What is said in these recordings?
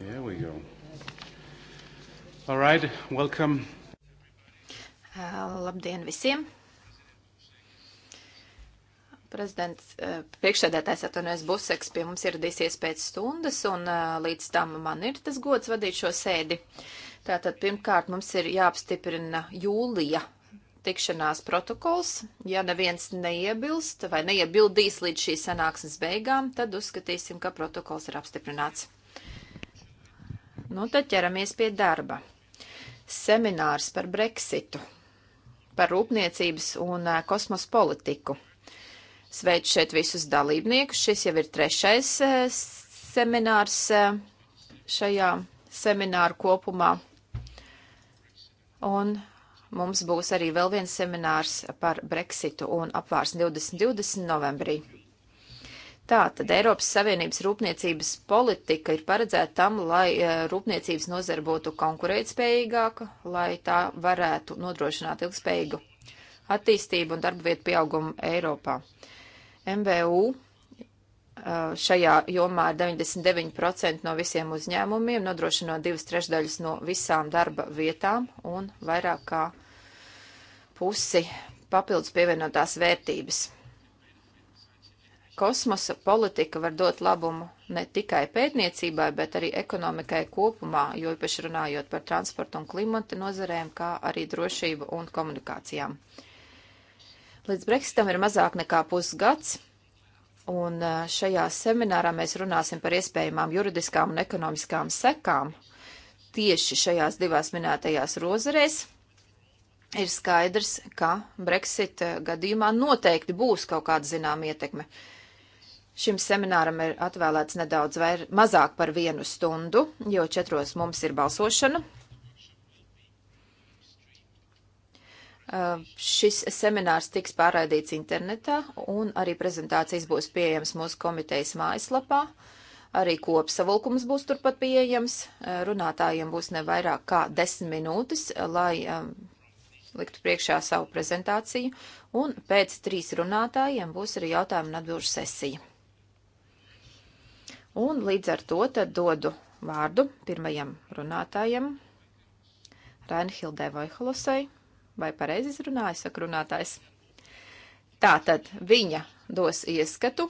Here we go. All right, welcome. Labdien visiem! Prezidents, priekšsēdētājs atvainojas Buseks pie mums ieradīsies pēc stundas, un līdz tam man ir tas gods vadīt šo sēdi. Tātad pirmkārt mums ir jāapstiprina jūlija tikšanās protokols. Ja neviens neiebilst vai neiebildīs līdz šīs sanāksmes beigām, tad uzskatīsim, ka protokols ir apstiprināts. Nu, tad ķeramies pie darba. Seminārs par Brexitu, par rūpniecības un kosmos politiku. Sveicu šeit visus dalībniekus. Šis jau ir trešais seminārs šajā semināru kopumā. Un mums būs arī vēl viens seminārs par Brexitu un apvārs 2020 novembrī. Tā tad Eiropas Savienības rūpniecības politika ir paredzēta tam, lai e, rūpniecības nozara būtu konkurētspējīgāka, lai tā varētu nodrošināt ilgspējīgu attīstību un darba vietu pieaugumu Eiropā. MVU e, šajā jomā ir 99% no visiem uzņēmumiem, nodrošino divas trešdaļas no visām darba vietām un vairāk kā pusi papildus pievienotās vērtības. Kosmosa politika var dot labumu ne tikai pētniecībai, bet arī ekonomikai kopumā, jo īpaši runājot par transportu un klimata nozarēm, kā arī drošību un komunikācijām. Līdz Brexitam ir mazāk nekā pusgads, un šajā seminārā mēs runāsim par iespējamām juridiskām un ekonomiskām sekām tieši šajās divās minētajās rozerēs, ir skaidrs, ka Brexit gadījumā noteikti būs kaut kāda zināma ietekme. Šim semināram ir atvēlēts nedaudz vair, mazāk par vienu stundu, jo četros mums ir balsošana. Uh, šis seminārs tiks pārraidīts internetā un arī prezentācijas būs pieejams mūsu komitejas mājaslapā. Arī kopsavilkums būs turpat pieejams. Uh, runātājiem būs ne vairāk kā desmit minūtes, uh, lai um, liktu priekšā savu prezentāciju. Un pēc trīs runātājiem būs arī jautājumu un atbilžu sesija. Un līdz ar to tad dodu vārdu pirmajam runātājam, Reinhildē Vojholosai, vai pareizi izrunāju, saka runātājs. Tātad viņa dos ieskatu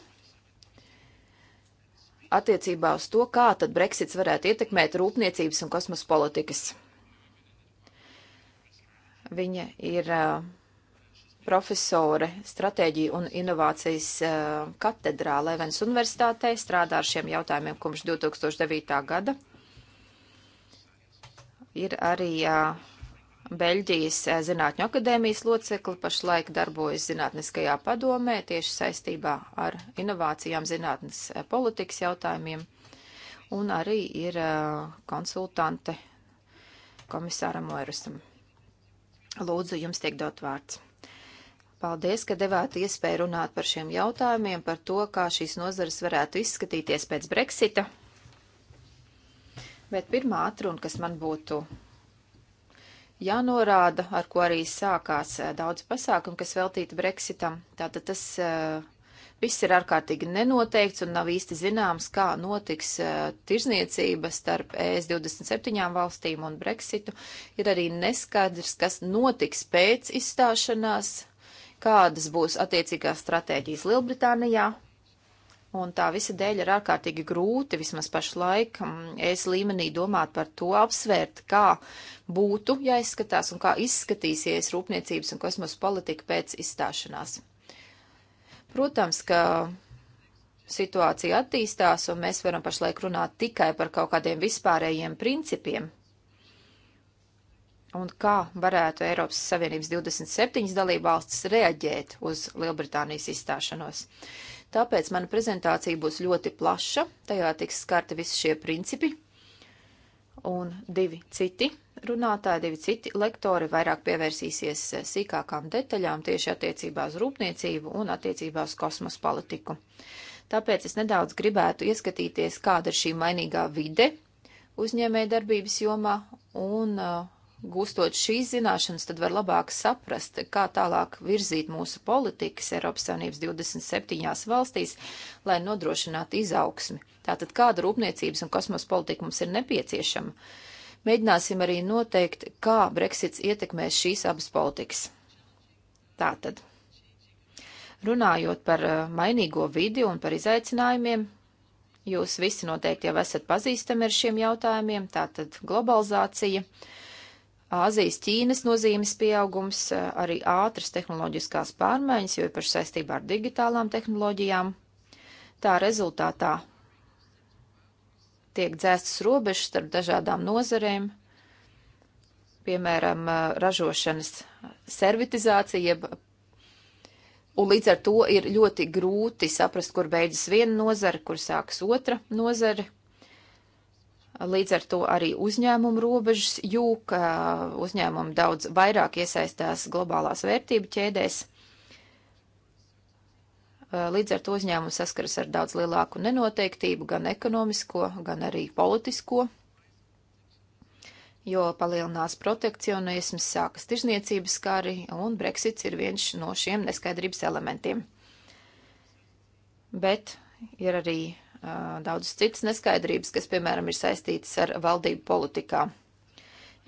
attiecībā uz to, kā tad Brexits varētu ietekmēt rūpniecības un kosmosa politikas. Viņa ir uh, profesore stratēģija un inovācijas uh, eh, katedrā Levens universitātē, strādā ar šiem jautājumiem kopš 2009. gada. Ir arī uh, Beļģijas eh, Zinātņu akadēmijas locekli, pašlaik darbojas Zinātniskajā padomē tieši saistībā ar inovācijām zinātnes politikas jautājumiem, un arī ir uh, konsultante komisāram Oirusam. Lūdzu, jums tiek dot vārds. Paldies, ka devāt iespēju runāt par šiem jautājumiem, par to, kā šīs nozares varētu izskatīties pēc Brexita. Bet pirmā atruna, kas man būtu jānorāda, ar ko arī sākās eh, daudz pasākumu, kas veltīti Brexitam, tātad tas eh, viss ir ārkārtīgi nenoteikts un nav īsti zināms, kā notiks eh, tirzniecība starp e ES 27 valstīm un Brexitu. Ir arī neskaidrs, kas notiks pēc izstāšanās kādas būs attiecīgās stratēģijas Lielbritānijā. Un tā visa dēļ ir ārkārtīgi grūti vismaz pašlaik mm, es līmenī domāt par to apsvērt, kā būtu jāizskatās un kā izskatīsies rūpniecības un kosmosa politika pēc izstāšanās. Protams, ka situācija attīstās un mēs varam pašlaik runāt tikai par kaut kādiem vispārējiem principiem, un kā varētu Eiropas Savienības 27 dalībvalstis reaģēt uz Lielbritānijas izstāšanos. Tāpēc mana prezentācija būs ļoti plaša, tajā tiks skarti visi šie principi, un divi citi runātāji, divi citi lektori vairāk pievērsīsies eh, sīkākām detaļām tieši attiecībā uz rūpniecību un attiecībā uz kosmos politiku. Tāpēc es nedaudz gribētu ieskatīties, kāda ir šī mainīgā vide uzņēmē darbības jomā un uh, gūstot šīs zināšanas, tad var labāk saprast, kā tālāk virzīt mūsu politikas Eiropas Savienības 27 valstīs, lai nodrošinātu izaugsmi. Tātad kāda rūpniecības un kosmos politika mums ir nepieciešama? Mēģināsim arī noteikt, kā Brexits ietekmēs šīs abas politikas. Tātad, runājot par eh, mainīgo vidi un par izaicinājumiem, jūs visi noteikti jau esat pazīstami ar šiem jautājumiem, tātad globalizācija Āzijas Ķīnas nozīmes pieaugums, eh, arī ātras tehnoloģiskās pārmaiņas, jo īpaši saistībā ar digitālām tehnoloģijām. Tā rezultātā tiek dzēstas robežas starp dažādām nozarēm, piemēram, eh, ražošanas servitizācija, un līdz ar to ir ļoti grūti saprast, kur beidzas viena nozara, kur sākas otra nozara Līdz ar to arī uzņēmumu robežas jūk, uzņēmumi daudz vairāk iesaistās globālās vērtību ķēdēs. Līdz ar to uzņēmumi saskaras ar daudz lielāku nenoteiktību, gan ekonomisko, gan arī politisko, jo palielinās protekcionisms, sākas tirzniecības kari, un Brexits ir viens no šiem neskaidrības elementiem. Bet ir arī daudz citas neskaidrības, kas, piemēram, ir saistītas ar valdību politikā.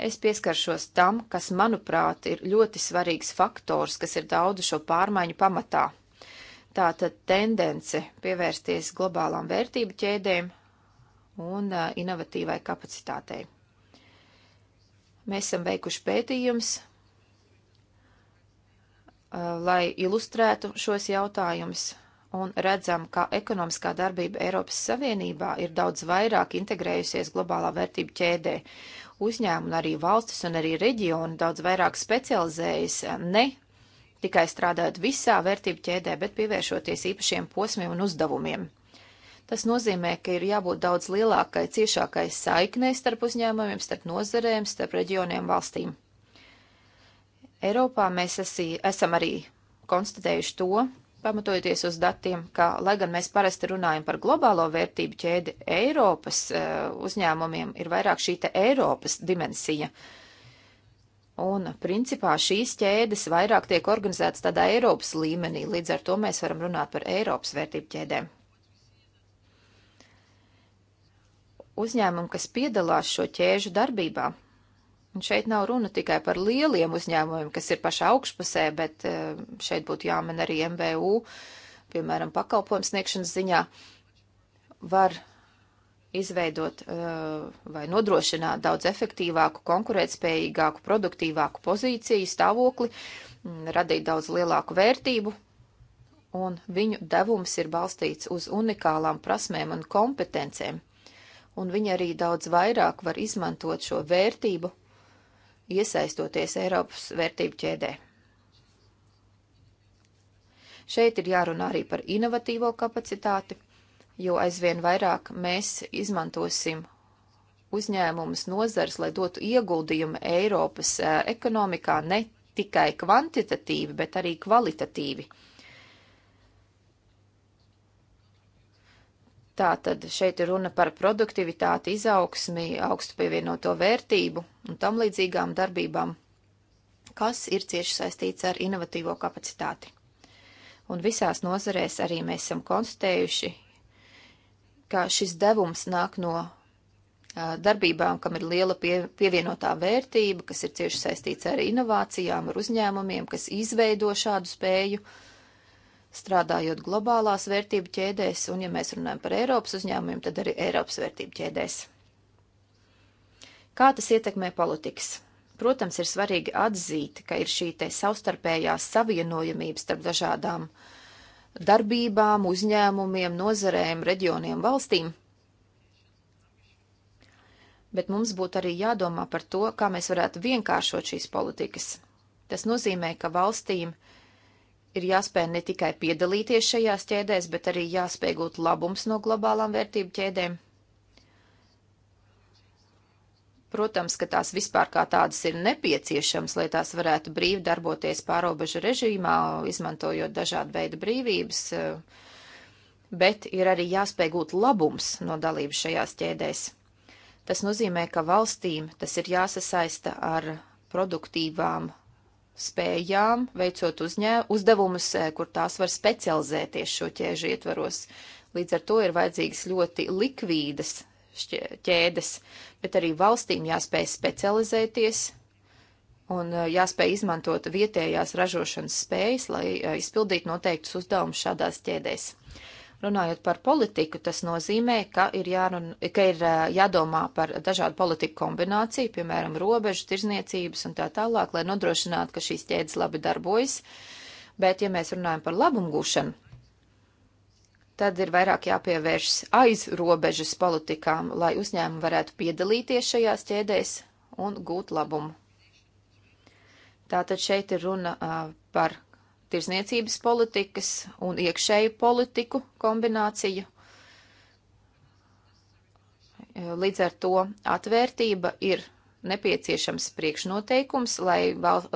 Es pieskaršos tam, kas, manuprāt, ir ļoti svarīgs faktors, kas ir daudzu šo pārmaiņu pamatā. Tātad tendence pievērsties globālām vērtību ķēdēm un inovatīvai kapacitātei. Mēs esam veikuši pētījums, lai ilustrētu šos jautājumus, un redzam, ka ekonomiskā darbība Eiropas Savienībā ir daudz vairāk integrējusies globālā vērtību ķēdē. Uzņēmumi, arī valstis un arī reģioni daudz vairāk specializējas ne tikai strādājot visā vērtību ķēdē, bet pievēršoties īpašiem posmiem un uzdevumiem. Tas nozīmē, ka ir jābūt daudz lielākai, ciešākai saiknei starp uzņēmumiem, starp nozarēm, starp reģioniem, valstīm. Eiropā mēs esi, esam arī konstatējuši to, pamatojoties uz datiem, ka, lai gan mēs parasti runājam par globālo vērtību ķēdi, Eiropas eh, uzņēmumiem ir vairāk šī te Eiropas dimensija. Un, principā, šīs ķēdes vairāk tiek organizētas tādā Eiropas līmenī, līdz ar to mēs varam runāt par Eiropas vērtību ķēdēm. Uzņēmumi, kas piedalās šo ķēžu darbībā, Un šeit nav runa tikai par lieliem uzņēmumiem, kas ir pašā augšpusē, bet eh, šeit būtu jāmen arī MVU, piemēram, pakalpojums sniegšanas ziņā, var izveidot eh, vai nodrošināt daudz efektīvāku, konkurētspējīgāku, produktīvāku pozīciju, stāvokli, mm, radīt daudz lielāku vērtību, un viņu devums ir balstīts uz unikālām prasmēm un kompetencēm, un viņi arī daudz vairāk var izmantot šo vērtību iesaistoties Eiropas vērtību ķēdē. Šeit ir jārunā arī par inovatīvo kapacitāti, jo aizvien vairāk mēs izmantosim uzņēmumus nozars, lai dotu ieguldījumu Eiropas eh, ekonomikā ne tikai kvantitatīvi, bet arī kvalitatīvi. Tā tad šeit ir runa par produktivitāti, izaugsmi, augstu pievienoto vērtību un tam līdzīgām darbībām, kas ir cieši saistīts ar inovatīvo kapacitāti. Un visās nozarēs arī mēs esam konstatējuši, ka šis devums nāk no darbībām, kam ir liela pie, pievienotā vērtība, kas ir cieši saistīts ar inovācijām, ar uzņēmumiem, kas izveido šādu spēju uh, strādājot globālās vērtību ķēdēs, un ja mēs runājam par Eiropas uzņēmumiem, tad arī Eiropas vērtību ķēdēs. Kā tas ietekmē politikas? Protams, ir svarīgi atzīt, ka ir šī te savstarpējā savienojamība starp dažādām darbībām, uzņēmumiem, nozarēm, reģioniem, valstīm. Bet mums būtu arī jādomā par to, kā mēs varētu vienkāršot šīs politikas. Tas nozīmē, ka valstīm ir ir jāspēj ne tikai piedalīties šajās ķēdēs, bet arī jāspēj gūt labums no globālām vērtību ķēdēm. Protams, ka tās vispār kā tādas ir nepieciešams, lai tās varētu brīvi darboties pārobežu režīmā, izmantojot dažādu veidu brīvības, bet ir arī jāspēj gūt labums no dalības šajās ķēdēs. Tas nozīmē, ka valstīm tas ir jāsasaista ar produktīvām spējām, veicot uzņē, uzdevumus, eh, kur tās var specializēties šo ķēžu ietvaros. Līdz ar to ir vajadzīgas ļoti likvīdas ķēdes, bet arī valstīm jāspēj specializēties un eh, jāspēj izmantot vietējās ražošanas spējas, lai eh, izpildītu noteiktus uzdevumus šādās ķēdēs. Runājot par politiku, tas nozīmē, ka ir, jārun, ka ir jādomā par dažādu politiku kombināciju, piemēram, robežu, tirzniecības un tā tālāk, lai nodrošinātu, ka šīs ķēdes labi darbojas. Bet, ja mēs runājam par labumgūšanu, tad ir vairāk jāpievēršas aiz robežas politikām, lai uzņēmumi varētu piedalīties šajās ķēdēs un gūt labumu. Tātad šeit ir runa par tirzniecības politikas un iekšēju politiku kombināciju. Līdz ar to atvērtība ir nepieciešams priekšnoteikums, lai,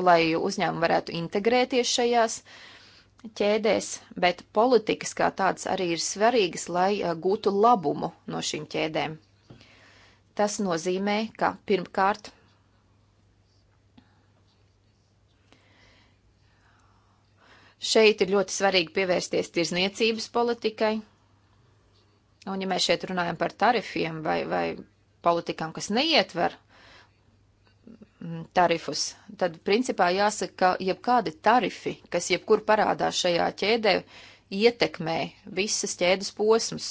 lai uzņēmumi varētu integrēties šajās ķēdēs, bet politikas kā tādas arī ir svarīgas, lai eh, gūtu labumu no šīm ķēdēm. Tas nozīmē, ka pirmkārt Šeit ir ļoti svarīgi pievērsties tirzniecības politikai. Un ja mēs šeit runājam par tarifiem vai, vai politikām, kas neietver mm, tarifus, tad principā jāsaka, ka jebkādi tarifi, kas jebkur parādās šajā ķēdē, ietekmē visas ķēdes posmus.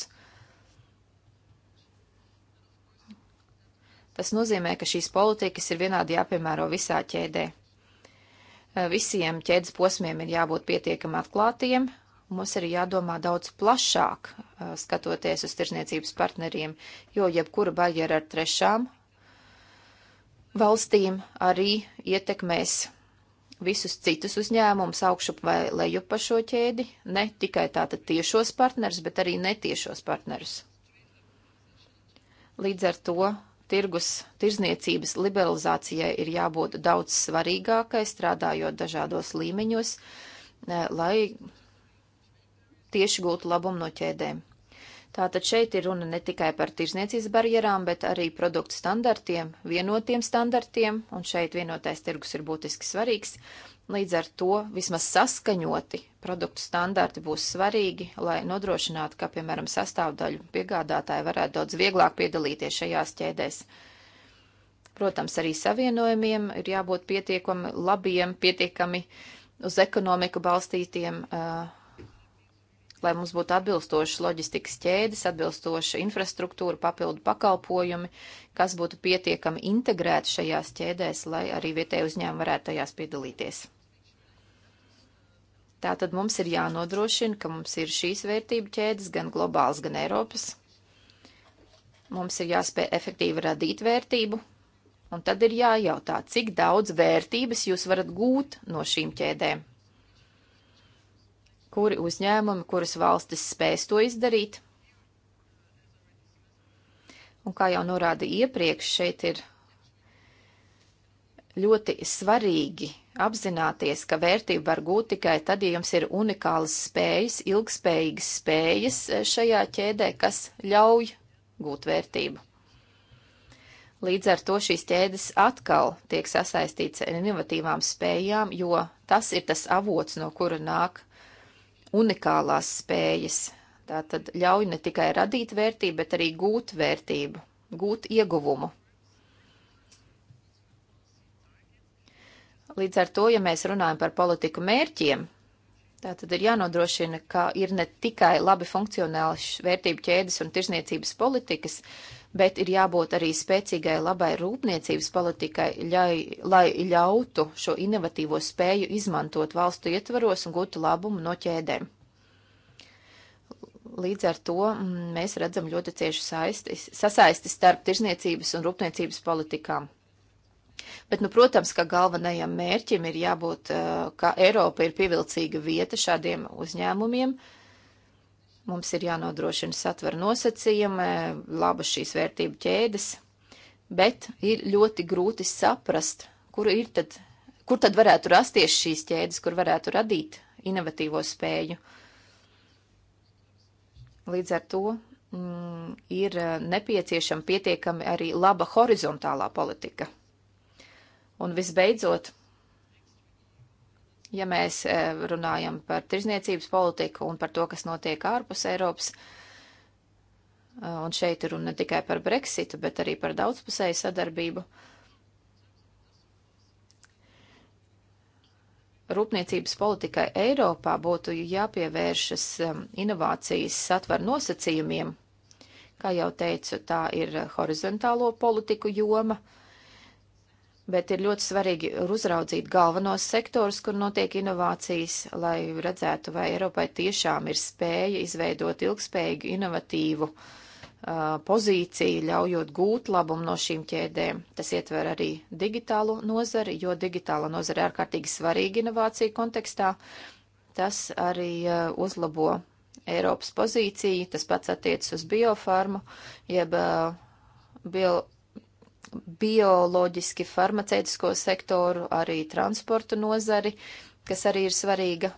Tas nozīmē, ka šīs politikas ir vienādi jāpiemēro visā ķēdē. Eh, visiem ķēdes posmiem ir jābūt pietiekami atklātiem. Mums ir jādomā daudz plašāk, eh, skatoties uz tirzniecības partneriem, jo jebkura barjera ar trešām valstīm arī ietekmēs visus citus uzņēmumus augšup vai lejup pa šo ķēdi, ne tikai tātad tiešos partnerus, bet arī netiešos partnerus. Līdz ar to tirgus tirzniecības liberalizācijai ir jābūt daudz svarīgākai, strādājot dažādos līmeņos, eh, lai tieši gūtu labumu no ķēdēm. Tātad šeit ir runa ne tikai par tirzniecības barjerām, bet arī produktu standartiem, vienotiem standartiem, un šeit vienotais tirgus ir būtiski svarīgs. Līdz ar to vismaz saskaņoti produktu standarti būs svarīgi, lai nodrošinātu, ka, piemēram, sastāvdaļu piegādātāji varētu daudz vieglāk piedalīties šajās ķēdēs. Protams, arī savienojumiem ir jābūt pietiekami labiem, pietiekami uz ekonomiku balstītiem, lai mums būtu atbilstošas loģistikas ķēdes, atbilstoša infrastruktūra, papildu pakalpojumi, kas būtu pietiekami integrēti šajās ķēdēs, lai arī vietēji uzņēmumi varētu tajās piedalīties. Tātad mums ir jānodrošina, ka mums ir šīs vērtību ķēdes, gan globāls, gan Eiropas. Mums ir jāspēj efektīvi radīt vērtību, un tad ir jājautā, cik daudz vērtības jūs varat gūt no šīm ķēdēm. Kuri uzņēmumi, kuras valstis spēs to izdarīt? Un kā jau norāda iepriekš, šeit ir ļoti svarīgi apzināties, ka vērtība var gūt tikai tad, ja jums ir unikālas spējas, ilgspējīgas spējas e, šajā ķēdē, kas ļauj gūt vērtību. Līdz ar to šīs ķēdes atkal tiek sasaistīts ar inovatīvām spējām, jo tas ir tas avots, no kura nāk unikālās spējas. Tā tad ļauj ne tikai radīt vērtību, bet arī gūt vērtību, gūt ieguvumu. Līdz ar to, ja mēs runājam par politiku mērķiem, tā tad ir jānodrošina, ka ir ne tikai labi funkcionāls vērtību ķēdes un tirzniecības politikas, bet ir jābūt arī spēcīgai labai rūpniecības politikai, ļai, lai ļautu šo inovatīvo spēju izmantot valstu ietvaros un gūtu labumu no ķēdēm. Līdz ar to mm, mēs redzam ļoti ciešu saisti, sasaisti starp tirzniecības un rūpniecības politikām. Bet, nu, protams, ka galvenajam mērķim ir jābūt, eh, ka Eiropa ir pievilcīga vieta šādiem uzņēmumiem. Mums ir jānodrošina satvera nosacījumi, labas šīs vērtību ķēdes, bet ir ļoti grūti saprast, kur, ir tad, kur tad varētu rasties šīs ķēdes, kur varētu radīt inovatīvo spēju. Līdz ar to mm, ir eh, nepieciešama pietiekami arī laba horizontālā politika. Un visbeidzot, ja mēs eh, runājam par tirzniecības politiku un par to, kas notiek ārpus Eiropas, eh, un šeit ir runa ne tikai par Brexitu, bet arī par daudzpusēju sadarbību. rūpniecības politikai Eiropā būtu jāpievēršas eh, inovācijas satver nosacījumiem. Kā jau teicu, tā ir horizontālo politiku joma, bet ir ļoti svarīgi uzraudzīt galvenos sektorus, kur notiek inovācijas, lai redzētu, vai Eiropai tiešām ir spēja izveidot ilgspējīgu, inovatīvu uh, pozīciju, ļaujot gūt labumu no šīm ķēdēm. Tas ietver arī digitālo nozari, jo digitāla nozara ir ārkārtīgi svarīga inovāciju kontekstā. Tas arī uh, uzlabo Eiropas pozīciju, tas pats attiecas uz biofarmu, jeb uh, bio bioloģiski farmaceitisko sektoru, arī transportu nozari, kas arī ir svarīga,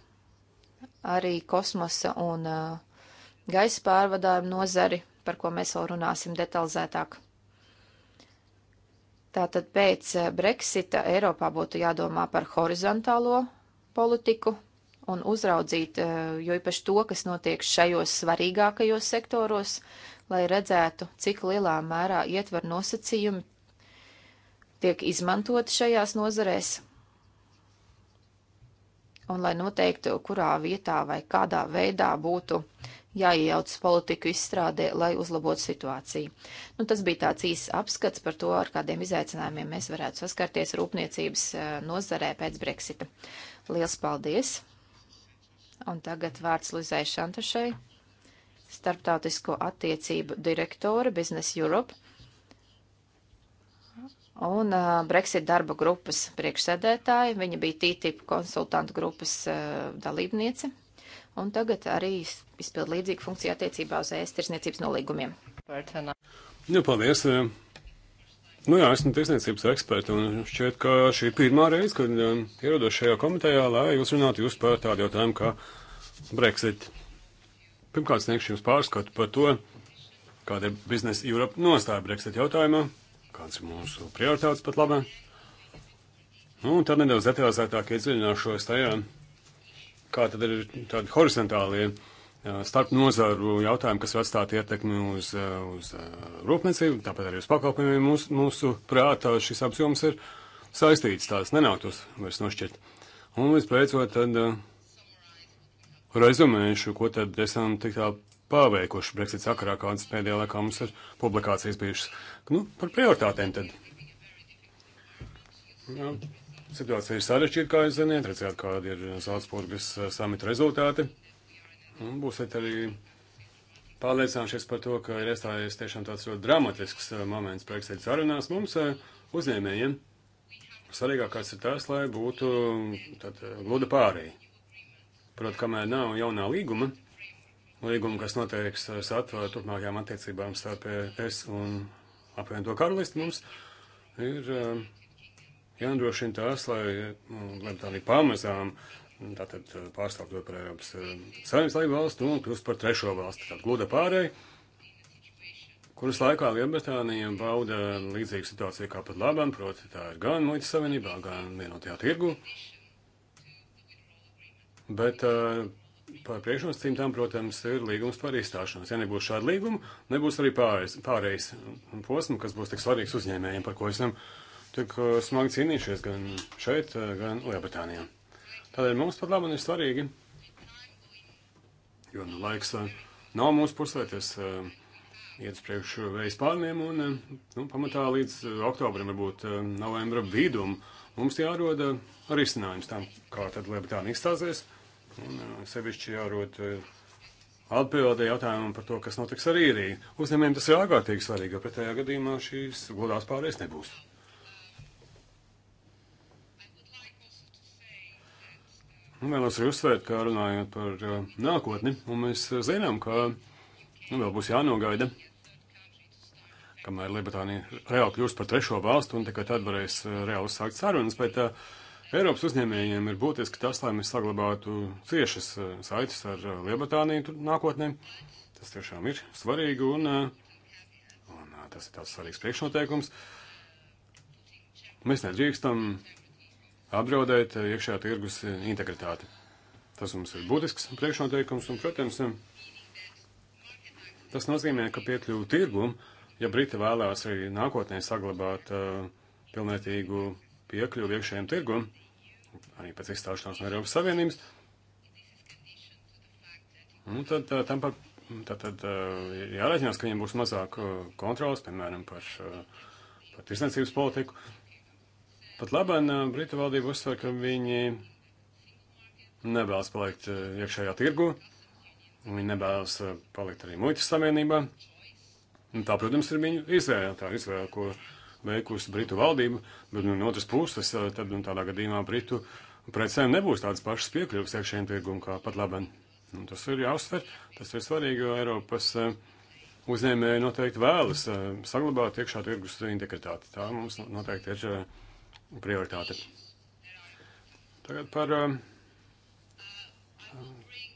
arī kosmosa un uh, gaisa pārvadājumu nozari, par ko mēs vēl runāsim detalizētāk. Tātad pēc uh, Brexita Eiropā būtu jādomā par horizontālo politiku un uzraudzīt, uh, jo īpaši to, kas notiek šajos svarīgākajos sektoros, lai redzētu, cik lielā mērā ietver nosacījumi tiek izmantoti šajās nozarēs. Un lai noteiktu, kurā vietā vai kādā veidā būtu jāiejauc politiku izstrādē, lai uzlabotu situāciju. Nu, tas bija tāds īsts apskats par to, ar kādiem izaicinājumiem mēs varētu saskarties rūpniecības nozarē pēc Brexita. Liels paldies! Un tagad vārds Lizai Šantašai, starptautisko attiecību direktore Business Europe un uh, Brexit darba grupas priekšsēdētāja. Viņa bija TTIP konsultantu grupas uh, dalībniece, un tagad arī izpild līdzīgu funkciju attiecībā uz ēst tirsniecības nolīgumiem. Jā, nu, paldies! Nu jā, esmu tirsniecības eksperta, un šķiet, ka šī pirmā reize, kad um, ierados šajā komitejā, lai jūs runātu jūs par tādu jautājumu kā Brexit. Pirmkārt, sniegšu jums pārskatu par to, kāda ir biznesa Eiropa nostāja Brexit jautājumā kāds ir mūsu prioritātes pat labāk. Nu, un tad nedaudz detalizētāk iedziļināšos tajā, kā tad ir tādi horizontālie starp nozaru jautājumi, kas var atstāt ietekmi uz, uz uh, rūpniecību, tāpat arī uz pakalpojumiem. Mūs, mūsu prātā šis apjoms ir saistīts, tās nenāktos vairs nošķirt. Un visbeidzot, tad uh, rezumēšu, ko tad esam tik tā paveikuši Brexit sakarā, kādas pēdējā laikā mums ir publikācijas bijušas. Nu, par prioritātēm tad. Jā. Situācija ir sarežģīta, kā jūs zināt, redzēt, kādi ir Zālesburgas eh, samita rezultāti. Un būsiet arī pārliecinājušies par to, ka ir iestājies tiešām tāds ļoti dramatisks eh, moments Brexit sarunās mums eh, uzņēmējiem. Svarīgākais ir tas, lai būtu mm, tad, gluda pārī. Protams, kamēr nav jaunā līguma, līgumu, kas noteiks satvaru turpmākajām attiecībām starp es un apvienoto karalisti mums, ir eh, jānodrošina tās, lai, nu, lai tā arī pamazām tātad eh, pārstāvot par Eiropas eh, saimnes laivu valstu un kļūst par trešo valstu, tātad gluda pārēj, kuras laikā Lielbritānija bauda līdzīgu situāciju kā pat labam, proti tā ir gan muitas savienībā, gan vienotajā tirgu, bet uh, par priekšnosacīm tam, protams, ir līgums par izstāšanos. Ja nebūs šāda līguma, nebūs arī pārējais, pārējais posms, kas būs tik svarīgs uzņēmējiem, par ko esam tik uh, smagi cīnījušies gan šeit, uh, gan Lielbritānijā. Tādēļ mums pat labi ir svarīgi, jo nu, laiks uh, nav mūsu pusē, tas iet uz priekšu vējas pārniem un nu, pamatā līdz oktobrim, varbūt novembra vidum, mums jāroda risinājums tam, kā tad Lielbritānija izstāsies. Un uh, sevišķi jārod uh, atbildē jautājumu par to, kas notiks ar īriju. Uzņēmējiem tas ir ārkārtīgi svarīgi, jo pretējā gadījumā šīs godās pārējais nebūs. Un vēlos arī uzsvērt, kā runājot par uh, nākotni, un mēs zinām, ka nu, vēl būs jānogaida, kamēr Lietuvānija reāli kļūs par trešo valstu, un tikai tad varēs reāli sākt sarunas, bet uh, Eiropas uzņēmējiem ir būtiski tas, lai mēs saglabātu ciešas eh, saites ar eh, Lielbritāniju nākotnē. Tas tiešām ir svarīgi un, eh, un tas ir tāds svarīgs priekšnoteikums. Mēs nedrīkstam apdraudēt iekšējā tirgus integritāti. Tas mums ir būtisks priekšnoteikums un, protams, tas nozīmē, ka piekļuvu tirgumu, ja Briti vēlās arī nākotnē saglabāt uh, pilnvērtīgu piekļuvi iekšējiem tirgum, arī pēc izstāšanās no Eiropas Savienības. Un tad tam par, tad, tad eh, jāreķinās, ka viņiem būs mazāk eh, kontrols, piemēram, par, eh, par tirsniecības politiku. Pat labāk Britu valdība uzsver, ka viņi nevēlas palikt iekšējā tirgu, un viņi nevēlas palikt arī muitas savienībā. Un tā, protams, ir viņu izvēle, tā izvēle, ko veikusi Britu valdība, bet nu, no otras puses, eh, tad nu, tādā gadījumā Britu precēm nebūs tādas pašas piekļuvas iekšējiem tirgumam kā pat labam. Nu, tas ir jāuzsver, tas ir svarīgi, jo Eiropas eh, uzņēmēji noteikti vēlas eh, saglabāt iekšā tirgus integritāti. Tā mums noteikti ir prioritāte. Tagad par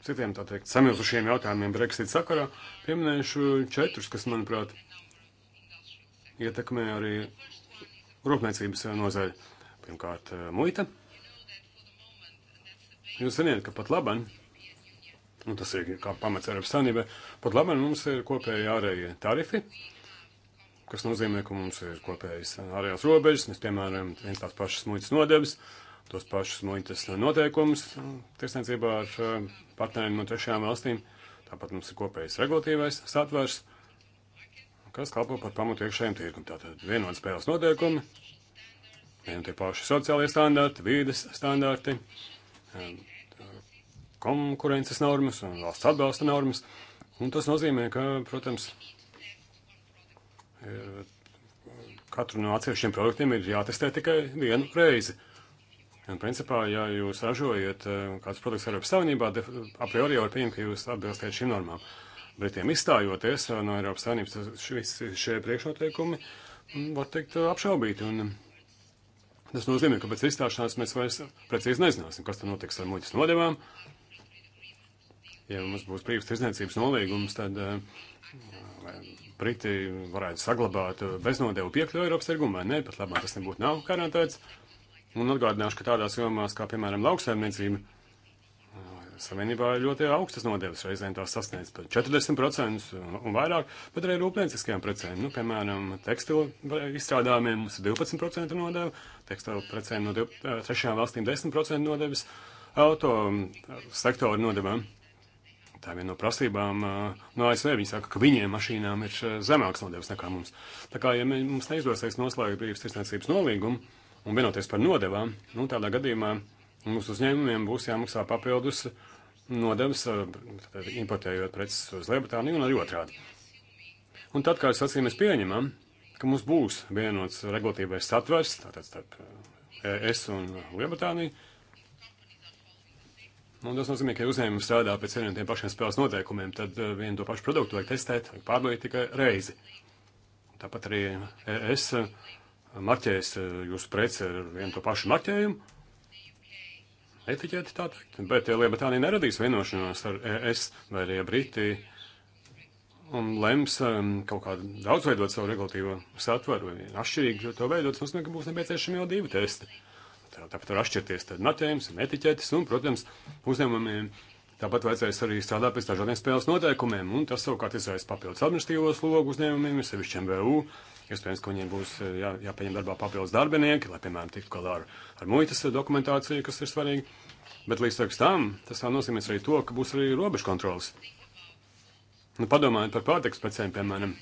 citiem, tā teikt, samilzušiem jautājumiem Brexit sakarā pieminēšu četrus, kas, manuprāt, ir ietekmē arī rūpniecības eh, nozaļa. Pirmkārt, eh, muita. Jūs zināt, ka pat labam, un tas ir kā pamats Eiropas Savienībai, pat labam mums ir kopēji ārējie tarifi, kas nozīmē, ka mums ir kopējas ārējās robežas, mēs piemēram viens tās pašas muitas nodevas, tos pašus muitas noteikumus tirsniecībā ar eh, partneriem no trešajām valstīm. Tāpat mums ir kopējais regulatīvais satvers, kas kalpo par pamatu iekšējiem tirgumam. Tātad vienot spēles noteikumi, vien tie paši sociālie standarti, vīdes standarti, ehm, konkurences normas un valsts atbalsta normas. Un tas nozīmē, ka, protams, ir, katru no atsevišķiem produktiem ir jātestē tikai vienu reizi. Un, principā, ja jūs ražojat ehm, kādus produktus Eiropas Savienībā, a priori jau ir pieņemt, ka jūs atbilstiet šīm normām. Britiem izstājoties eh, no Eiropas Savienības, visi šie priekšnoteikumi, mm, var teikt, eh, apšaubīti. Un mm, tas nozīmē, ka pēc izstāšanās mēs vairs precīzi nezināsim, kas tad notiks ar muļķis nodevām. Ja mums būs brīvs tirdzniecības nolīgums, tad eh, Briti varētu saglabāt beznodēvu piekļuvi Eiropas tirgumā. Nē, pat labāk tas nebūtu nav garantēts. Un atgādināšu, ka tādās jomās kā, piemēram, lauksaimniecība Savienībā ir ļoti augstas nodevas, reizēm tās sasniedz pat 40% un vairāk, bet arī rūpnieciskajām precēm. Nu, piemēram, tekstilu izstrādājumiem mums ir 12% nodeva, tekstilu precēm no eh, trešajām valstīm 10% nodevas, auto eh, sektoru nodevām. Tā ir viena no prasībām eh, no ASV. Viņi saka, ka viņiem mašīnām ir zemāks nodevs nekā mums. Tā kā, ja mums neizdosies noslēgt brīvas tirsniecības nolīgumu un vienoties par nodevām, nu, tādā gadījumā mums uzņēmumiem būs jāmaksā papildus nodevs, importējot preces uz Lielbritāniju un arī otrādi. Un tad, kā es sacīju, mēs pieņemam, ka mums būs vienots regulatīvais satvers, tātad starp ES eh, e un Lielbritāniju. Un tas nozīmē, ka ja uzņēmumi strādā pēc vieniem tiem pašiem spēles noteikumiem, tad eh, vienu to pašu produktu vajag testēt, vajag pārbaudīt tikai reizi. Tāpat arī ES marķēs eh, jūsu preci ar vienu to pašu marķējumu etiķeti tā teikt. Bet ja Lielbritānija neradīs vienošanos ar ES vai arī Briti un lems um, kaut kādu daudzveidot savu regulatīvo satvaru, atšķirīgi to veidot, mums nekad būs nepieciešami jau divi testi. Tā, tāpat var atšķirties tad natējums un etiķetes un, protams, uzņēmumiem Tāpat vajadzēs arī strādāt pēc dažādiem spēles noteikumiem, un tas savukārt izraisa papildus administratīvos logus uzņēmumiem, sevišķiem VU, Iespējams, ka viņiem būs e, jā, jāpieņem darbā papildus darbinieki, lai, piemēram, tiktu galā ar, ar muitas dokumentāciju, kas ir svarīga. Bet līdz tam tas vēl nozīmēs arī to, ka būs arī robežu kontrolas. Nu, padomājiet par pārtikas precēm, piemēram.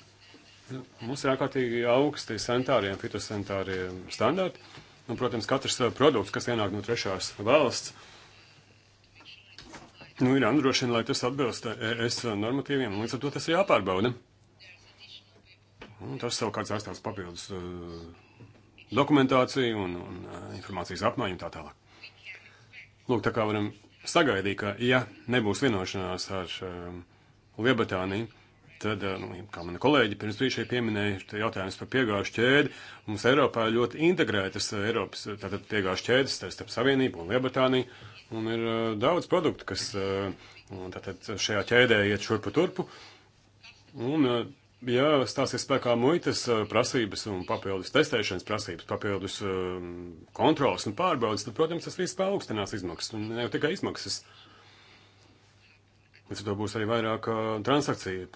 Nu, mums ir ārkārtīgi augsti sanitārie un fitosanitārie standarti. Un, nu, protams, katrs produkts, kas ienāk no trešās valsts, nu, ir jānodrošina, lai tas atbilst ES normatīviem, un līdz ar to tas ir jāpārbauda. Un tas savukārt saistās papildus uh, dokumentāciju un, un uh, informācijas apmaiņu un tā tālāk. Lūk, tā kā varam sagaidīt, ka, ja nebūs vienošanās ar um, eh, Liebetāniju, tad, nu, kā mani kolēģi pirms brīža pieminēja, jautājums par piegāžu ķēdi. Mums Eiropā ir ļoti integrētas Eiropas tātad piegāžu ķēdes starp Savienību un Liebetāniju, un ir uh, daudz produktu, kas uh, tātad šajā ķēdē iet šurpu turpu, un uh, ja stāsies spēkā muitas prasības un papildus testēšanas prasības, papildus kontrolas un pārbaudas, tad, protams, tas viss paaugstinās izmaksas, un ne jau tikai izmaksas. Līdz ar to būs arī vairāk transakciju,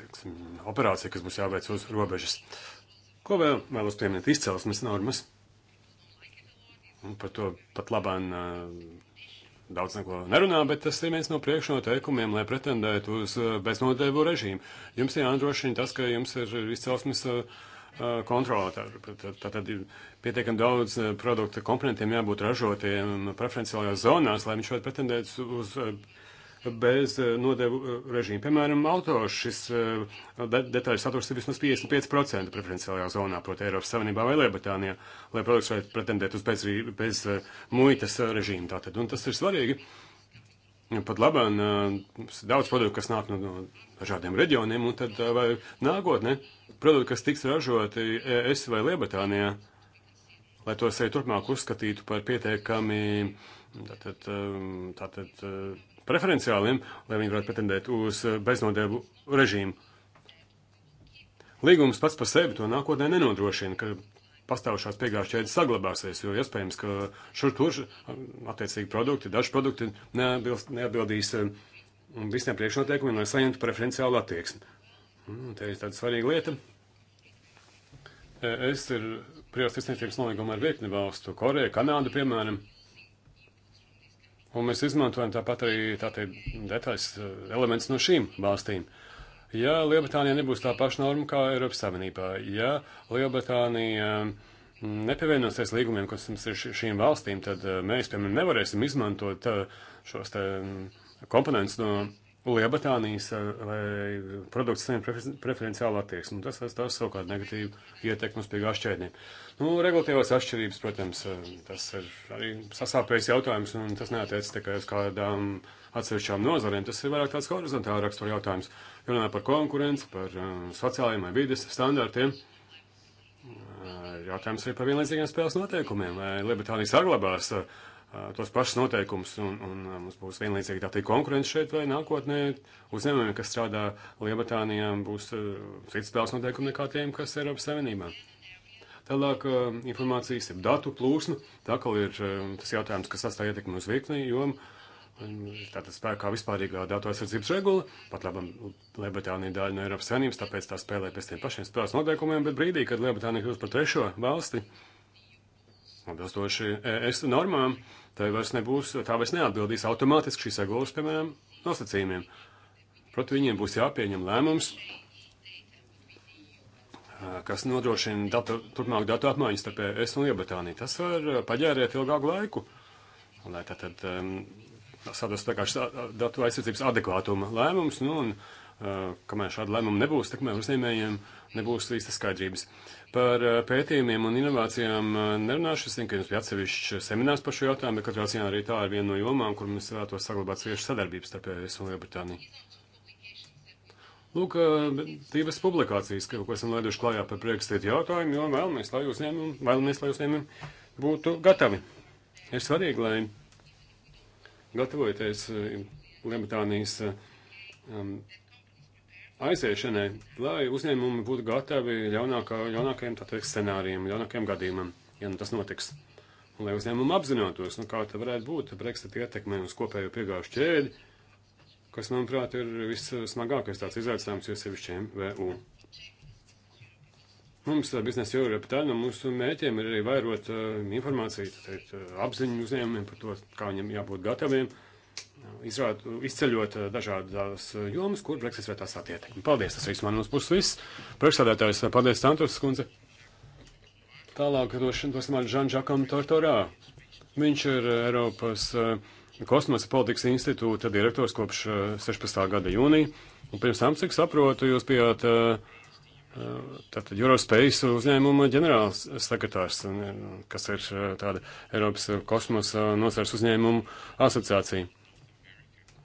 teiksim, operācija, kas būs jāveic uz robežas. Ko vēl vēlos pieminēt? Izcelsmes normas. Un par to pat labāk daudz neko nerunā, bet tas ir viens no priekšnoteikumiem, lai pretendētu uz eh, beznodevu režīmu. Jums jānodrošina tas, ka jums ir izcelsmes eh, eh, kontrola. Tātad ir pietiekami daudz produkta komponentiem jābūt ražotiem preferenciālajās zonās, lai viņš varētu pretendēt uz. Uh, bez eh, nodevu eh, režīmu. Piemēram, auto šis eh, detaļu saturs ir vismaz 55% preferenciālajā zonā, proti Eiropas Savienībā vai Lielbritānijā, lai produkts varētu pretendēt uz bez, bez muitas režīmu. Tātad. Un tas ir svarīgi. Pat labāk, daudz produktu, kas nāk no, no dažādiem reģioniem, un tad vai nākotnē produkti, kas tiks ražoti ES vai Lielbritānijā, lai tos arī turpmāk uzskatītu par pietiekami tātad, tātad, preferenciāliem, lai viņi varētu pretendēt uz eh, beznodēvu režīmu. Līgums pats par sevi to nākotnē nenodrošina, ka pastāvošās piegāžu ķēdes saglabāsies, jo iespējams, ka šur tur eh, attiecīgi produkti, daži produkti neatbilst, neatbildīs eh, visiem priekšnoteikumiem, lai saņemtu preferenciālu attieksmi. Nu, te ir tāda svarīga lieta. Es ir privātas tiesniecības nolīguma ar virkni valstu, Koreju, Kanādu, piemēram. Un mēs izmantojam tāpat arī tātad detaļas eh, elements no šīm valstīm. Ja Lielbritānija nebūs tā paša norma kā Eiropas Savienībā, ja Lielbritānija mm, nepievienosies līgumiem, kas mums ir šīm valstīm, tad eh, mēs, piemēram, nevarēsim izmantot eh, šos te mm, komponents no Lielbritānijas eh, produkts saņem prefer preferenciālu attieksmi. Tas atstās savukārt negatīvu ietekmi uz piegāžu ķēdēm. Nu, regulatīvās atšķirības, protams, eh, tas ir arī sasāpējis jautājums, un tas neatiec tikai uz kādām atsevišķām nozarēm. Tas ir vairāk tāds horizontāla rakstura jautājums. Runājot par konkurenci, par eh, sociālajiem vai vides standartiem. Jautājums arī par vienlaicīgiem spēles noteikumiem. Vai Lielbritānija saglabās uh, tos pašus noteikumus, un, un mums būs vienlīdzīgi tā teikt konkurence šeit vai nākotnē. Uzņēmumiem, kas strādā Lielbritānijā, būs uh, cits spēles noteikumi nekā tiem, kas ir Eiropas Savienībā. Tālāk uh, informācijas ir datu plūsma. Tā kā ir uh, tas jautājums, kas atstāja ietekmi uz virkni, jo tātad spēkā vispārīgā datu aizsardzības regula, pat labam Lielbritānija daļa no Eiropas Savienības, tāpēc tā spēlē pēc tiem pašiem spēles noteikumiem, bet brīdī, kad Lielbritānija kļūst par trešo valsti, atbilstoši ES normām, uh, tā vairs nebūs, tā vairs neatbildīs automātiski šīs regulas, piemēram, nosacījumiem. Proti viņiem būs jāpieņem lēmums, kas nodrošina datu, turpmāku datu apmaiņu starp ES un Lielbritāniju. Tas var paģērēt ilgāku laiku, lai tā tad um, sados tā kā datu aizsardzības adekvātuma lēmums, nu, un uh, kamēr šāda lēmuma nebūs, tikmēr uzņēmējiem nebūs īsta skaidrības. Uh, Par eh, pētījumiem un inovācijām eh, nerunāšu. Es zinu, ka jums bija atsevišķs seminārs par šo jautājumu, bet katrā ziņā arī tā ir viena no jomām, kur mēs vēlētos saglabāt ciešu sadarbību starp ES un Lielbritāniju. Lūk, eh, divas publikācijas, ko esam laiduši klājā par priekšstietu jautājumu, jo vēlamies, lai uzņēmumi, vēlamies, lai uzņēmumi būtu gatavi. Ir svarīgi, lai gatavojoties Lielbritānijas um, aiziešanai, lai uzņēmumi būtu gatavi ļaunākā, ļaunākajiem teikt, scenārijiem, ļaunākajiem gadījumam, ja nu tas notiks. Un, lai uzņēmumi apzinātos, nu, kā tā varētu būt Brexit ietekme uz kopējo piegāžu ķēdi, kas, manuprāt, ir vissmagākais tāds izaicinājums jo sevišķiem VU. Mums biznesa jau ir tā, no mūsu mēķiem ir arī vairot uh, informāciju, teikt, uh, apziņu uzņēmumiem par to, kā viņiem jābūt gataviem izrāt, izceļot eh, dažādas eh, jomas, kur Brexit varētu atstāt ietekmi. Paldies, tas viss man mums būs viss. Priekšsādātājs, eh, paldies, Santos skundze. Tālāk došana dosim ar Žanžakam Tortorā. Viņš ir Eiropas kosmosa politikas institūta direktors kopš 16. gada jūnija. Un pirms tam, cik saprotu, jūs bijāt tātad Eurospace uzņēmuma ģenerāls sekretārs, kas ir tāda Eiropas kosmosa nozars uzņēmumu asociācija.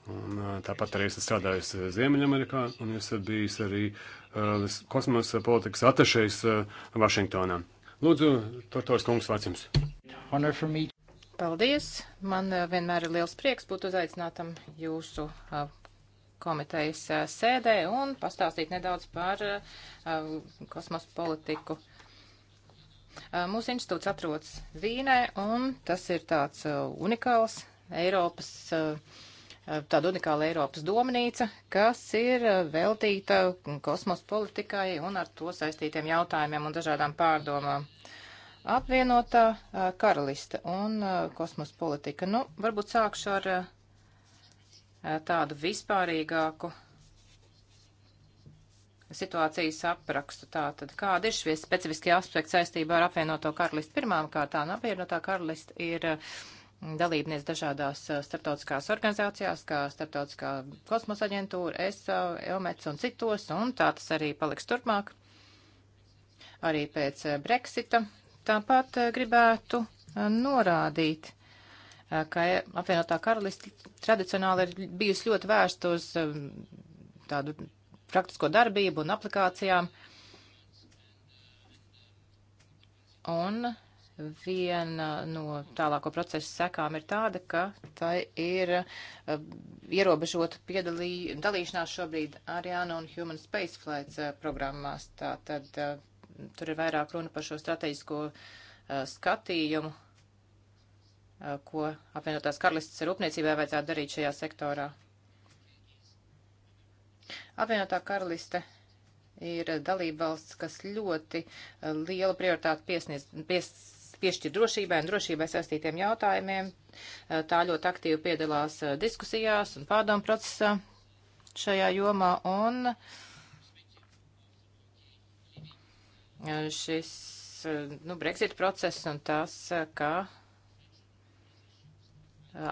Un, tāpat arī esat strādājis Ziemeļamerikā, un esat bijis arī uh, kosmosa politikas atešais uh, Vašingtonā. Lūdzu, Tortors kungs, vārds jums. Paldies! Man uh, vienmēr ir liels prieks būt uzaicinātam jūsu uh, komitejas uh, sēdē un pastāstīt nedaudz par uh, kosmosa politiku. Uh, mūsu institūts atrodas Vīnē, un tas ir tāds uh, unikāls Eiropas. Uh, tāda unikāla Eiropas domnīca, kas ir eh, veltīta kosmos politikai un ar to saistītiem jautājumiem un dažādām pārdomām. Apvienotā eh, karaliste un eh, kosmos politika. Nu, varbūt sākšu ar tādu vispārīgāku situācijas aprakstu. Tātad, kāda ir šie specifiskie aspekti saistībā ar apvienoto karalisti? Pirmām kārtām, apvienotā karalista ir uh, dalībnieks dažādās starptautiskās organizācijās, kā Startautiskā kosmosa aģentūra, ESA, EOMETS un citos, un tā tas arī paliks turpmāk, arī pēc Brexita. Tāpat gribētu norādīt, ka apvienotā karalista tradicionāli ir bijusi ļoti vērsta uz tādu praktisko darbību un aplikācijām. Un Viena no tālāko procesu sekām ir tāda, ka tai ir uh, ierobežota piedalī, dalīšanās šobrīd Ariana un Human Space Flights uh, eh, programmās. Tā tad uh, tur ir vairāk runa par šo strateģisko uh, skatījumu, uh, ko apvienotās karalistas rūpniecībai vajadzētu darīt šajā sektorā. Apvienotā karaliste ir dalībvalsts, kas ļoti lielu prioritāti piesniedz, pies, piešķir drošībai un drošībai saistītiem jautājumiem. Eh, tā ļoti aktīvi piedalās eh, diskusijās un pārdomu procesā šajā jomā. Un eh, šis nu, Brexit process un tas, ka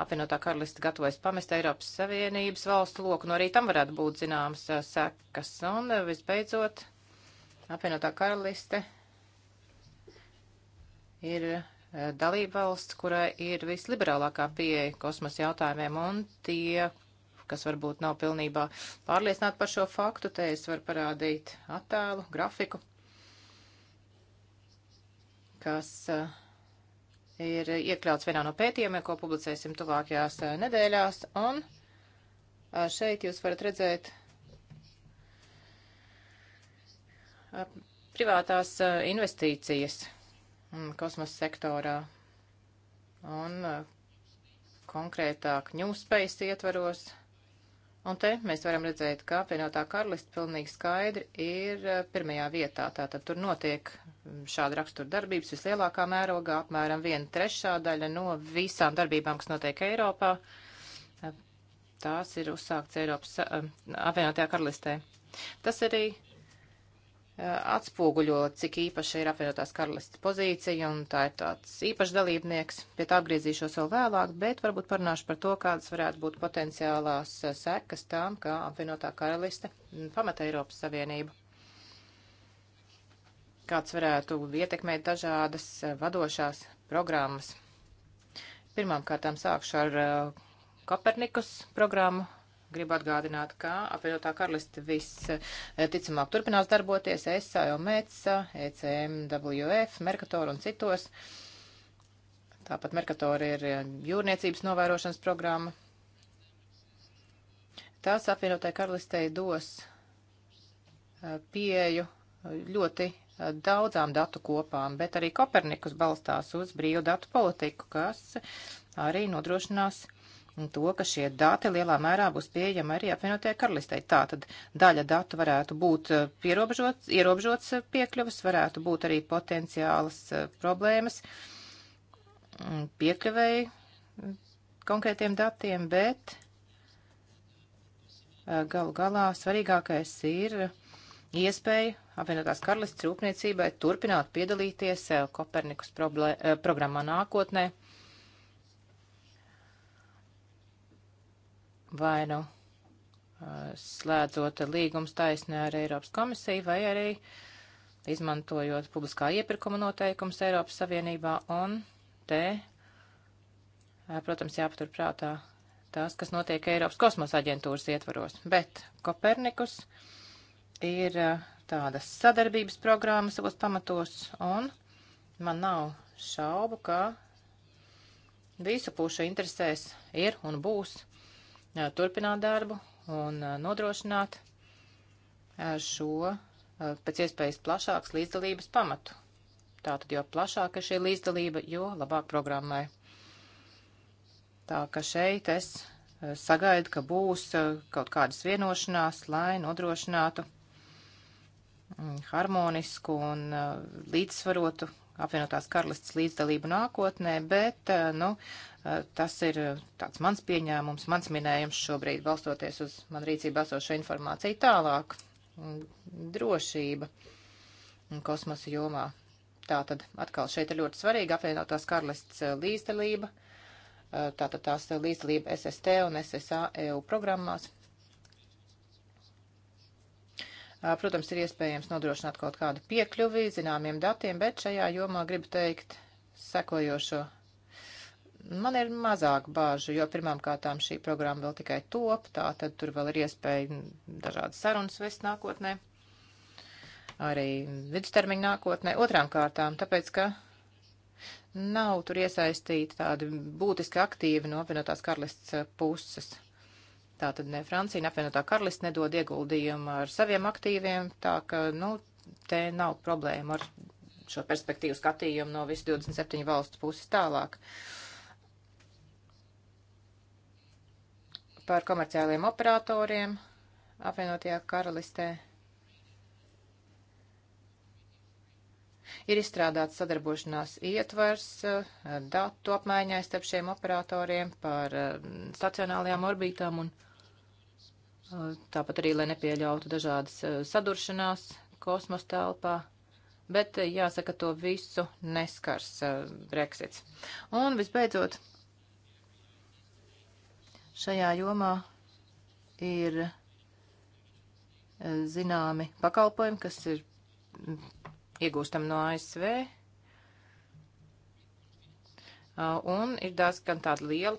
apvienotā karalista gatavojas pamest Eiropas Savienības valstu loku, no nu, arī tam varētu būt zināmas sekas. Un visbeidzot, apvienotā karaliste ir e, dalība valsts, kurai ir visliberālākā pieeja kosmosa jautājumiem, un tie, kas varbūt nav pilnībā pārliecināti par šo faktu, te es varu parādīt attēlu, grafiku, kas e, ir iekļauts vienā no pētījumiem, ko publicēsim tuvākajās e, nedēļās, un šeit jūs varat redzēt privātās investīcijas kosmosa sektorā un uh, konkrētāk ņūspējas ietvaros. Un te mēs varam redzēt, ka apvienotā karalista pilnīgi skaidri ir uh, pirmajā vietā. Tātad tur notiek um, šāda rakstura darbības vislielākā mērogā, apmēram viena trešā daļa no visām darbībām, kas notiek Eiropā. Uh, tās ir uzsākts Eiropas apvienotajā karalistē. Tas arī atspoguļo, cik īpaši ir apvienotās karalistas pozīcija, un tā ir tāds īpašs dalībnieks. Pie tā atgriezīšos vēl vēlāk, bet varbūt parunāšu par to, kādas varētu būt potenciālās sekas tām, kā apvienotā karaliste pamata Eiropas Savienību. Kāds varētu ietekmēt dažādas vadošās programmas. Pirmām kārtām sākšu ar uh, Kopernikus programmu Gribu atgādināt, ka apvienotā karaliste visticamāk eh, turpinās darboties ESA, OMECA, ECM, WF, Merkator un citos. Tāpat Merkator ir eh, jūrniecības novērošanas programma. Tās apvienotai karalistei dos eh, pieeju ļoti daudzām datu kopām, bet arī Kopernikus balstās uz brīvu datu politiku, kas arī nodrošinās un to, ka šie dati lielā mērā būs pieejami arī apvienotajai karalistei. Tātad daļa datu varētu būt eh, ierobežots eh, piekļuvas, varētu būt arī potenciālas eh, problēmas mm, piekļuvēji mm, konkrētiem datiem, bet galu galā svarīgākais ir iespēja apvienotās karalists rūpniecībai turpināt piedalīties Kopernikus programmā nākotnē. vai nu eh, slēdzot līgums taisnē ar Eiropas komisiju vai arī izmantojot publiskā iepirkuma noteikums Eiropas Savienībā un te, eh, protams, jāpatur prātā tās, kas notiek Eiropas kosmosa aģentūras ietvaros. Bet Kopernikus ir eh, tādas sadarbības programmas savos pamatos un man nav šaubu, ka visu pušu interesēs ir un būs turpināt darbu un nodrošināt šo pēc iespējas plašāks līdzdalības pamatu. Tātad, jo plašāka šī līdzdalība, jo labāk programmai. Tā ka šeit es sagaidu, ka būs kaut kādas vienošanās, lai nodrošinātu harmonisku un līdzsvarotu apvienotās karalistas līdzdalību nākotnē, bet, eh, nu, eh, tas ir eh, tāds mans pieņēmums, mans minējums šobrīd, balstoties uz man rīcībā esošo informāciju tālāk. Mm, drošība kosmosa jomā. Tātad atkal šeit ir ļoti svarīga apvienotās karalists līdzdalība, tātad tās līdzdalība SST un SSA EU programmās. Protams, ir iespējams nodrošināt kaut kādu piekļuvi zināmiem datiem, bet šajā jomā gribu teikt sekojošo. Man ir mazāk bāžu, jo pirmām kārtām šī programma vēl tikai top, tā tad tur vēl ir iespēja dažādas sarunas vest nākotnē, arī vidustermiņa nākotnē. Otrām kārtām, tāpēc, ka nav tur iesaistīti tādi būtiski aktīvi no apvienotās karalists puses. Tātad ne Francija, ne apvienotā karalists nedod ieguldījumu ar saviem aktīviem, tā ka, nu, te nav problēma ar šo perspektīvu skatījumu no visu 27 valstu puses tālāk. Par komerciāliem operatoriem apvienotajā karalistē ir izstrādāts sadarbošanās ietvers eh, datu apmaiņai starp šiem operatoriem par eh, stacionālajām orbītām un tāpat arī, lai nepieļautu dažādas eh, saduršanās kosmos telpā. Bet, eh, jāsaka, to visu neskars eh, Brexits. Un visbeidzot, šajā jomā ir zināmi pakalpojumi, kas ir mm, iegūstami no ASV, Uh, un ir diezgan tāda liela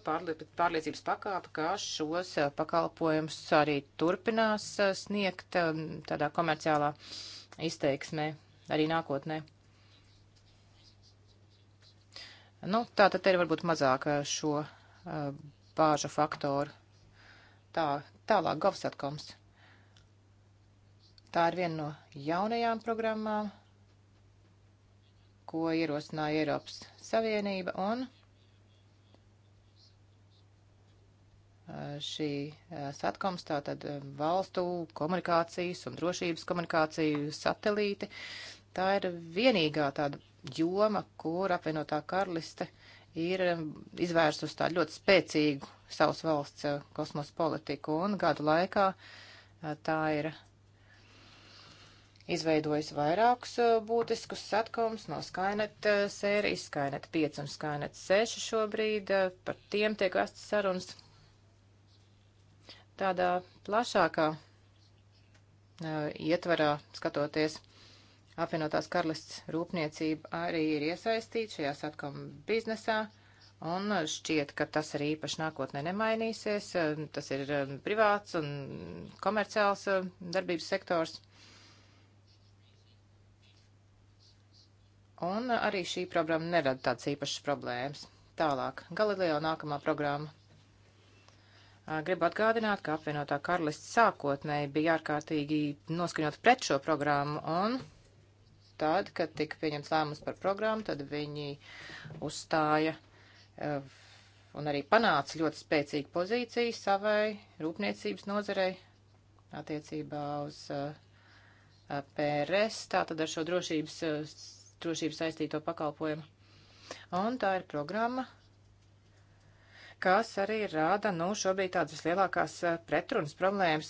pārliecības pakāpe, ka šos uh, pakalpojumus arī turpinās uh, sniegt um, tādā komerciālā izteiksmē arī nākotnē. Nu, tā tad te ir varbūt mazāk šo bāžu faktoru. Tā, tālāk, Govsatkoms. Tā ir viena no jaunajām programmām ko ierosināja Eiropas Savienība un šī satkoms, tātad valstu komunikācijas un drošības komunikāciju satelīti. Tā ir vienīgā tāda joma, kur apvienotā karliste ir izvērsus tādu ļoti spēcīgu savas valsts kosmosa politiku un gadu laikā tā ir izveidojis vairākus uh, būtiskus satkums no Skynet uh, sērijas, Skynet 5 un Skynet 6 šobrīd, uh, par tiem tiek vestas sarunas tādā plašākā ietvarā skatoties. Apvienotās karalists rūpniecība arī ir iesaistīta šajā satkuma biznesā. Un šķiet, ka tas arī īpaši nākotnē nemainīsies. Tas ir um, privāts un komerciāls darbības sektors. Un arī šī programma nerada tādas īpašas problēmas. Tālāk, Galileo nākamā programma. Gribu atgādināt, ka apvienotā karalists sākotnēji bija ārkārtīgi noskaņot pret šo programmu, un tad, kad tika pieņemts lēmums par programmu, tad viņi uzstāja un arī panāca ļoti spēcīgu pozīciju savai rūpniecības nozarei attiecībā uz PRS, tātad ar šo drošības drošības saistīto pakalpojumu. Un tā ir programma, kas arī rāda, nu, šobrīd tādas lielākās eh, pretrunas problēmas,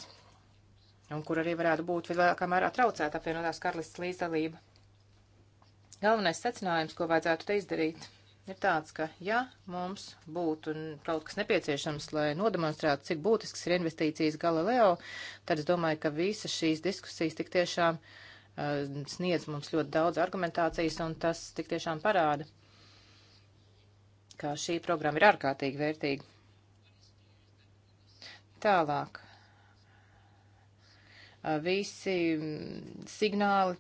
un kur arī varētu būt lielākā mērā traucēta apvienotās karalistas līdzdalība. Galvenais secinājums, ko vajadzētu te izdarīt, ir tāds, ka, ja mums būtu kaut kas nepieciešams, lai nodemonstrētu, cik būtisks ir investīcijas Galileo, tad es domāju, ka visas šīs diskusijas tik tiešām uh, Eh, sniedz mums ļoti daudz argumentācijas, un tas tik tiešām parāda, ka šī programma ir ārkārtīgi vērtīga. Tālāk. Eh, visi signāli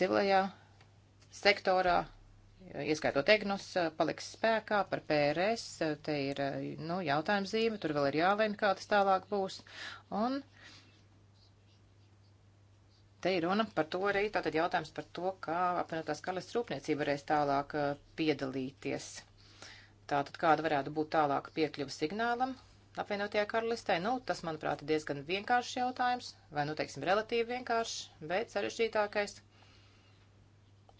civilajā sektorā, ieskaitot EGNOS, eh, paliks spēkā par PRS. Te ir nu, jautājums zīme, tur vēl ir jālēma, kā tas tālāk būs. Un Te ir runa par to arī, tātad jautājums par to, kā apvienotās karalists rūpniecība varēs tālāk uh, piedalīties. Tātad kāda varētu būt tālāka piekļuva signālam apvienotajā karalistē? Nu, tas, manuprāt, ir diezgan vienkāršs jautājums, vai, nu, teiksim, relatīvi vienkāršs, bet sarežģītākais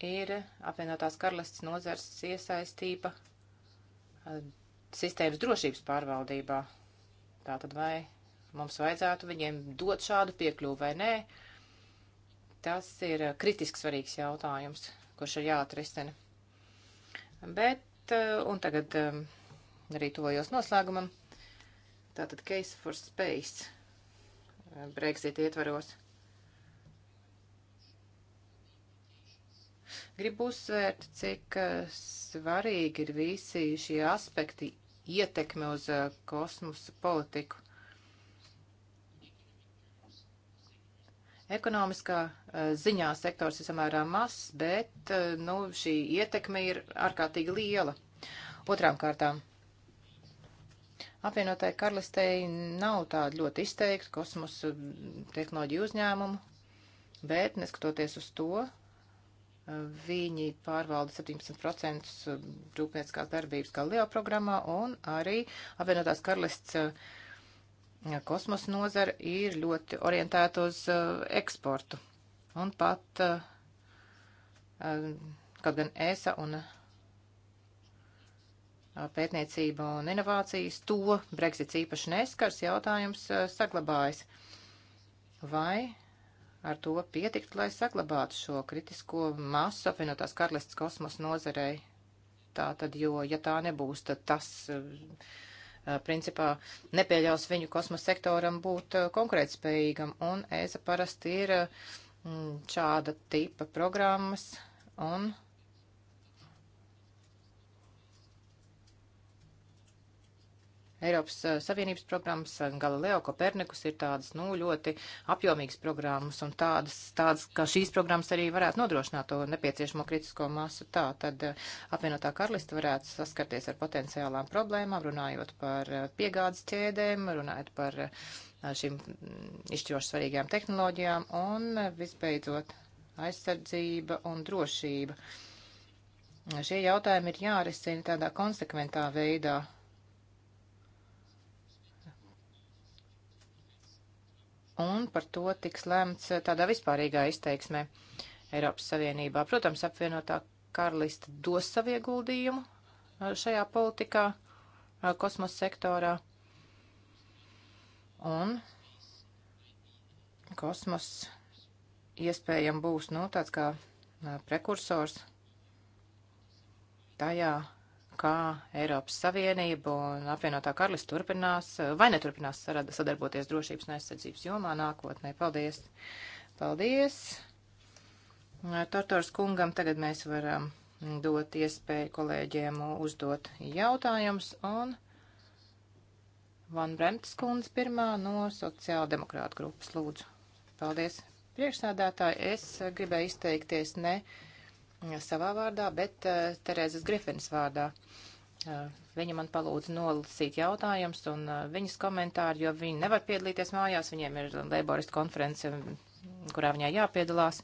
ir apvienotās karalists nozars iesaistība uh, sistēmas drošības pārvaldībā. Tātad vai mums vajadzētu viņiem dot šādu piekļuvu vai nē, Tas ir eh, kritiski svarīgs jautājums, kurš ir jāatrisina. Bet, eh, un tagad eh, arī tuvojos noslēgumam, tātad Case for Space Brexit ietvaros. Gribu uzsvērt, cik svarīgi ir visi šie aspekti ietekme uz kosmosa politiku. Ekonomiskā eh, ziņā sektors ir samērā mazs, bet eh, nu, šī ietekme ir ārkārtīgi liela. Otrām kārtām. Apvienotai karalistei nav tāda ļoti izteikta kosmosa eh, tehnoloģija uzņēmumu, bet neskatoties uz to, viņi pārvalda 17% rūpnieciskās darbības Galileo programmā un arī apvienotās karalists uh, kosmosa nozara ir ļoti orientēta uz uh, eksportu. Un pat, uh, um, kaut gan ESA un uh, pētniecība un inovācijas, to Brexits īpaši neskars, jautājums saglabājas. Vai ar to pietikt, lai saglabātu šo kritisko masu apvienotās karalists kosmosa nozarei? Tā tad, jo, ja tā nebūs, tad tas uh, principā nepieļaus viņu kosmosa sektoram būt konkurētspējīgam. Un ESA parasti ir šāda tipa programmas un Eiropas eh, Savienības programmas, eh, Galileo, Kopernikus ir tādas, nu, ļoti apjomīgas programmas, un tādas, tādas, ka šīs programmas arī varētu nodrošināt to nepieciešamo kritisko masu. Tā tad eh, apvienotā karalista varētu saskarties ar potenciālām problēmām, runājot par piegādes ķēdēm, runājot par šīm mm, izšķiroši svarīgajām tehnoloģijām un visbeidzot aizsardzība un drošība. Šie jautājumi ir jārisina tādā konsekventā veidā, un par to tiks lēmts tādā vispārīgā izteiksmē Eiropas Savienībā. Protams, apvienotā karalista dos savu ieguldījumu uh, šajā politikā, uh, kosmosa sektorā. Un kosmos iespējami būs, nu, tāds kā uh, prekursors tajā, kā Eiropas Savienība un apvienotā karalists turpinās vai neturpinās sadarboties drošības un aizsardzības jomā nākotnē. Paldies! Paldies! Tortors kungam tagad mēs varam dot iespēju kolēģiem uzdot jautājumus un Van Bremtes kundze pirmā no sociāldemokrāta grupas lūdzu. Paldies! Priekšsādātāji, es gribēju izteikties ne savā vārdā, bet uh, Terēzes Grifins vārdā. Uh, viņa man palūdza nolasīt jautājumus un uh, viņas komentāru, jo viņi nevar piedalīties mājās, viņiem ir leiboristu konference, mm, kurā viņai jāpiedalās.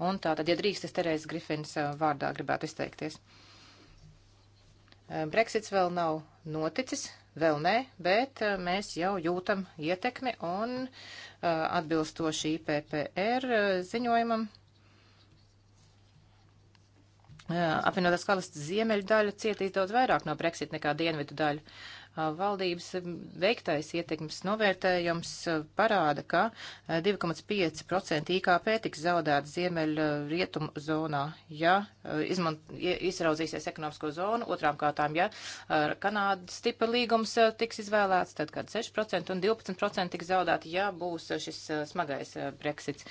Un tā tad, ja drīkst, es Terēzes Grifins uh, vārdā gribētu izteikties. Uh, Brexits vēl nav noticis, vēl nē, bet uh, mēs jau jūtam ietekmi un uh, atbilstoši IPPR uh, ziņojumam. Uh, apvienotās karalistas ziemeļu daļa cietīs daudz vairāk no Brexit nekā dienvidu daļa. Valdības veiktais ietekmes novērtējums parāda, ka 2,5% IKP tiks zaudēta ziemeļa rietumu zonā, ja izmant, izraudzīsies ekonomisko zonu, otrām kārtām, ja Kanādas tipa līgums tiks izvēlēts, tad kad 6% un 12% tiks zaudēti, ja būs šis smagais Brexits.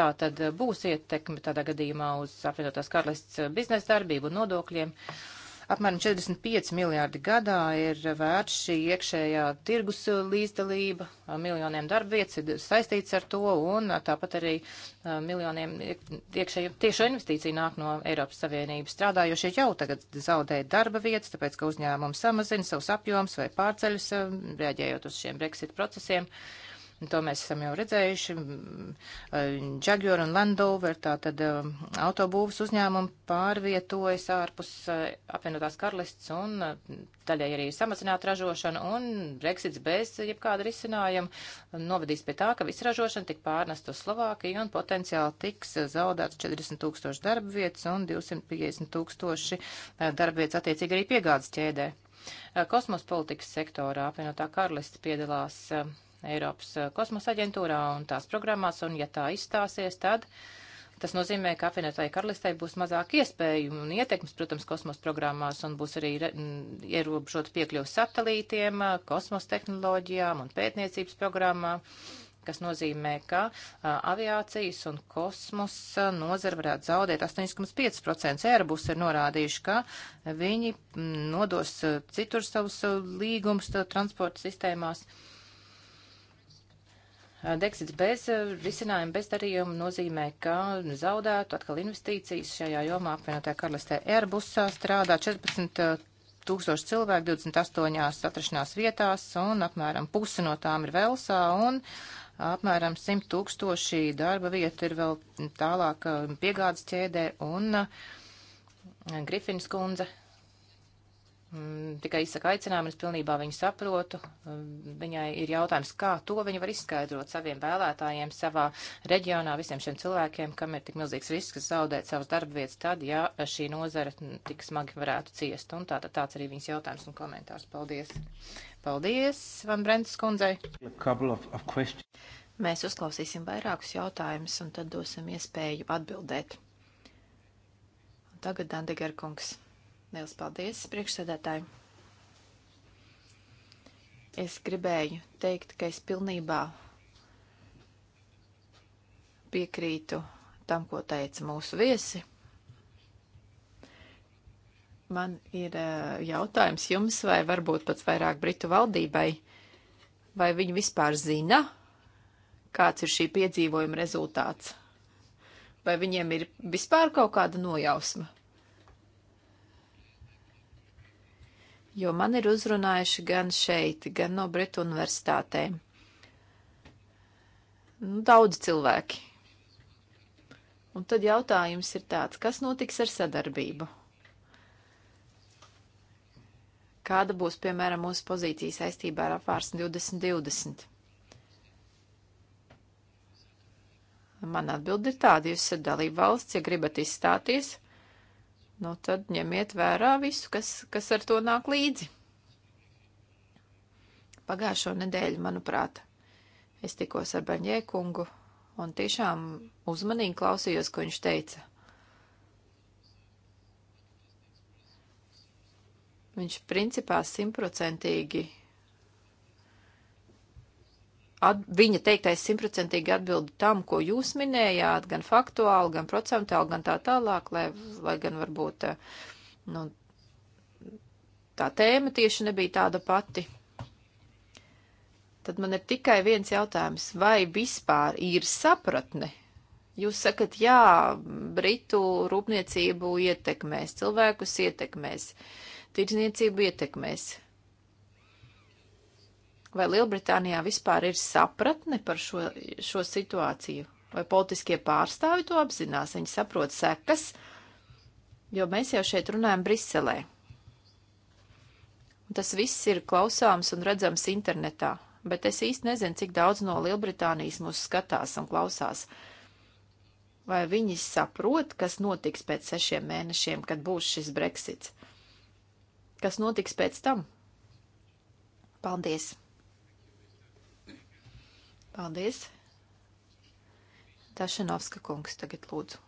Tā tad būs ietekme tādā gadījumā uz apvienotās karalists biznesa darbību un nodokļiem. Uh, Apmēram 45 miljārdi gadā ir vērts šī iekšējā tirgus līdzdalība, miljoniem darbvietas ir saistīts ar to, un tāpat arī miljoniem iekšējo tiešo investīciju nāk no Eiropas Savienības. Strādājošie jau tagad zaudē darba vietas, tāpēc, ka uzņēmumi samazina savus apjomus vai pārceļus, reaģējot uz šiem Brexit procesiem. Uh, Un to mēs esam jau redzējuši. Eh, Jaguar un Landover, tātad eh, autobūvas uzņēmumi pārvietojas ārpus eh, apvienotās karalists un daļai arī samazināt ražošanu. Un Brexits bez jebkāda risinājuma novadīs pie tā, ka visa ražošana tik pārnest uz Slovākiju un potenciāli tiks zaudēts 40 tūkstoši darba vietas un 250 tūkstoši darba vietas attiecīgi arī piegādes ķēdē. Kosmos politikas sektorā apvienotā karalists piedalās uh, Eiropas eh, kosmosa aģentūrā un tās programmās, un ja tā izstāsies, tad tas nozīmē, ka apvienotāji karalistē būs mazāk iespēju un ietekmes, protams, kosmosa programmās, un būs arī ierobežot piekļuvu satelītiem, eh, kosmosa tehnoloģijām un pētniecības programmām kas nozīmē, ka a, eh, aviācijas un kosmosa nozara varētu zaudēt 8,5%. Airbus ir norādījuši, ka viņi nodos citur savus līgumus transporta sistēmās. Uh, Deksits bez risinājuma, bez darījuma nozīmē, ka zaudētu atkal investīcijas šajā jomā apvienotā karalistē. Airbusā strādā 14 tūkstoši cilvēku 28 atrašanās vietās un apmēram pusi no tām ir Velsā un apmēram 100 tūkstoši darba vietu ir vēl tālāk piegādes ķēdē un Grifins kundze Mm, tikai izsaka aicinājumu, es pilnībā viņu saprotu. Mm, viņai ir jautājums, kā to viņa var izskaidrot saviem vēlētājiem, savā reģionā, visiem šiem cilvēkiem, kam ir tik milzīgs risks zaudēt savas darba vietas tad, ja šī nozara tik smagi varētu ciest. Un tātad tāds arī viņas jautājums un komentārs. Paldies! Paldies, Van Brents kundzei! Mēs uzklausīsim vairākus jautājumus un tad dosim iespēju atbildēt. Un tagad Dandegar kungs. Liels paldies, priekšsēdētāji! Es gribēju teikt, ka es pilnībā piekrītu tam, ko teica mūsu viesi. Man ir eh, jautājums jums, vai varbūt pat vairāk Britu valdībai, vai viņi vispār zina, kāds ir šī piedzīvojuma rezultāts? Vai viņiem ir vispār kaut kāda nojausma? jo man ir uzrunājuši gan šeit, gan no Britu universitātēm. Nu, daudz cilvēki. Un tad jautājums ir tāds, kas notiks ar sadarbību? Kāda būs, piemēram, mūsu pozīcija saistībā ar apvārsni 2020? Man atbild ir tāda, jūs esat dalība valsts, ja gribat izstāties – nu tad ņemiet vērā visu, kas, kas ar to nāk līdzi. Pagājušo nedēļu, manuprāt, es tikos ar Baņē kungu un tiešām uzmanīgi klausījos, ko viņš teica. Viņš principā simtprocentīgi at, viņa teiktais simtprocentīgi atbildi tam, ko jūs minējāt, gan faktuāli, gan procentuāli, gan tā tālāk, lai, lai gan varbūt eh, nu, tā tēma tieši nebija tāda pati. Tad man ir tikai viens jautājums, vai vispār ir sapratne? Jūs sakat, jā, Britu rūpniecību ietekmēs, cilvēkus ietekmēs, tirdzniecību ietekmēs. Vai Lielbritānijā vispār ir sapratne par šo, šo situāciju? Vai politiskie pārstāvi to apzinās? Viņi saprot sekas, jo mēs jau šeit runājam Briselē. Un tas viss ir klausāms un redzams internetā, bet es īsti nezinu, cik daudz no Lielbritānijas mūs skatās un klausās. Vai viņi saprot, kas notiks pēc sešiem mēnešiem, kad būs šis Brexits? Kas notiks pēc tam? Paldies! Paldies. Dašanovska kungs tagad lūdzu.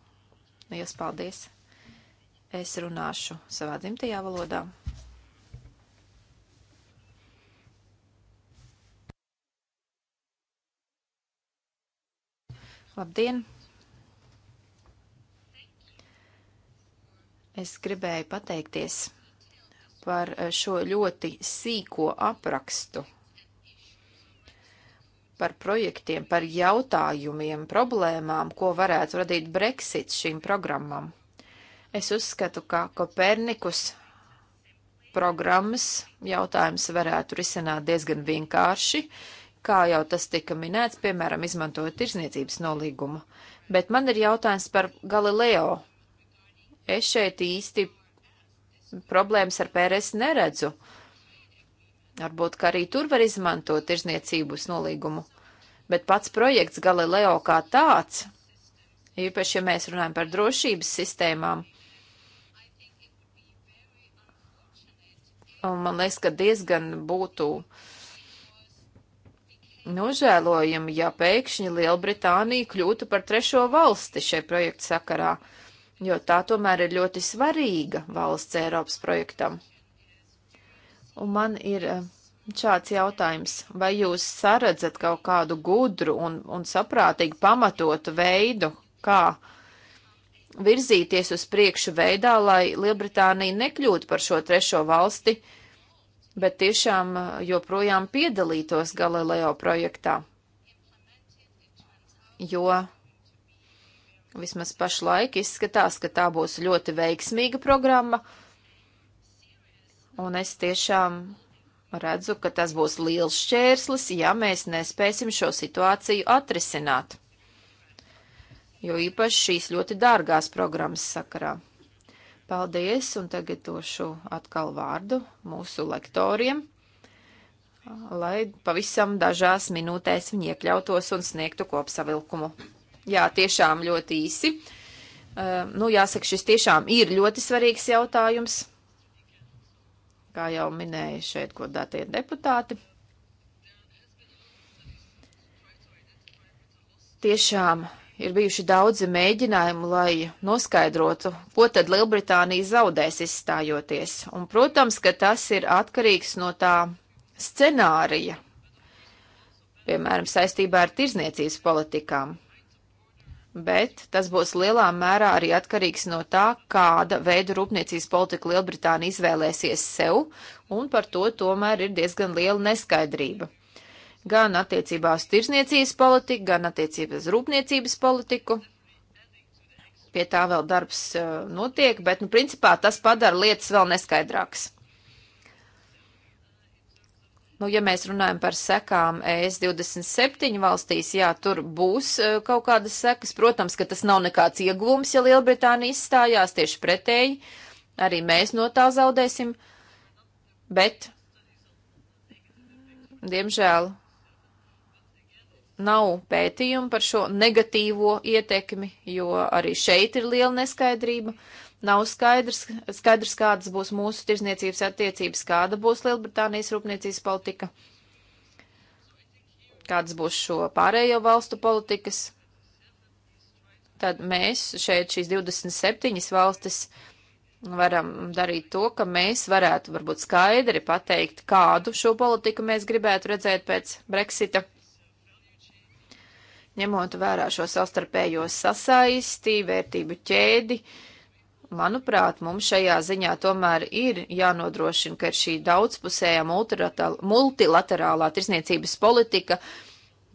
Lielas paldies. Es runāšu savā dzimtajā valodā. Labdien! Es gribēju pateikties par šo ļoti sīko aprakstu par projektiem, par jautājumiem, problēmām, ko varētu radīt Brexit šīm programmām. Es uzskatu, ka Kopernikus programmas jautājums varētu risināt diezgan vienkārši, kā jau tas tika minēts, piemēram, izmantojot tirzniecības nolīgumu. Bet man ir jautājums par Galileo. Es šeit īsti problēmas ar PRS neredzu. Uh, Varbūt, ka arī tur var izmantot tirzniecības nolīgumu. Bet pats projekts Galileo kā tāds, īpaši, ja mēs runājam par drošības sistēmām, un man liekas, ka diezgan būtu nožēlojami, ja pēkšņi Lielbritānija kļūtu par trešo valsti šai projekta sakarā, jo tā tomēr ir ļoti svarīga valsts Eiropas projektam. Un man ir eh, šāds jautājums. Vai jūs saredzat kaut kādu gudru un, un saprātīgi pamatotu veidu, kā virzīties uz priekšu veidā, lai Lielbritānija nekļūtu par šo trešo valsti, bet tiešām eh, joprojām piedalītos Galileo projektā? Jo vismaz pašlaik izskatās, ka tā būs ļoti veiksmīga programma Un es tiešām redzu, ka tas būs liels šķērslis, ja mēs nespēsim šo situāciju atrisināt. Jo īpaši šīs ļoti dārgās programmas sakarā. Paldies, un tagad došu atkal vārdu mūsu lektoriem, lai pavisam dažās minūtēs viņi iekļautos un sniegtu kopsavilkumu. Jā, tiešām ļoti īsi. Uh, nu, jāsaka, šis tiešām ir ļoti svarīgs jautājums kā jau minēja šeit godātie deputāti. Tiešām ir bijuši daudzi mēģinājumi, lai noskaidrotu, ko tad Lielbritānija zaudēs izstājoties. Un, protams, ka tas ir atkarīgs no tā scenārija, piemēram, saistībā ar tirzniecības politikām bet tas būs lielā mērā arī atkarīgs no tā, kāda veida rūpniecības politika Lielbritānija izvēlēsies sev, un par to tomēr ir diezgan liela neskaidrība. Gan attiecībā uz tirzniecības politiku, gan attiecībā uz rūpniecības politiku. Pie tā vēl darbs eh, notiek, bet, nu, principā tas padara lietas vēl neskaidrākas. Nu, ja mēs runājam par sekām e ES 27 valstīs, jā, tur būs e, kaut kādas sekas. Protams, ka tas nav nekāds ieguvums, ja Lielbritānija izstājās tieši pretēji. Arī mēs no tā zaudēsim. Bet, diemžēl, nav pētījumu par šo negatīvo ietekmi, jo arī šeit ir liela neskaidrība. Uh, Nav skaidrs, skaidrs kādas būs mūsu tirzniecības attiecības, kāda būs Lielbritānijas rūpniecības politika, kādas būs šo pārējo valstu politikas. Tad mēs šeit šīs 27 valstis varam darīt to, ka mēs varētu varbūt skaidri pateikt, kādu šo politiku mēs gribētu redzēt pēc Brexita, ņemot vērā šo savstarpējo sasaisti, vērtību ķēdi, uh, manuprāt, mums šajā ziņā tomēr ir jānodrošina, ka ir šī daudzpusējā multilaterālā tirsniecības politika,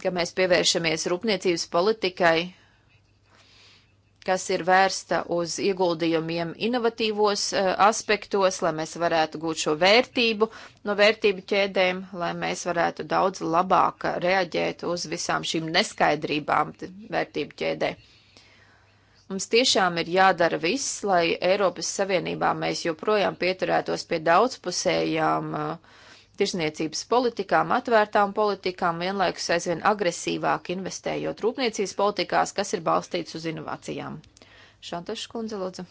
ka mēs pievēršamies rūpniecības politikai, kas ir vērsta uz ieguldījumiem inovatīvos uh, aspektos, lai mēs varētu gūt šo vērtību no vērtību ķēdēm, lai mēs varētu daudz labāk reaģēt uz visām šīm neskaidrībām vērtību ķēdēm. Mums tiešām ir jādara viss, lai Eiropas Savienībā mēs joprojām pieturētos pie daudzpusējām uh, tirzniecības politikām, atvērtām politikām, vienlaikus aizvien agresīvāk investējot rūpniecības politikās, kas ir balstīts uz inovācijām. Šantaša kundze, lūdzu.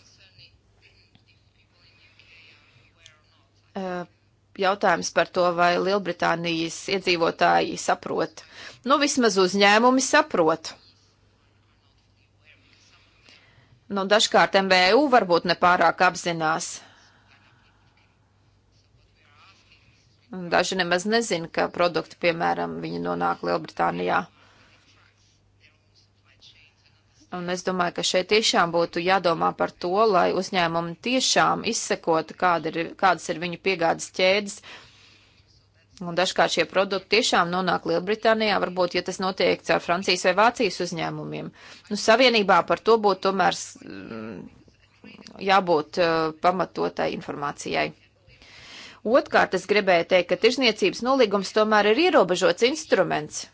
Uh, jautājums par to, vai Lielbritānijas iedzīvotāji saprot. Nu, vismaz uzņēmumi saprot. nu, dažkārt MBU varbūt nepārāk apzinās. Daži nemaz nezina, ka produkti, piemēram, viņi nonāk Lielbritānijā. Un es domāju, ka šeit tiešām būtu jādomā par to, lai uzņēmumi tiešām izsekotu, kāda ir, kādas ir viņu piegādes ķēdes. Uh, Un dažkārt šie produkti tiešām nonāk Lielbritānijā, varbūt, ja tas notiek caur Francijas vai Vācijas uzņēmumiem. Nu, savienībā par to būtu tomēr mm, jābūt uh, pamatotai informācijai. Otkārt, es gribēju teikt, ka tirzniecības nolīgums tomēr ir ierobežots instruments.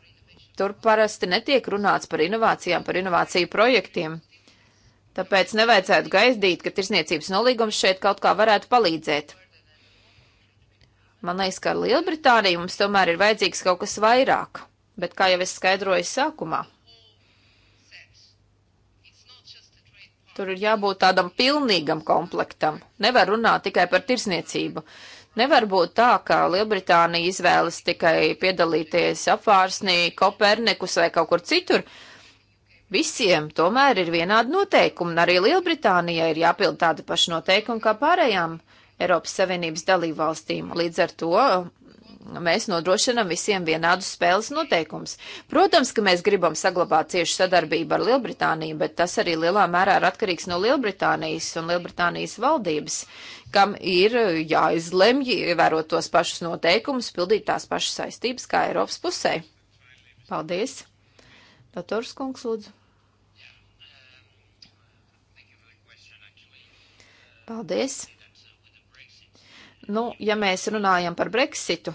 Tur parasti netiek runāts par inovācijām, par inovāciju projektiem. Tāpēc nevajadzētu gaidīt, ka tirzniecības nolīgums šeit kaut kā varētu palīdzēt. Man liekas, ka ar Lielbritāniju mums tomēr ir vajadzīgs kaut kas vairāk. Bet kā jau es skaidroju sākumā, tur ir jābūt tādam pilnīgam komplektam. Nevar runāt tikai par tirsniecību. Nevar būt tā, ka Lielbritānija izvēlas tikai piedalīties apvārsnī, Kopernikus vai kaut kur citur. Visiem tomēr ir vienādi noteikumi, un arī Lielbritānijai ir jāpild tādi paši noteikumi kā pārējām uh, Eiropas Savienības dalībvalstīm. Līdz ar to um, mēs nodrošinam visiem vienādus spēles noteikumus. Protams, ka mēs gribam saglabāt ciešu sadarbību ar Lielbritāniju, bet tas arī lielā mērā ir atkarīgs no Lielbritānijas un Lielbritānijas valdības, kam ir uh, jāizlemj ievērot tos pašus noteikumus, pildīt tās pašas saistības kā Eiropas pusē. Paldies! Dators kungs, lūdzu. Paldies! Nu, ja mēs runājam par Brexitu,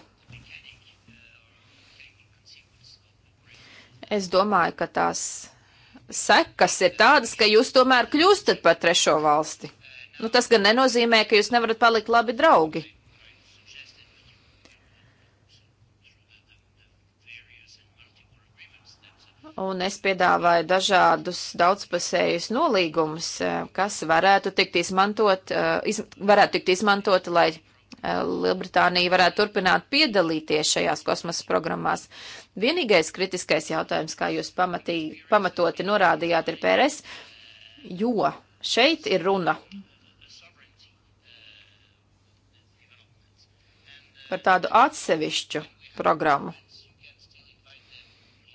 es domāju, ka tās sekas ir tādas, ka jūs tomēr kļūstat par trešo valsti. Nu, tas gan nenozīmē, ka jūs nevarat palikt labi draugi. un es piedāvāju dažādus daudzpusējus nolīgumus, eh, kas varētu tikt izmantot, eh, iz, varētu tikt izmantot, lai Lielbritānija varētu turpināt piedalīties šajās kosmosa programmās. Vienīgais kritiskais jautājums, kā jūs pamatī, pamatoti norādījāt, ir PRS, jo šeit ir runa par tādu atsevišķu programmu.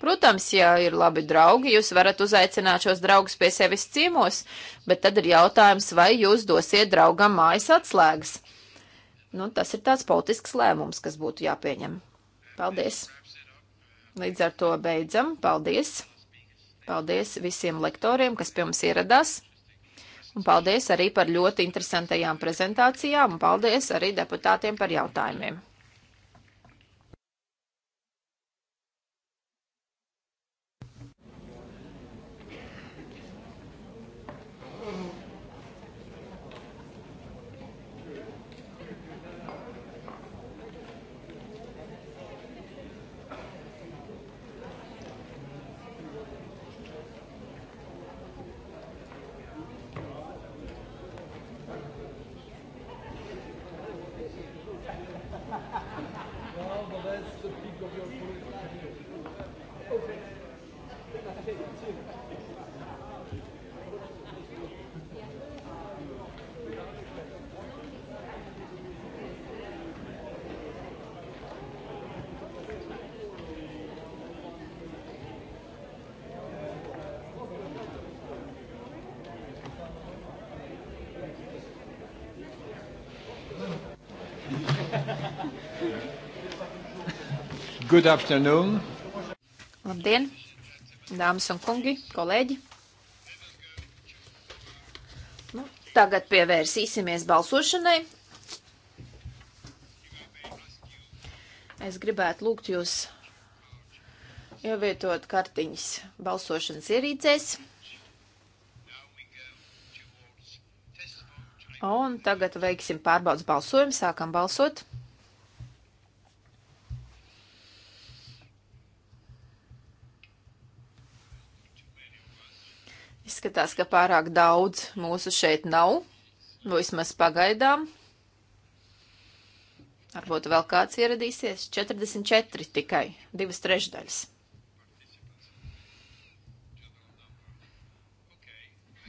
Protams, ja ir labi draugi, jūs varat uzaicināt šos draugus pie sevis ciemos, bet tad ir jautājums, vai jūs dosiet draugam mājas atslēgas. Nu, tas ir tāds politisks lēmums, kas būtu jāpieņem. Paldies! Līdz ar to beidzam. Paldies! Paldies visiem lektoriem, kas pie mums ieradās. Un paldies arī par ļoti interesantajām prezentācijām, un paldies arī deputātiem par jautājumiem. Good afternoon. Labdien, dāmas un kungi, kolēģi. Nu, tagad pievērsīsimies balsošanai. Es gribētu lūgt jūs ievietot kartiņas balsošanas ierīcēs. Un tagad veiksim pārbaudas balsojumu, sākam balsot. Izskatās, ka pārāk daudz mūsu šeit nav, nu, vismaz pagaidām. Varbūt vēl kāds ieradīsies. 44 tikai, divas trešdaļas.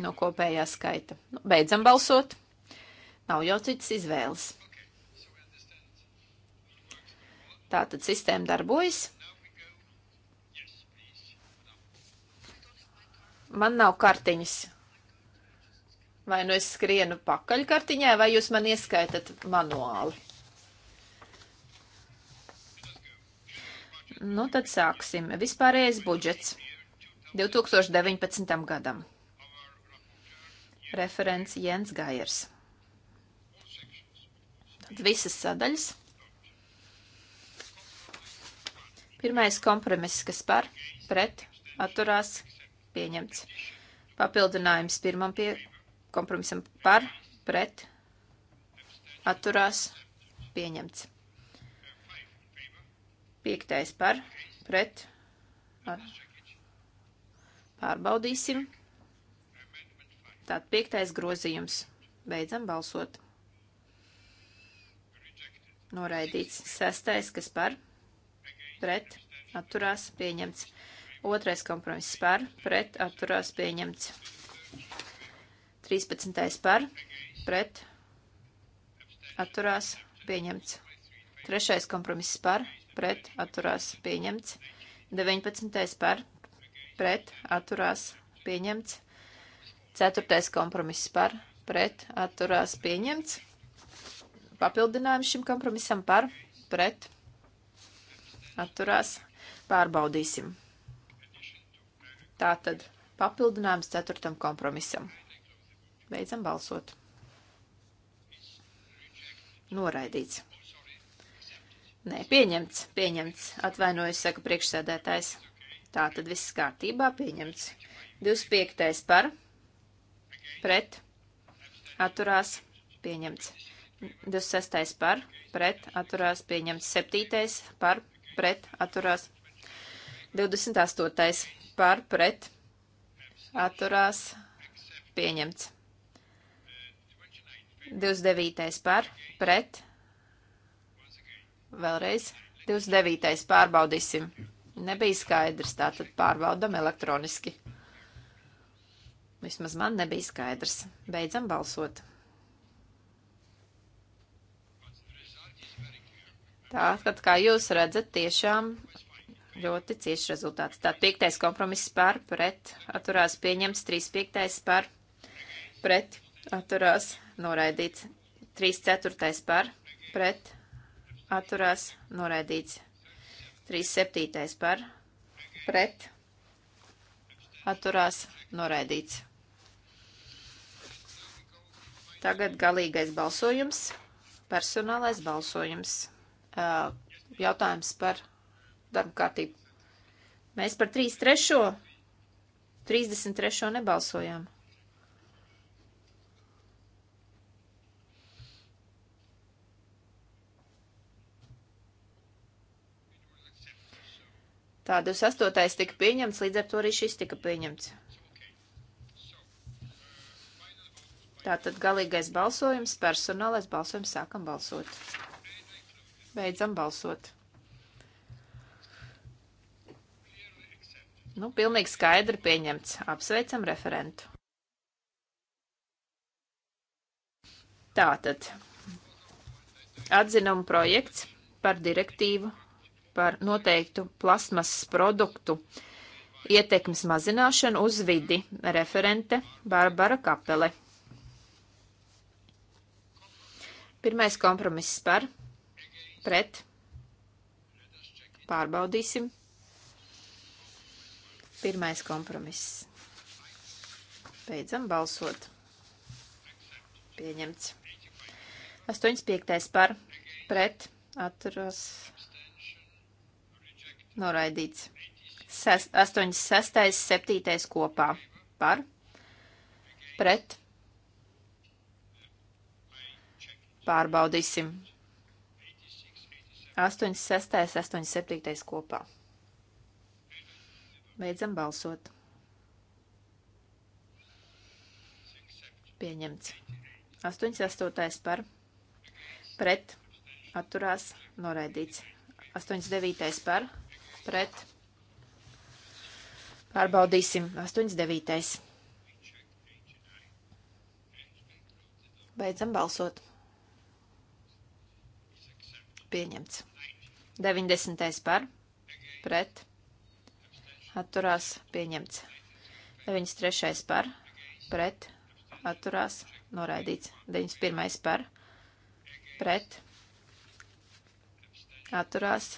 No kopējā skaita. Nu, beidzam balsot. Nav jau citas izvēles. Tātad sistēma darbojas. Man nav kartiņas. Vai nu es skrienu pakaļkartiņā, vai jūs man ieskaitat manuāli? Nu, tad sāksim. Vispārējais budžets 2019. gadam. Referents Jens Gaiers. Tad visas sadaļas. Pirmais kompromiss, kas par, pret, atturās, pieņemts. Papildinājums pirmam pie kompromisam par, pret, atturās, pieņemts. Piektais par, pret, ar. pārbaudīsim. Tātad piektais grozījums. Beidzam balsot. Noraidīts sestais, kas par, pret, atturās, pieņemts. Otrais kompromiss par, pret, atturās pieņemts. 13. par, pret, atturās pieņemts. Trešais kompromiss par, pret, atturās pieņemts. 19. par, pret, atturās pieņemts. Ceturtais kompromiss par, pret, atturās pieņemts. Papildinājums šim kompromisam par, pret, atturās pārbaudīsim. Tātad papildinājums ceturtam kompromisam. Beidzam balsot. Noraidīts. Nē, pieņemts, pieņemts, atvainojas, saka priekšsēdētājs. Tā tad viss kārtībā pieņemts. 25. par, pret, atturās, pieņemts. 26. par, pret, atturās, pieņemts. 7. par, pret, atturās. 28 par pret atturās pieņemts. 29. par pret. Vēlreiz 29. pārbaudīsim. Nebija skaidrs, tātad pārbaudam elektroniski. Vismaz man nebija skaidrs. Beidzam balsot. Tātad, kā jūs redzat, tiešām Ļoti cieši rezultāts. Tā piektais kompromiss par, pret, atturās pieņemts, 3 piektais par, pret, atturās noraidīts, 3 ceturtais par, pret, atturās noraidīts, 3 septītais par, pret, atturās noraidīts. Tagad galīgais balsojums, personālais balsojums, jautājums par darba kārtību. Mēs par 3 trešo, 33. nebalsojām. Tā 28. tika pieņemts, līdz ar to arī šis tika pieņemts. Tātad galīgais balsojums, personālais balsojums, sākam balsot. Beidzam balsot. Nu, pilnīgi skaidri pieņemts. Apsveicam referentu. Tātad atzinuma projekts par direktīvu par noteiktu plasmasas produktu ietekmes mazināšanu uz vidi referente Bārbara Kapele. Pirmais kompromiss par, pret, pārbaudīsim. Pirmais kompromiss. Beidzam balsot. Pieņemts. 85. par pret atturos noraidīts. 86. 7. kopā par pret pārbaudīsim. 86. 87. kopā. Beidzam balsot. Pieņemts. 88. par pret atturās noraidīts. 89. par pret pārbaudīsim. 89. Beidzam balsot. Pieņemts. 90. par pret atturās atturās pieņemts. 93. par, pret, atturās noraidīts. 91. par, pret, atturās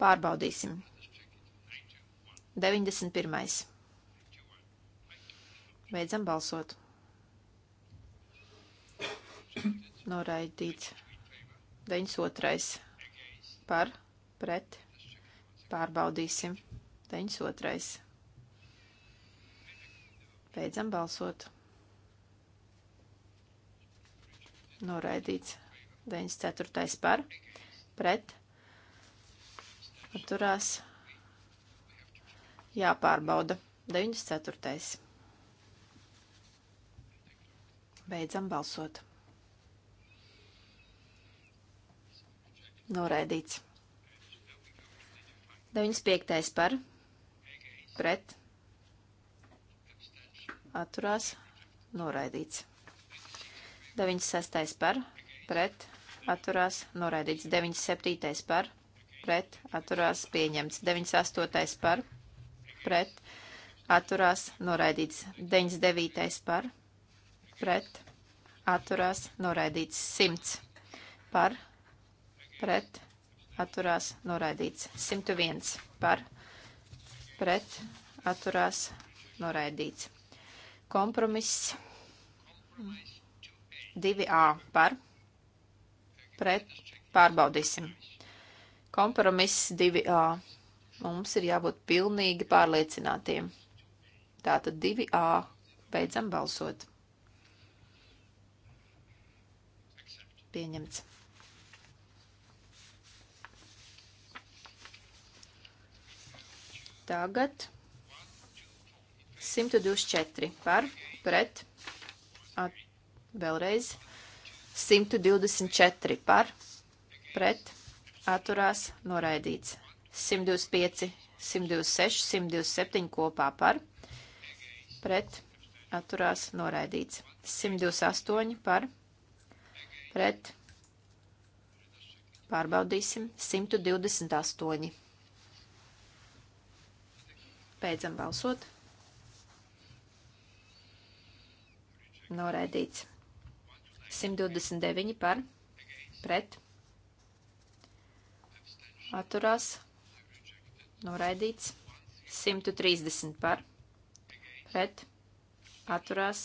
pārbaudīsim. 91. Beidzam balsot. Noraidīts. 92. par, pret, atturās Pārbaudīsim. 92. Beidzam balsot. Noraidīts. 94. par. Pret. Atturās. Jāpārbauda. 94. Beidzam balsot. Noraidīts. 95. par pret atturās noraidīts. 96. par pret atturās noraidīts. 97. par pret atturās pieņemts. 98. par pret atturās noraidīts. 99. par pret atturās noraidīts. 100 par pret atturās noraidīts. 101 par pret atturās noraidīts. Kompromiss 2A par pret pārbaudīsim. Kompromiss 2A. Mums ir jābūt pilnīgi pārliecinātiem. Tātad 2A. Beidzam balsot. Pieņemts. Tagad 124 par, pret, at, vēlreiz 124 par, pret, atturās, noraidīts. 125, 126, 127 kopā par, pret, atturās, noraidīts. 128 par, pret, pārbaudīsim, 128. Beidzam balsot. Noraidīts. 129 par, pret, atturās, noraidīts. 130 par, pret, atturās,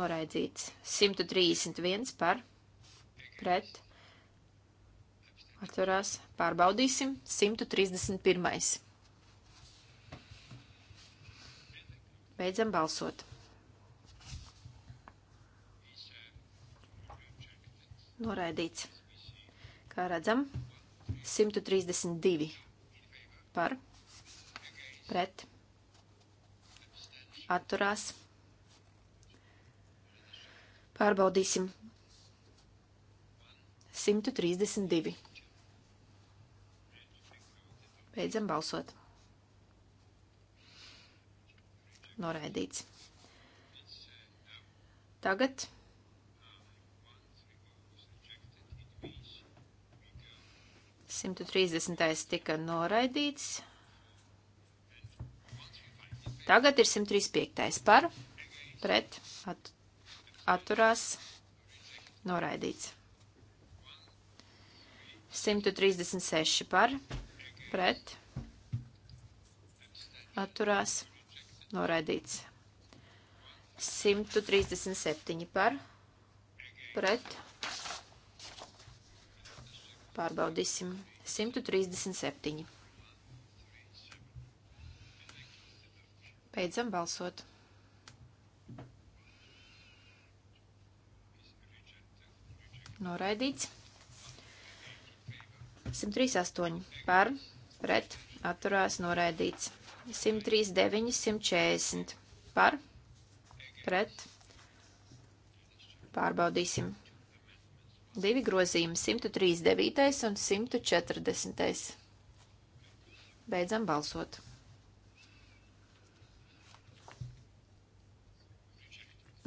noraidīts. 131 par, pret, atturās, pārbaudīsim. 131. Beidzam balsot. Noraidīts. Kā redzam, 132 par pret atturās. Pārbaudīsim. 132. Beidzam balsot. noraidīts. Tagad. Simtu trīsdesmitais tika noraidīts. Tagad ir 135. par, pret, at, atturās, noraidīts. 136 par, pret, atturās, noraidīts noraidīts. 137 par, pret, pārbaudīsim, 137. Beidzam balsot. Noraidīts. 138 par, pret, atturās, noraidīts. 139, 140 par, pret, pārbaudīsim. Divi grozījumi, 139 un 140. Beidzam balsot.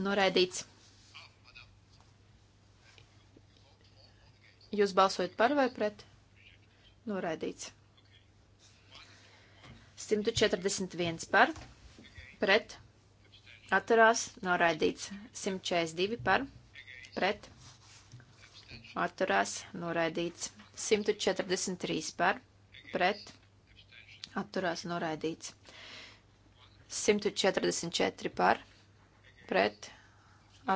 Noraidīts. Jūs balsojat par vai pret? Noraidīts. 141 par, pret, atturās, noraidīts. 142 par, pret, atturās, noraidīts. 143 par, pret, atturās, noraidīts. 144 par, pret,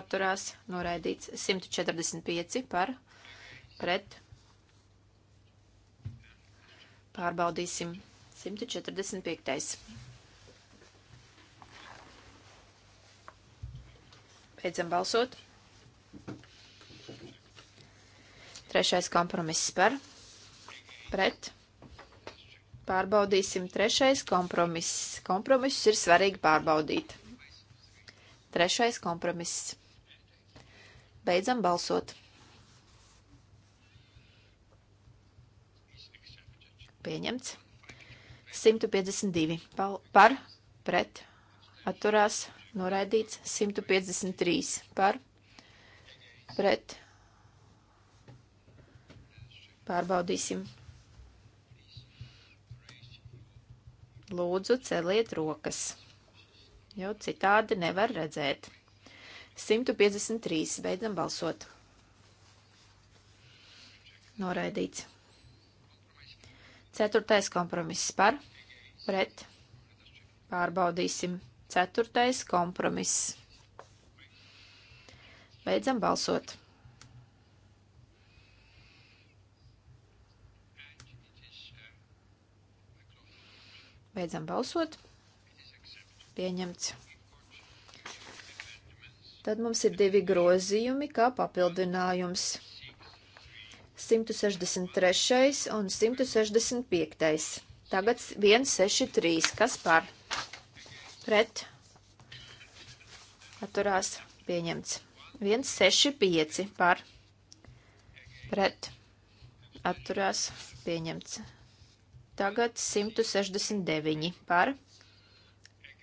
atturās, noraidīts. 145 par, pret, pārbaudīsim. 145. Beidzam balsot. Trešais kompromiss par, pret. Pārbaudīsim trešais kompromiss. Kompromiss ir svarīgi pārbaudīt. Trešais kompromiss. Beidzam balsot. Pieņemts. 152 par, pret, atturās, noraidīts 153 par, pret, pārbaudīsim. Lūdzu, celiet rokas, jo citādi nevar redzēt. 153. Beidzam balsot. Noraidīts. Ceturtais kompromiss par pret. Pārbaudīsim. Ceturtais kompromiss. Beidzam balsot. Beidzam balsot. Pieņemts. Tad mums ir divi grozījumi kā papildinājums. 163. un 165. Tagad 163, kas par pret atturās pieņemts. 165 par pret atturās pieņemts. Tagad 169 par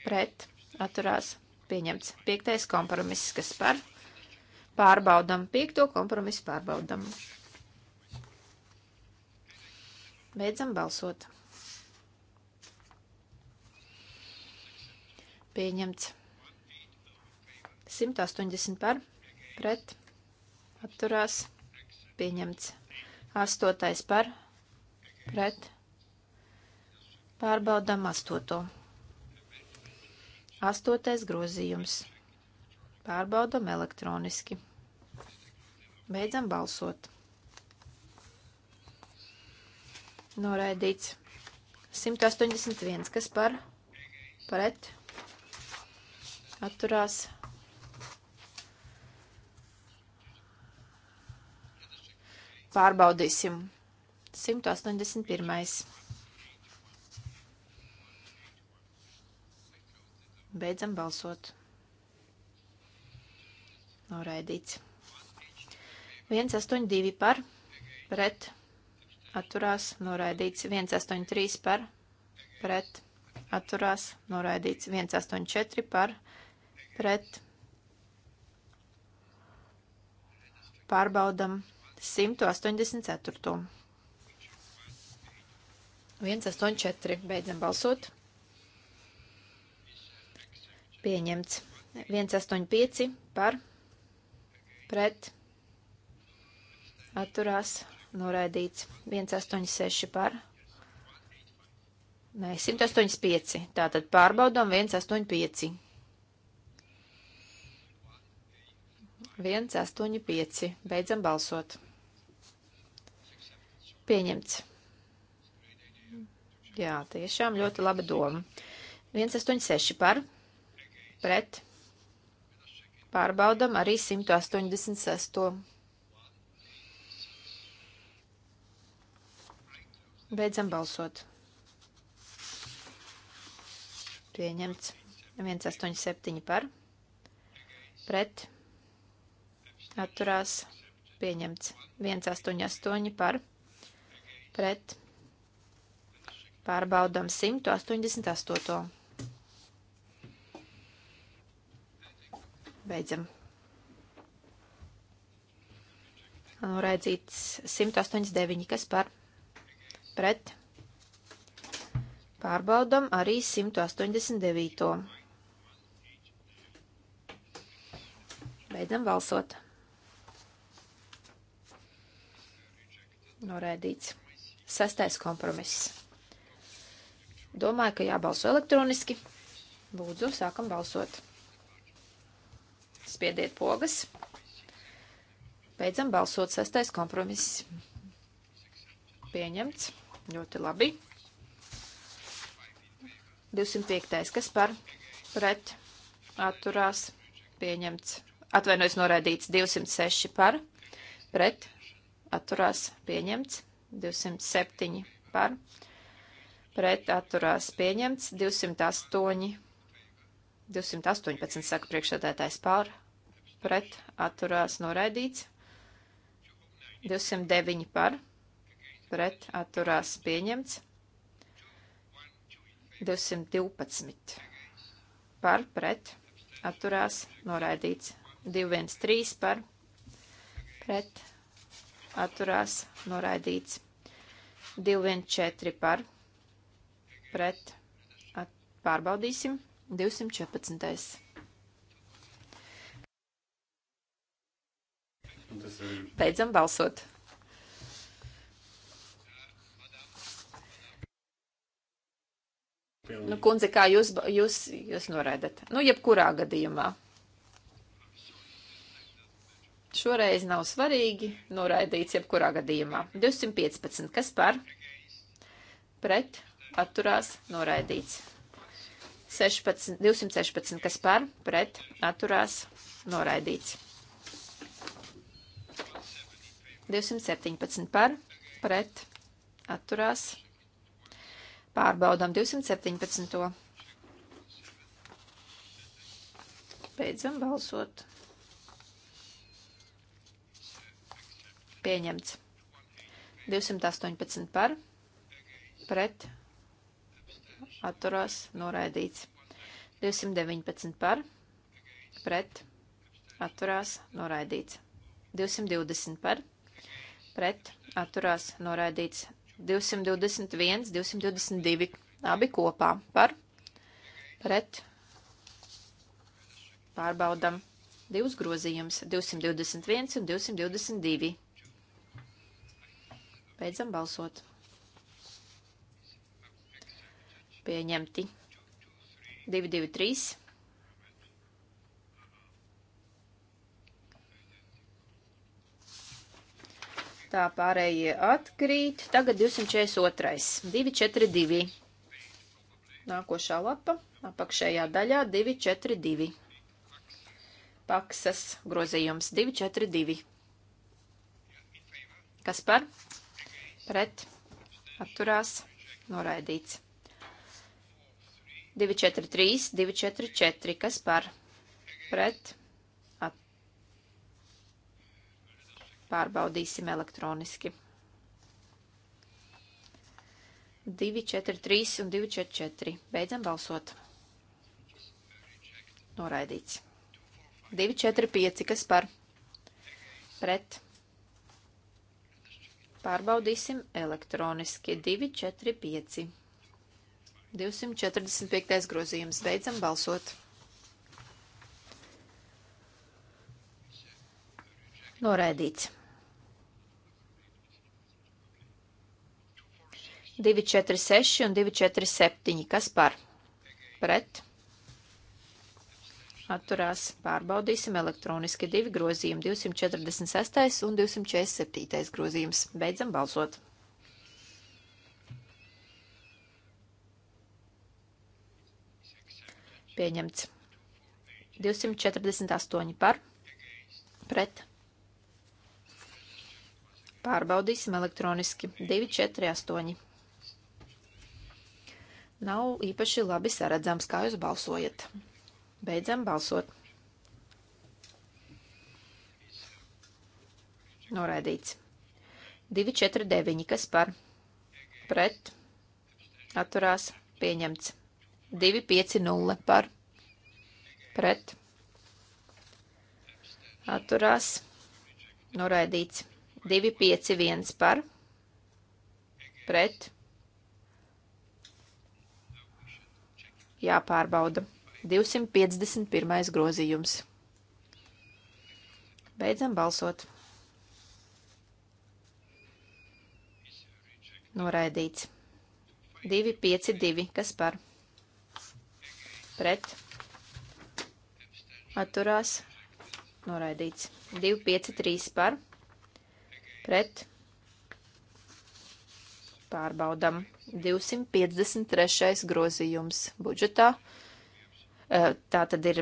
pret atturās pieņemts. Piektais kompromiss, kas par pārbaudam. Piekto kompromisu pārbaudam. Beidzam balsot. Pieņemts. 180 par, pret, atturās, pieņemts. 8 par, pret, pārbaudām 8. 8 grozījums. Pārbaudām elektroniski. Beidzam balsot. Noraidīts. 181, kas par, pret, atturās. Pārbaudīsim. 181. Beidzam balsot. Noraidīts. 182 par, pret, atturās, noraidīts. 183 par, pret, atturās, noraidīts. 184 par, pret pret. Pārbaudam 184. 184. Beidzam balsot. Pieņemts. 185 par pret atturās noraidīts. 186 par Nē, 185. Tātad pārbaudām 185. 185. Beidzam balsot. Pieņemts. Jā, tiešām ļoti laba doma. 186 par, pret. Pārbaudam arī 186. Beidzam balsot. Pieņemts. 187 par, pret atturās pieņemts. 188 par pret pārbaudam 188. Beidzam. Noraidzīts 189, kas par pret pārbaudam arī 189. Beidzam balsot. Noraidīts. Sastais kompromiss. Domāju, ka jābalso elektroniski. Lūdzu, sākam balsot. Spiediet pogas. Beidzam balsot. Sastais kompromiss. Pieņemts. Ļoti labi. 205. Kas par pret atturās pieņemts? Atvainojas noraidīts 206 par pret atturās pieņemts, 207 par, pret atturās pieņemts, 208, 218 saka priekšsēdētājs par, pret atturās noraidīts, 209 par, pret atturās pieņemts, 212 par, pret atturās noraidīts, 213 par, pret atturās noraidīts. 214 par pret at, pārbaudīsim 214. Beidzam balsot. Nu, kundze, kā jūs, jūs, jūs noraidat? Nu, jebkurā gadījumā. Šoreiz nav svarīgi, noraidīts jebkurā gadījumā. 215. Kas par? Pret. Atturās. Noraidīts. 16, 216. Kas par? Pret. Atturās. Noraidīts. 217 par. Pret. Atturās. Pārbaudām 217. Beidzam balsot. Pieņemts. 218 par, pret, atturās, noraidīts. 219 par, pret, atturās, noraidīts. 220 par, pret, atturās, noraidīts. 221, 222, abi kopā par, pret, pārbaudam divus grozījumus - 221 un 222. Beidzam balsot. Pieņemti. 2, 2, 3. Tā pārējie atkrīt. Tagad 242. 2, 4, 2. Nākošā lapa, apakšējā daļā 2, 4, 2. Paksas grozījums 2, 4, 2. Kas par? pret, atturās, noraidīts. 243, 244, kas par, pret, at... pārbaudīsim elektroniski. 243 un 244, beidzam balsot. Noraidīts. 245, kas par, pret, atturās Pārbaudīsim elektroniski 245. 245. grozījums. Beidzam balsot. Noraidīts. 246 un 247. Kas par? Pret? atturās. Pārbaudīsim elektroniski divi grozījumi - 246. un 247. grozījums. Beidzam balsot! Pieņemts. 248 par, pret. Pārbaudīsim elektroniski 248. Nav īpaši labi saredzams, kā jūs balsojat. Beidzam balsot. Noraidīts. 249, kas par pret atturās pieņemts. 250 par pret atturās noraidīts. 251 par pret jāpārbauda. 251. grozījums. Beidzam balsot. Noraidīts. 252. Kas par? Pret. Atturās. Noraidīts. 253 par. Pret. Pārbaudam. 253. grozījums budžetā. Eh, tā tad ir,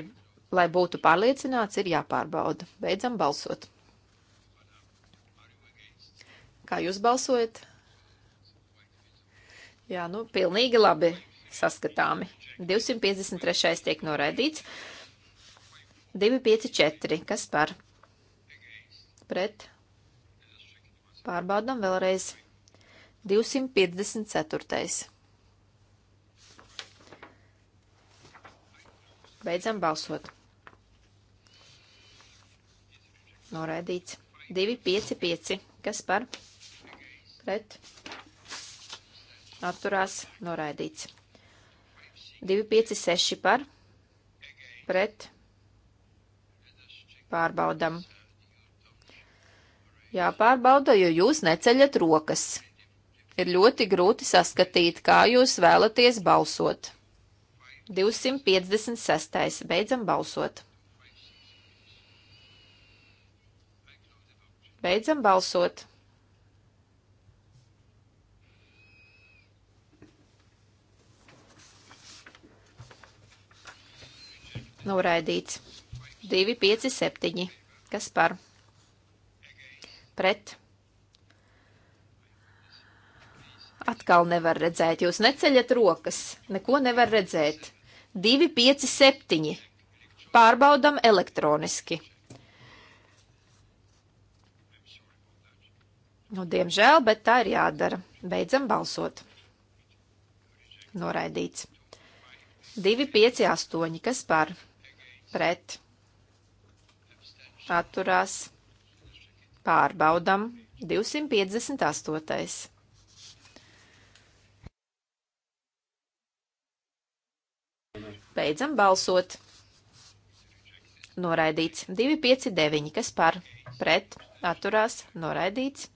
lai būtu pārliecināts, ir jāpārbauda. Beidzam balsot. Kā jūs balsojat? Jā, nu, pilnīgi labi saskatāmi. 253. tiek noraidīts. 254. Kas par? Pret. Pārbaudam vēlreiz. 254. Beidzam balsot. Noraidīts. 2, 5, 5. Kas par? Pret. Atturās. Noraidīts. 2, 5, 6 par. Pret. Pārbaudam. Jāpārbauda, jo jūs neceļat rokas. Ir ļoti grūti saskatīt, kā jūs vēlaties balsot. 256. Beidzam balsot. Beidzam balsot. Noraidīts. 2, 5, 7. Kas par? Pret. Atkal nevar redzēt. Jūs neceļat rokas. Neko nevar redzēt. 257. Pārbaudam elektroniski. Nu, diemžēl, bet tā ir jādara. Beidzam balsot. Noraidīts. 258. Kas par? Pret. Atturās. Pārbaudam. 258. Beidzam balsot. Noraidīts. 259, kas par? Pret. Atturās. Noraidīts.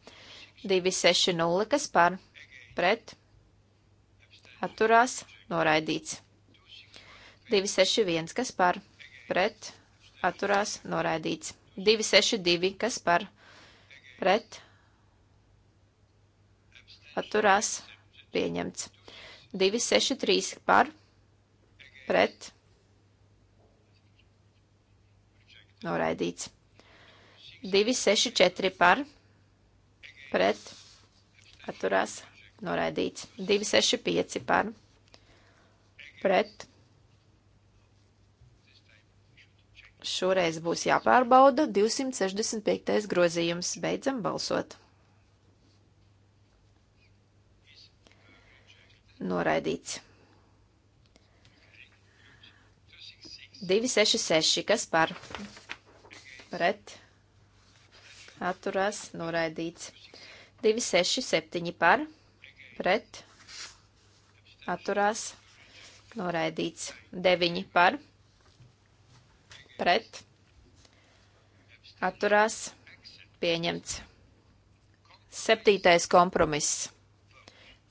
260, kas par? Pret. Atturās. Noraidīts. 261, kas par? Pret. Atturās. Noraidīts. 262, kas par? Pret. Atturās. Pieņemts. 263 par pret, noraidīts. 264 par, pret, atturās, noraidīts. 265 par, pret. Šoreiz būs jāpārbauda 265. grozījums. Beidzam balsot. Noraidīts. 266, kas par pret atturās noraidīts. 267 par pret atturās noraidīts. 9 par pret atturās pieņemts. Septītais kompromiss.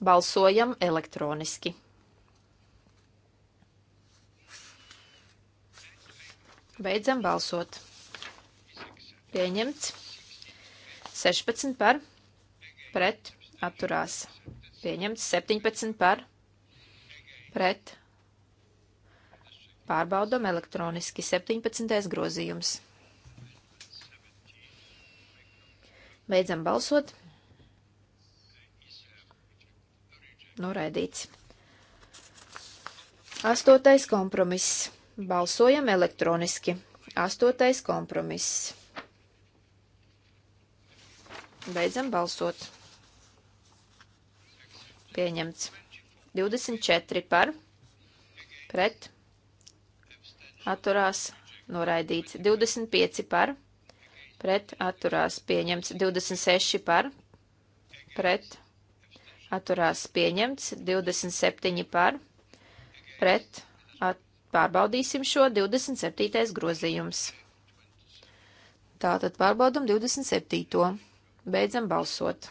Balsojam elektroniski. Beidzam balsot. Pieņemts. 16 par. Pret. Atturās. Pieņemts. 17 par. Pret. Pārbaudam elektroniski. 17. grozījums. Beidzam balsot. Noraidīts. Astotais kompromiss Balsojam elektroniski. Astotais kompromiss. Beidzam balsot. Pieņemts. 24 par, pret, atturās, noraidīts. 25 par, pret, atturās, pieņemts. 26 par, pret, atturās, pieņemts. 27 par, pret, atturās Pārbaudīsim šo 27. grozījums. Tātad pārbaudam 27. Beidzam balsot.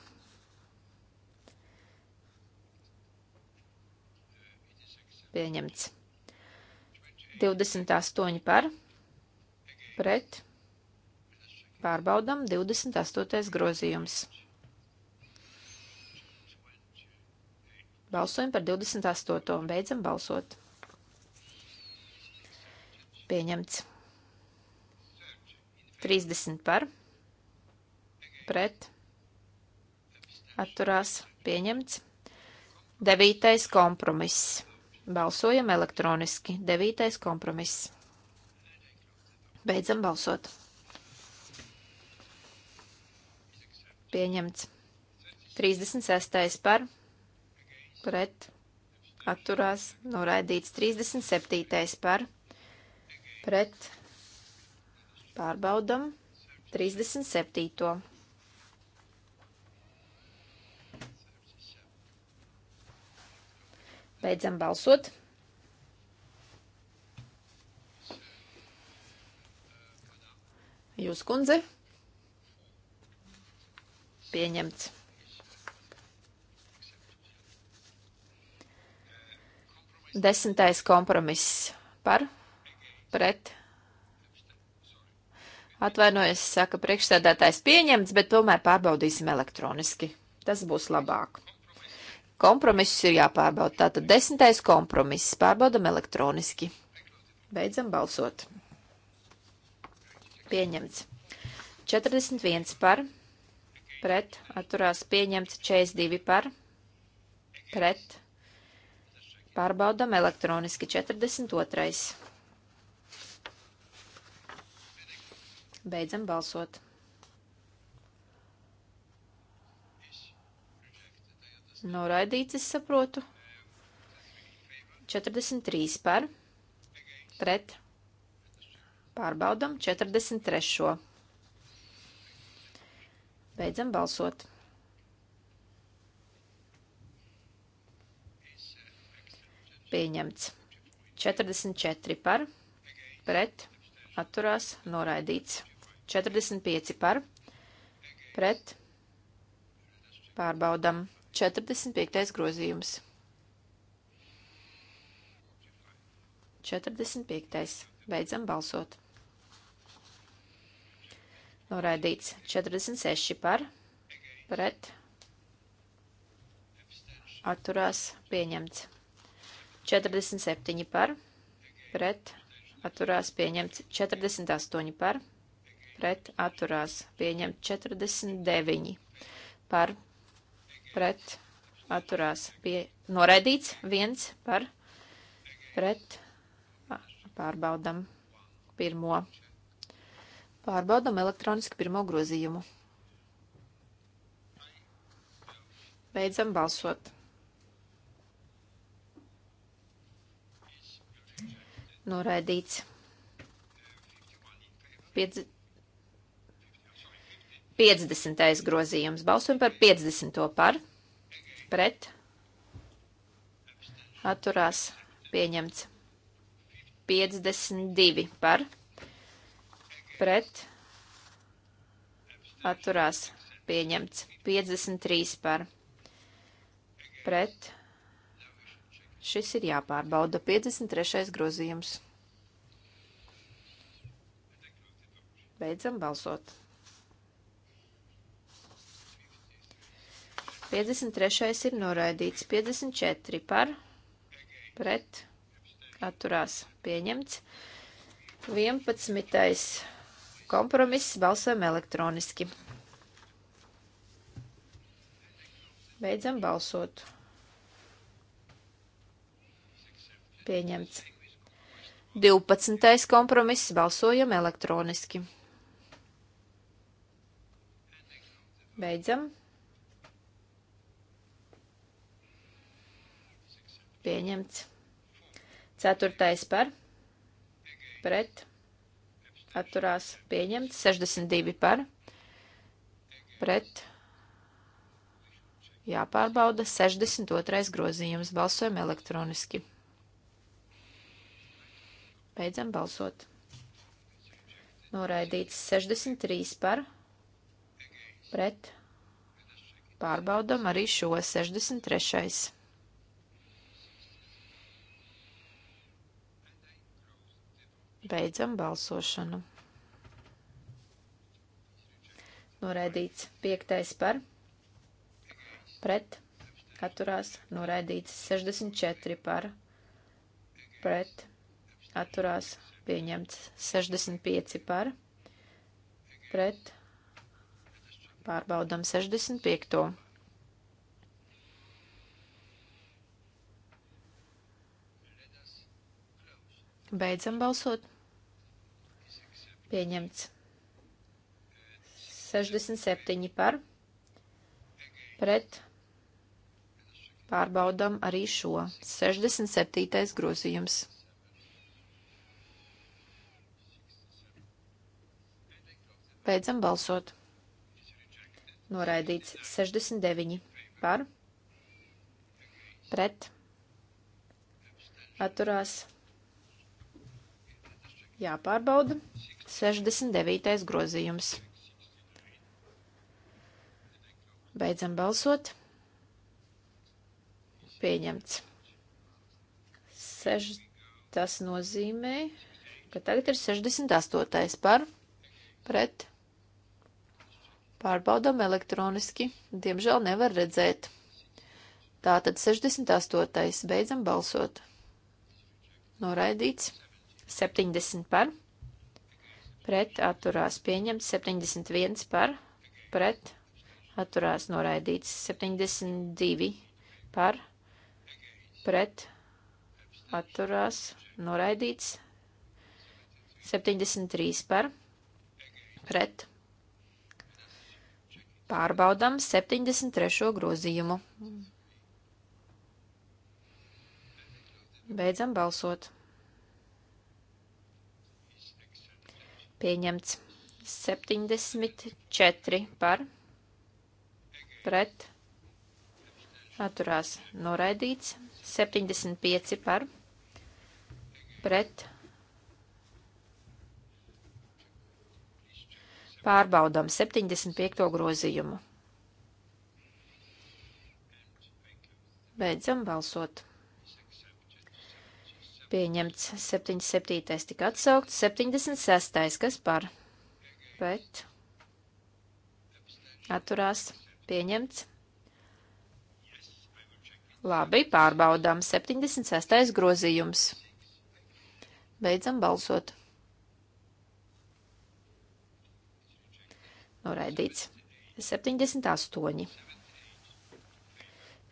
Pieņemts. 28 par, pret, pārbaudam 28. grozījums. Balsojam par 28. un beidzam balsot. Pieņemts. 30 par. Pret. Atturās. Pieņemts. 9. kompromiss. Balsojam elektroniski. 9. kompromiss. Beidzam balsot. Pieņemts. 36. par. Pret. Atturās. Noraidīts. 37. par. Pret pret pārbaudam 37. Beidzam balsot. Jūs, kundze, pieņemts. Desmitais kompromiss par pret. Atvainojos, saka priekšsēdētājs pieņemts, bet tomēr pārbaudīsim elektroniski. Tas būs labāk. Kompromiss ir jāpārbauda. Tātad desmitais kompromiss pārbaudam elektroniski. Beidzam balsot. Pieņemts. 41 par, pret, atturās pieņemts 42 par, pret, pārbaudam elektroniski 42. Beidzam balsot. Noraidīts, es saprotu. 43 par, pret, pārbaudam 43. Beidzam balsot. Pieņemts. 44 par, pret, atturās, noraidīts. 45 par, pret, pārbaudam, 45. grozījums. 45. Beidzam balsot. Noraidīts 46 par, pret, atturās pieņemts. 47 par, pret, atturās pieņemts. 48 par, pret pret atturās pieņemt 49 par pret atturās pie noraidīts 1 par pret pārbaudam pirmo. Pārbaudam elektroniski pirmo grozījumu. Beidzam balsot. Noraidīts. 50 50. grozījums. Balsojam par 50. par, pret, atturās, pieņemts. 52 par, pret, atturās, pieņemts. 53 par, pret, šis ir jāpārbauda. 53. grozījums. Beidzam balsot. 53. ir noraidīts. 54 par, pret, atturās, pieņemts. 11. kompromiss balsojam elektroniski. Beidzam balsot. Pieņemts. 12. kompromiss balsojam elektroniski. Beidzam. Pieņemts. Ceturtais par. Pret. Atturās. Pieņemts. 62 par. Pret. Jāpārbauda 62. grozījums. Balsojam elektroniski. Beidzam balsot. Noraidīts 63 par. Pret. Pārbaudam arī šo 63. Beidzam balsošanu. Noraidīts piektais par, pret, atturās, noraidīts 64 par, pret, atturās, pieņemts 65 par, pret, pārbaudam 65. To. Beidzam balsot. Pieņemts. 67 par. Pret. Pārbaudam arī šo. 67. grozījums. Beidzam balsot. Noraidīts 69 par. Pret. Atturās. Jāpārbauda. 69. grozījums. Beidzam balsot. Pieņemts. Sež, tas nozīmē, ka tagad ir 68. par pret. Pārbaudam elektroniski. Diemžēl nevar redzēt. Tātad 68. beidzam balsot. Noraidīts. 70 par pret pret atturās pieņemts 71 par, pret atturās noraidīts 72 par, pret atturās noraidīts 73 par, pret pārbaudam 73. grozījumu. Beidzam balsot. Pieņemts. 74 par. Pret. Atturās. Noraidīts. 75 par. Pret. Pārbaudām 75. grozījumu. Beidzam balsot. Pieņemts 77. tika atsaukts, 76. kas par, pret, atturās, pieņemts. Labi, pārbaudām 76. grozījums. Beidzam balsot. Noraidīts. 78.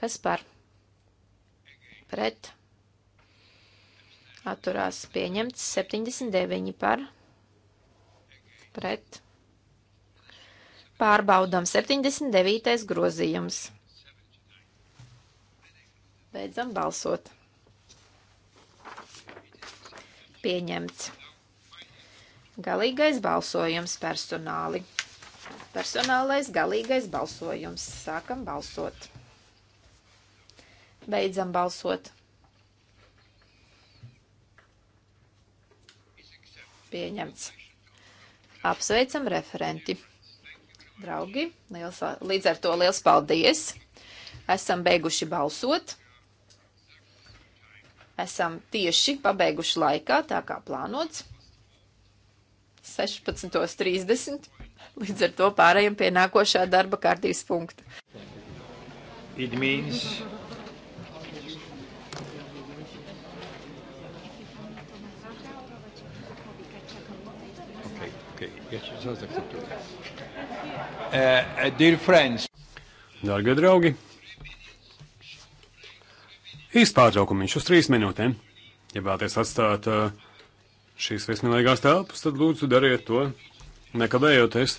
Kas par? Pret atturās pieņemts 79 par pret. Pārbaudām 79. grozījums. Beidzam balsot. Pieņemts. Galīgais balsojums personāli. Personālais galīgais balsojums. Sākam balsot. Beidzam balsot. Pieņemts. Apsveicam referenti. Draugi, liels, līdz ar to liels paldies. Esam beiguši balsot. Esam tieši pabeiguši laikā, tā kā plānots. 16.30. Līdz ar to pārējiem pie nākošā darba kārtības punkta. It means Uh, Darbie draugi, īsts pārtraukums uz trīs minūtēm. Ja vēlaties atstāt uh, šīs viesmīlīgās telpas, tad lūdzu dariet to nekavējoties.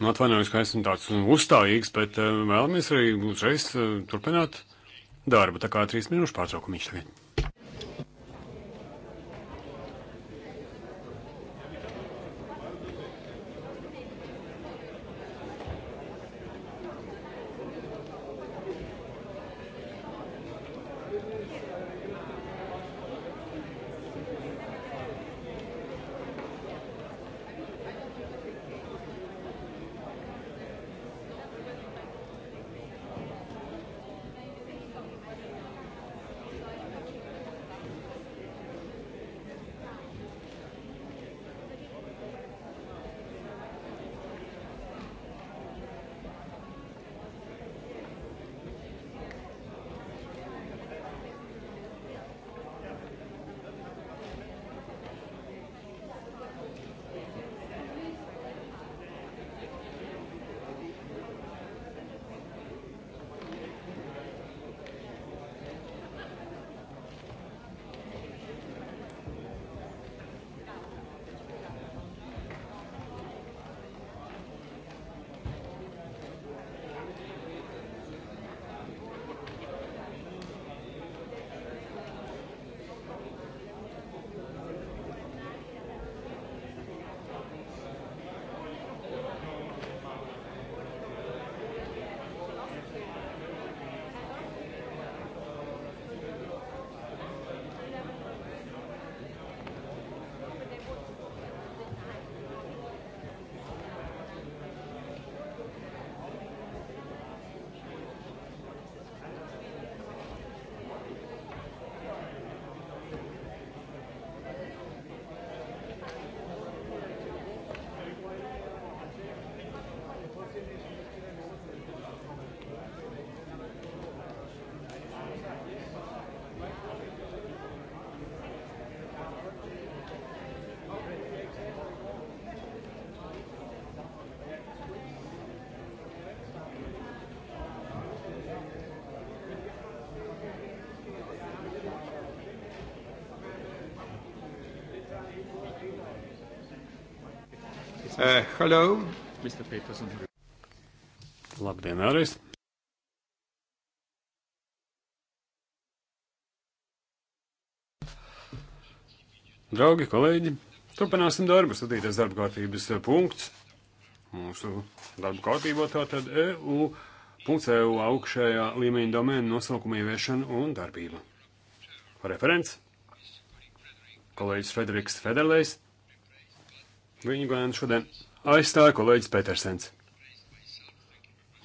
Nu, atvainojos, ka esmu tāds uzstājīgs, bet uh, vēlamies arī uzreiz turpināt darbu. Tā kā trīs minūšu pārtraukums tagad. Hello. Mr. Peterson. Labdien, vēlreiz. Draugi, kolēģi, turpināsim darbu. Satīties darba kārtības punkts. Mūsu darba kārtībā tātad EU. EU augšējā līmeņa domēna nosaukuma ieviešana un darbība. Referents. Kolēģis Frederiks Federlejs. Viņu gan šodien aizstāja kolēģis Petersens.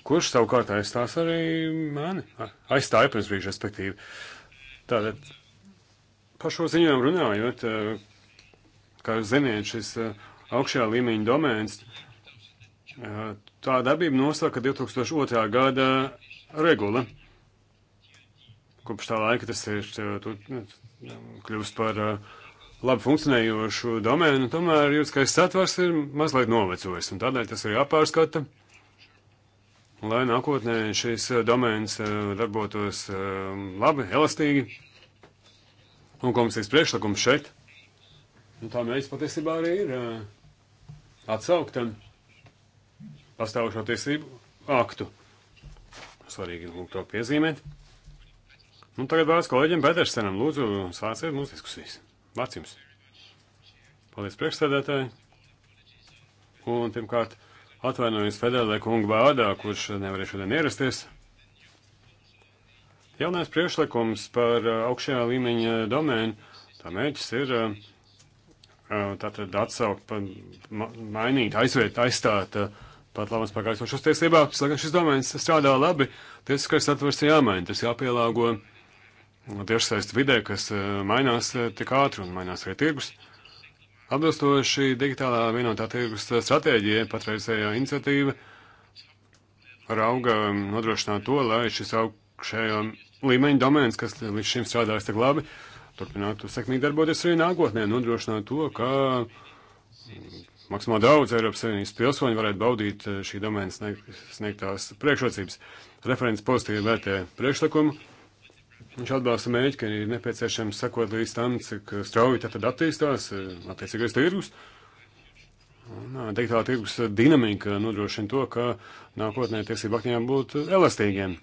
Kurš savukārt aizstās arī mani? Aizstāja pirms brīža, respektīvi. Tātad par šo ziņojumu runājot, eh, kā jūs ziniet, šis eh, augšējā līmeņa domēns, eh, tā dabība nosaka 2002. gada regula. Kopš tā laika tas ir nu, kļūst par uh, labi funkcionējošu domēnu, tomēr juridiskais satvars ir mazliet novecojis, un tādēļ tas ir jāpārskata, lai nākotnē šīs domēns eh, darbotos eh, labi, elastīgi, un komisijas priekšlikums šeit, nu tā mērķis patiesībā arī ir eh, atsaukt pastāvošo tiesību aktu. Svarīgi lūk to piezīmēt. Nu, tagad vārds kolēģiem Petersenam. Lūdzu, sāciet mūsu diskusijas. Vārds jums. Paldies priekšsēdētāji. Un pirmkārt, atvainojos Federālajai kungu vārdā, kurš nevarēja šodien ierasties. Jaunais priekšlikums par uh, augšējā līmeņa domēnu, tā mērķis ir uh, uh, tātad atsaukt, ma mainīt, aizviet, aizstāt pat labas pagājušos tiesībās, lai gan šis domēns strādā labi, tiesiskais atvers jāmaina, tas jāpielāgo tiešsaistes vidē, kas eh, mainās eh, tik ātri un mainās arī tirgus. Atbilstoši digitālā vienotā tirgus eh, stratēģija, patreizējā iniciatīva rauga mm, nodrošināt to, lai šis augšējā līmeņa domēns, kas līdz šim strādājas tik labi, turpinātu sekmīgi darboties arī nākotnē, nodrošināt to, ka mm, maksimāli daudz Eiropas Savienības pilsoņu varētu baudīt šī domēna sniegtās priekšrocības. Referents pozitīvi vērtē priekšlikumu Viņš atbalsta mēģi, ka ir nepieciešams sekot līdz tam, cik strauji tad attīstās eh, attiecīgais tirgus. Un, digitālā tirgus dinamika nodrošina to, ka nākotnē tiesību aktiem būtu elastīgiem.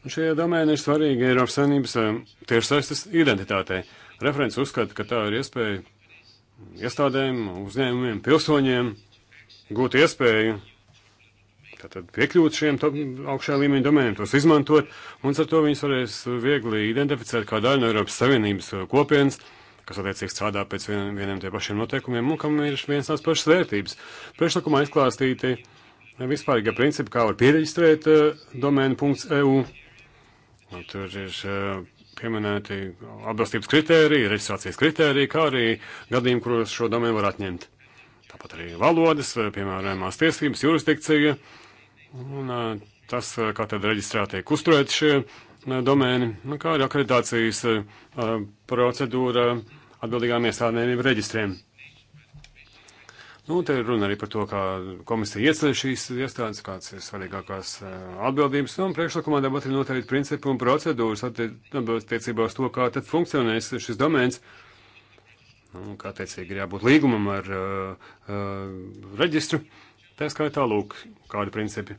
Un šie domēni ir svarīgi Eiropas Savienības tiešsaistes identitātei. Referents uzskata, ka tā ir iespēja iestādēm, uzņēmumiem, pilsoņiem gūt iespēju tātad piekļūt šiem augšā līmeņa domēniem, tos izmantot, un ar to viņus varēs viegli identificēt kā daļu no Eiropas Savienības uh, kopienas, kas attiecīgi strādā pēc vien, vieniem tie pašiem noteikumiem un kam ir viens tās pašas vērtības. Priekšlikumā izklāstīti uh, vispārīgie principi, kā var pieregistrēt uh, domēnu.eu. Tur ir pieminēti atbilstības kritēriji, reģistrācijas kritēriji, kā arī gadījumi, kuros šo domēnu var atņemt. Tāpat arī valodas, piemēram, tiesības, jurisdikcija, Un tas, kā tad reģistrā tiek uzturēt šie domēni, nu, kā ir akreditācijas procedūra atbildīgām iestādēm ir reģistriem. Nu, te ir runa arī par to, kā komisija ieceļ šīs iestādes, kāds ir svarīgākās atbildības, nu, un priekšlikumā debat ir noteikti principi un procedūras attiecībā uz to, kā tad funkcionēs šis domēns. Nu, kā teicīgi, ir jābūt līgumam ar uh, uh, reģistru. Uh, Tā skaitā lūk, kādi principi.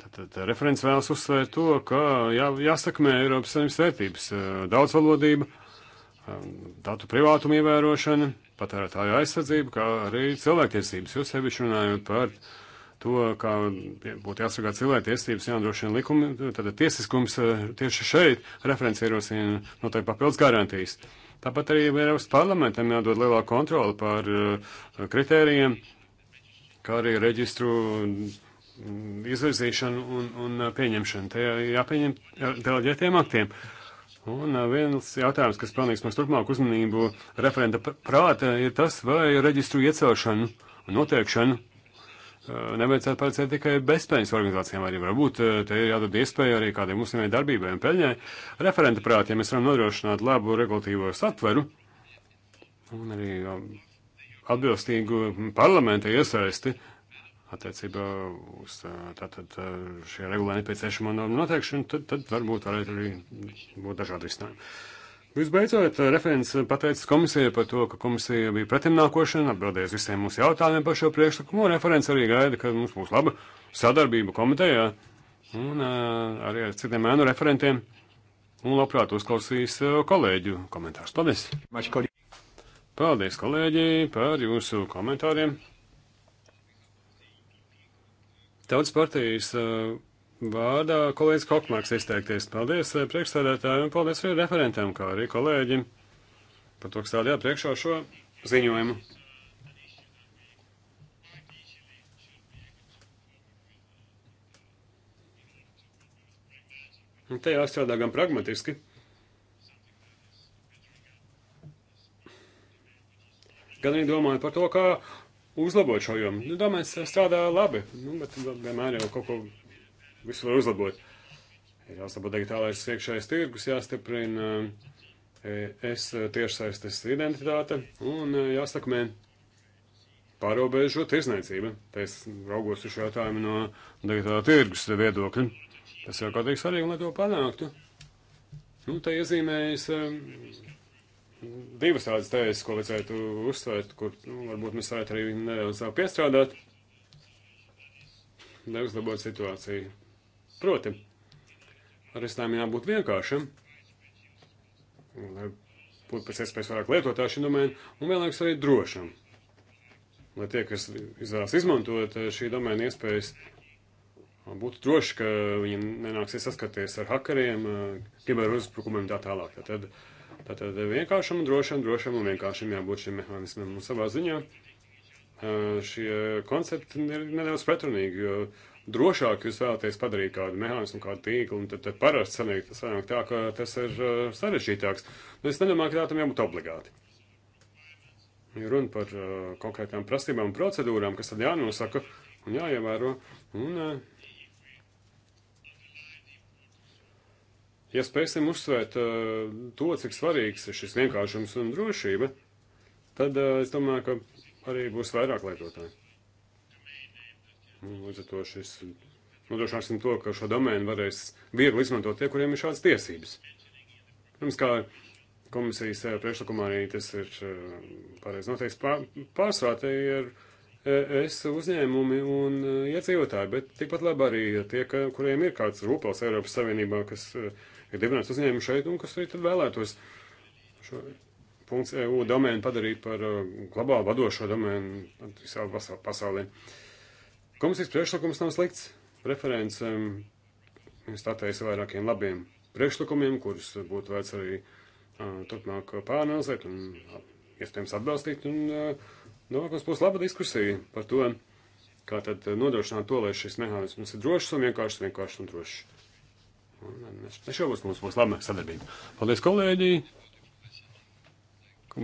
Tātad eh, referents vēlas uzsvērt to, ka jā, jāsakmē Eiropas Savienības vērtības eh, - daudzvalodība, eh, datu privātuma ievērošana, patērētāju aizsardzība, kā arī cilvēktiesības. Jūs sevišķi runājot par to, kā būtu jāsargā cilvēktiesības, jānodrošina likumi, tad tiesiskums tieši šeit referents ierosina noteikti papildus garantijas. Tāpat arī Eiropas parlamentam jādod lielāka kontrola par kritērijiem, uh, kā arī reģistru mm, mm, izvirzīšanu un, un uh, pieņemšanu. Te jāpieņem deleģētiem aktiem. Un uh, viens jautājums, kas pelnīgs mums turpmāk uzmanību referenta prāta, ir tas, vai reģistru iecelšanu un noteikšanu uh, nevajadzētu paredzēt tikai bezspēļas organizācijām, arī varbūt te ir jādod iespēja arī kādiem uzņēmēju darbībai un peļņai. Referenta prāt, ja mēs varam nodrošināt labu regulatīvo satveru un arī um, atbilstīgu parlamenta iesaisti attiecībā uz tātad šie regulē nepieciešamo normu noteikšanu, tad, tad varbūt varētu arī būt dažādi risinājumi. Visbeidzot, referents pateicis komisijai par to, ka komisija bija pretimnākošana, atbildēs visiem mūsu jautājumiem par šo priekšlikumu, un referents arī gaida, ka mums būs laba sadarbība komitejā un arī ar citiem ēnu referentiem. Un labprāt uzklausīs kolēģu komentārus. Paldies! Paldies, kolēģi, par jūsu komentāriem. Tautas partijas uh, vārdā kolēģis Kokmāks izteikties. Paldies uh, priekšstādātājiem, paldies arī referentiem, kā arī kolēģim par to, ka stādījāt priekšā šo ziņojumu. Un te jāstrādā gan pragmatiski, gan arī domāju par to, kā uzlabot šo jomu. Nu, domāju, es strādāju labi, nu, bet vienmēr jau kaut ko visu var uzlabot. Ir jāuzlabo digitālais iekšējais tirgus, jāstiprina e, es e, tiešsaistes identitāte un e, jāsakmē pārobežo tirsniecība. Te es raugos uz šo jautājumu no digitālā tirgus viedokļa. Tas jau kādīgi svarīgi, lai to panāktu. Nu, te iezīmējas divas tādas tēzes, ko vajadzētu uzsvērt, kur nu, varbūt mēs varētu arī nedaudz piestrādāt, lai uzlabotu situāciju. Proti, ar risinājumiem jābūt vienkāršam, lai būtu pēc iespējas vairāk lietotāju šī domēna, un vienlaikus arī drošam, lai tie, kas izvēlas izmantot eh, šī domēna iespējas, būtu droši, ka viņi nenāksies saskaties ar hakariem, kiberuzbrukumiem eh, un tā tālāk. Tad, tā Tātad vienkāršam un drošam, drošam un vienkāršam jābūt šim mehānismam. Un savā ziņā šie koncepti ir nedaudz pretrunīgi, jo drošāk jūs vēlaties padarīt kādu mehānismu, kādu tīklu, un tad, tad parasti sanāk, sanāk tā, ka tas ir sarežģītāks. Nu, es nedomāju, ka tā tam jābūt obligāti. Ja runa par konkrētām prasībām un procedūrām, kas tad jānosaka un jāievēro. Un, uh, ja spēsim uzsvērt uh, to, cik svarīgs ir šis vienkāršums un drošība, tad uh, es domāju, ka arī būs vairāk lietotāji. Nu, līdz ar to šis nodrošināsim to, ka šo domēnu varēs viegli izmantot tie, kuriem ir šādas tiesības. Protams, kā komisijas eh, priekšlikumā arī tas ir pareizi noteikts pārsvārtē ir es uzņēmumi un iedzīvotāji, bet tikpat labi arī tie, ka, kuriem ir kāds rūpels Eiropas Savienībā, kas uh, ir dibināts uzņēmums šeit, un kas arī tad vēlētos šo punktu e EU domēnu padarīt par uh, globāli vadošo domēnu visā pasaulē. Komisijas priekšlikums nav slikts. Referents um, statējas vairākiem labiem priekšlikumiem, kurus būtu vērts arī uh, turpmāk pāranalizēt un uh, iespējams atbalstīt. Un, uh, no kādas būs laba diskusija par to, kā tad nodrošināt to, lai šis mehānisms ir drošs un vienkāršs, vienkāršs un drošs. Nešaubos, mums būs labāka sadarbība. Paldies, kolēģi!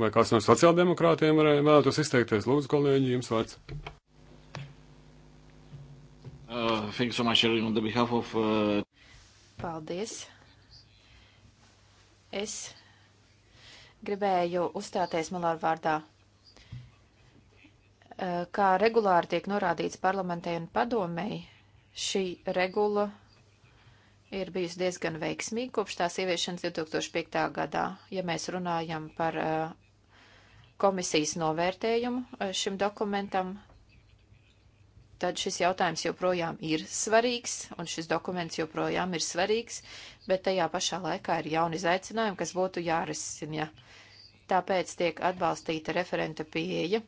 Vai kāds no sociāldemokrātiem vēlētos izteikties? Lūdzu, kolēģi, jums vārds. Uh, thank you so much, Erin, on the behalf of. Uh... Paldies. Es gribēju uzstāties Milāra vārdā. Uh, kā regulāri tiek norādīts parlamentai un padomēji, šī regula ir bijusi diezgan veiksmīga kopš tās ieviešanas 2005. gadā. Ja mēs runājam par eh, komisijas novērtējumu eh, šim dokumentam, tad šis jautājums joprojām ir svarīgs, un šis dokuments joprojām ir svarīgs, bet tajā pašā laikā ir jauni izaicinājumi, kas būtu jārisina. Tāpēc tiek atbalstīta referenta pieeja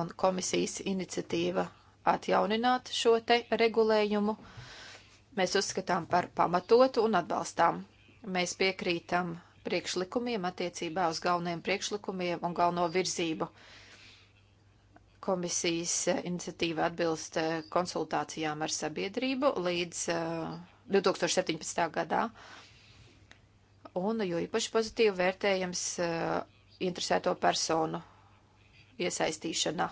un komisijas iniciatīva atjaunināt šo te regulējumu. Uh, mēs uzskatām par pamatotu un atbalstām. Mēs piekrītam priekšlikumiem attiecībā uz galvenajiem priekšlikumiem un galveno virzību. Komisijas eh, iniciatīva atbilst eh, konsultācijām ar sabiedrību līdz 2017. Eh, gadā. Un jo īpaši pozitīvi vērtējams interesēto personu iesaistīšanā.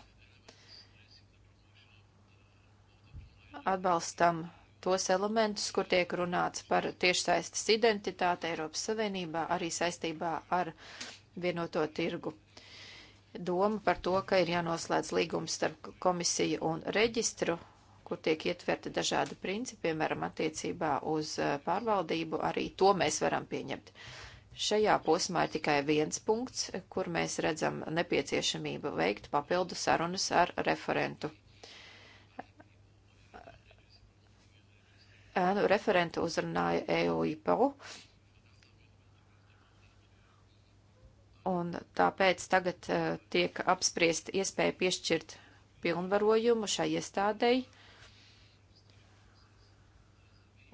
Atbalstam tos elementus, kur tiek runāts par tiešsaistes identitāti Eiropas Savienībā, arī saistībā ar vienoto tirgu. Doma par to, ka ir jānoslēdz līgums starp komisiju un reģistru, kur tiek ietverti dažādi principi, piemēram, attiecībā uz eh, pārvaldību, arī to mēs varam pieņemt. Šajā posmā ir tikai viens punkts, kur mēs redzam nepieciešamību veikt papildu sarunas ar referentu. ēnu referenta uzrunāja EUIPO. Un tāpēc tagad uh, tiek apspriest iespēja piešķirt pilnvarojumu šai iestādei,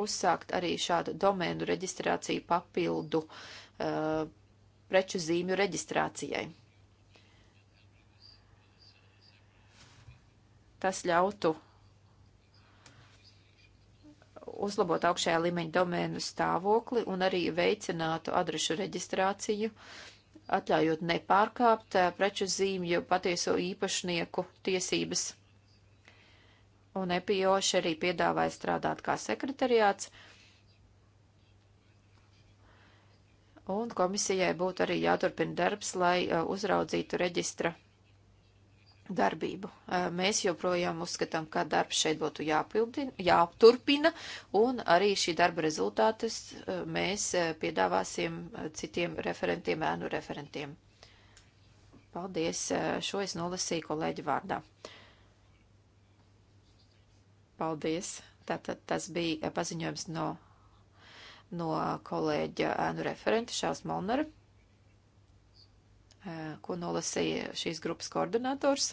uzsākt arī šādu domēnu reģistrāciju papildu uh, preču zīmju reģistrācijai. Tas ļautu uzlabotu augšējā līmeņa domēnu stāvokli un arī veicinātu adrešu reģistrāciju, atļaujot nepārkāpt eh, preču zīmju patieso īpašnieku tiesības. Un EPOši arī piedāvāja strādāt kā sekretariāts. Un komisijai būtu arī jāturpina darbs, lai eh, uzraudzītu reģistra darbību. Eh, mēs joprojām uzskatām, ka darbs šeit būtu jāpildina, jāturpina, un arī šī darba rezultātus eh, mēs eh, piedāvāsim citiem referentiem, ēnu referentiem. Paldies, šo es nolasīju kolēģi vārdā. Paldies. Tātad tas bija paziņojums no, no kolēģa ēnu referenta Šāls Molnara. Eh, ko nolasīja šīs grupas koordinators.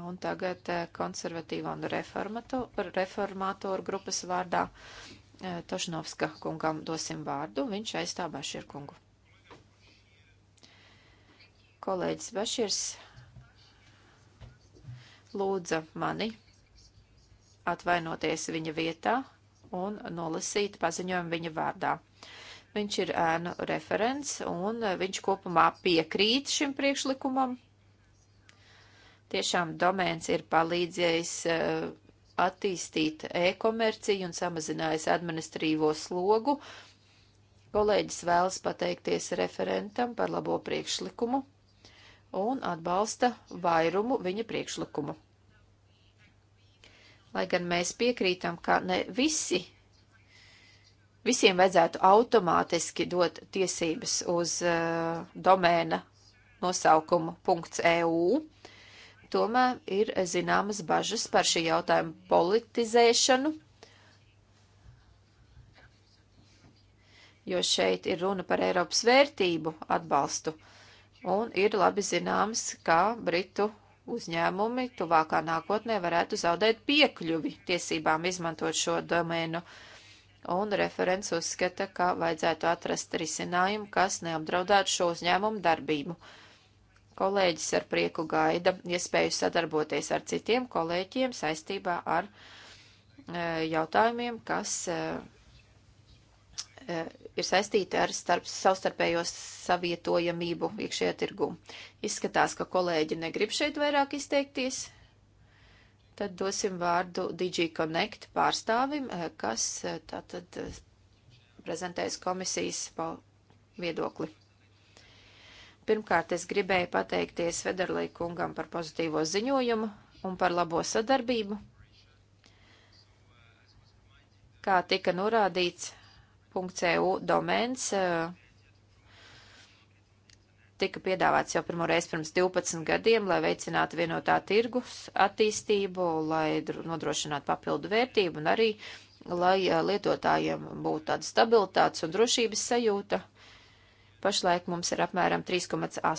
Un tagad eh, konservatīva un reformātoru grupas vārdā eh, Tošnovska kungam dosim vārdu. Viņš aizstāv Bašīru kungu. Kolēģis Bašīrs lūdza mani atvainoties viņa vietā un nolasīt paziņojumu viņa vārdā. Viņš ir ēnu referents un eh, viņš kopumā piekrīt šim priekšlikumam. Tiešām domēns ir palīdzējis eh, attīstīt e-komerciju un samazinājis administrīvo slogu. Kolēģis vēlas pateikties referentam par labo priekšlikumu un atbalsta vairumu viņa priekšlikumu. Lai gan mēs piekrītam, ka ne visi visiem vajadzētu automātiski dot tiesības uz uh, domēna nosaukumu .eu. Tomēr ir zināmas bažas par šī jautājuma politizēšanu, jo šeit ir runa par Eiropas vērtību atbalstu. Un ir labi zināms, ka Britu uzņēmumi tuvākā nākotnē varētu zaudēt piekļuvi tiesībām izmantot šo domēnu uh, un referents uzskata, ka vajadzētu atrast risinājumu, kas neapdraudētu šo uzņēmumu darbību. Kolēģis ar prieku gaida iespēju sadarboties ar citiem kolēģiem saistībā ar e, jautājumiem, kas e, e ir saistīti ar starp, savstarpējo savietojamību iekšējā tirgū. Izskatās, ka kolēģi negrib šeit vairāk izteikties tad dosim vārdu DG Connect pārstāvim, eh, kas eh, tātad eh, prezentēs komisijas viedokli. Pirmkārt, es gribēju pateikties Federlī kungam par pozitīvo ziņojumu un par labo sadarbību. Kā tika norādīts, .eu domēns uh, tika piedāvāts jau pirmo reizi pirms 12 gadiem, lai veicinātu vienotā tirgus attīstību, lai nodrošinātu papildu vērtību un arī, lai lietotājiem būtu tāda stabilitātes un drošības sajūta. Pašlaik mums ir apmēram 3,8 uh,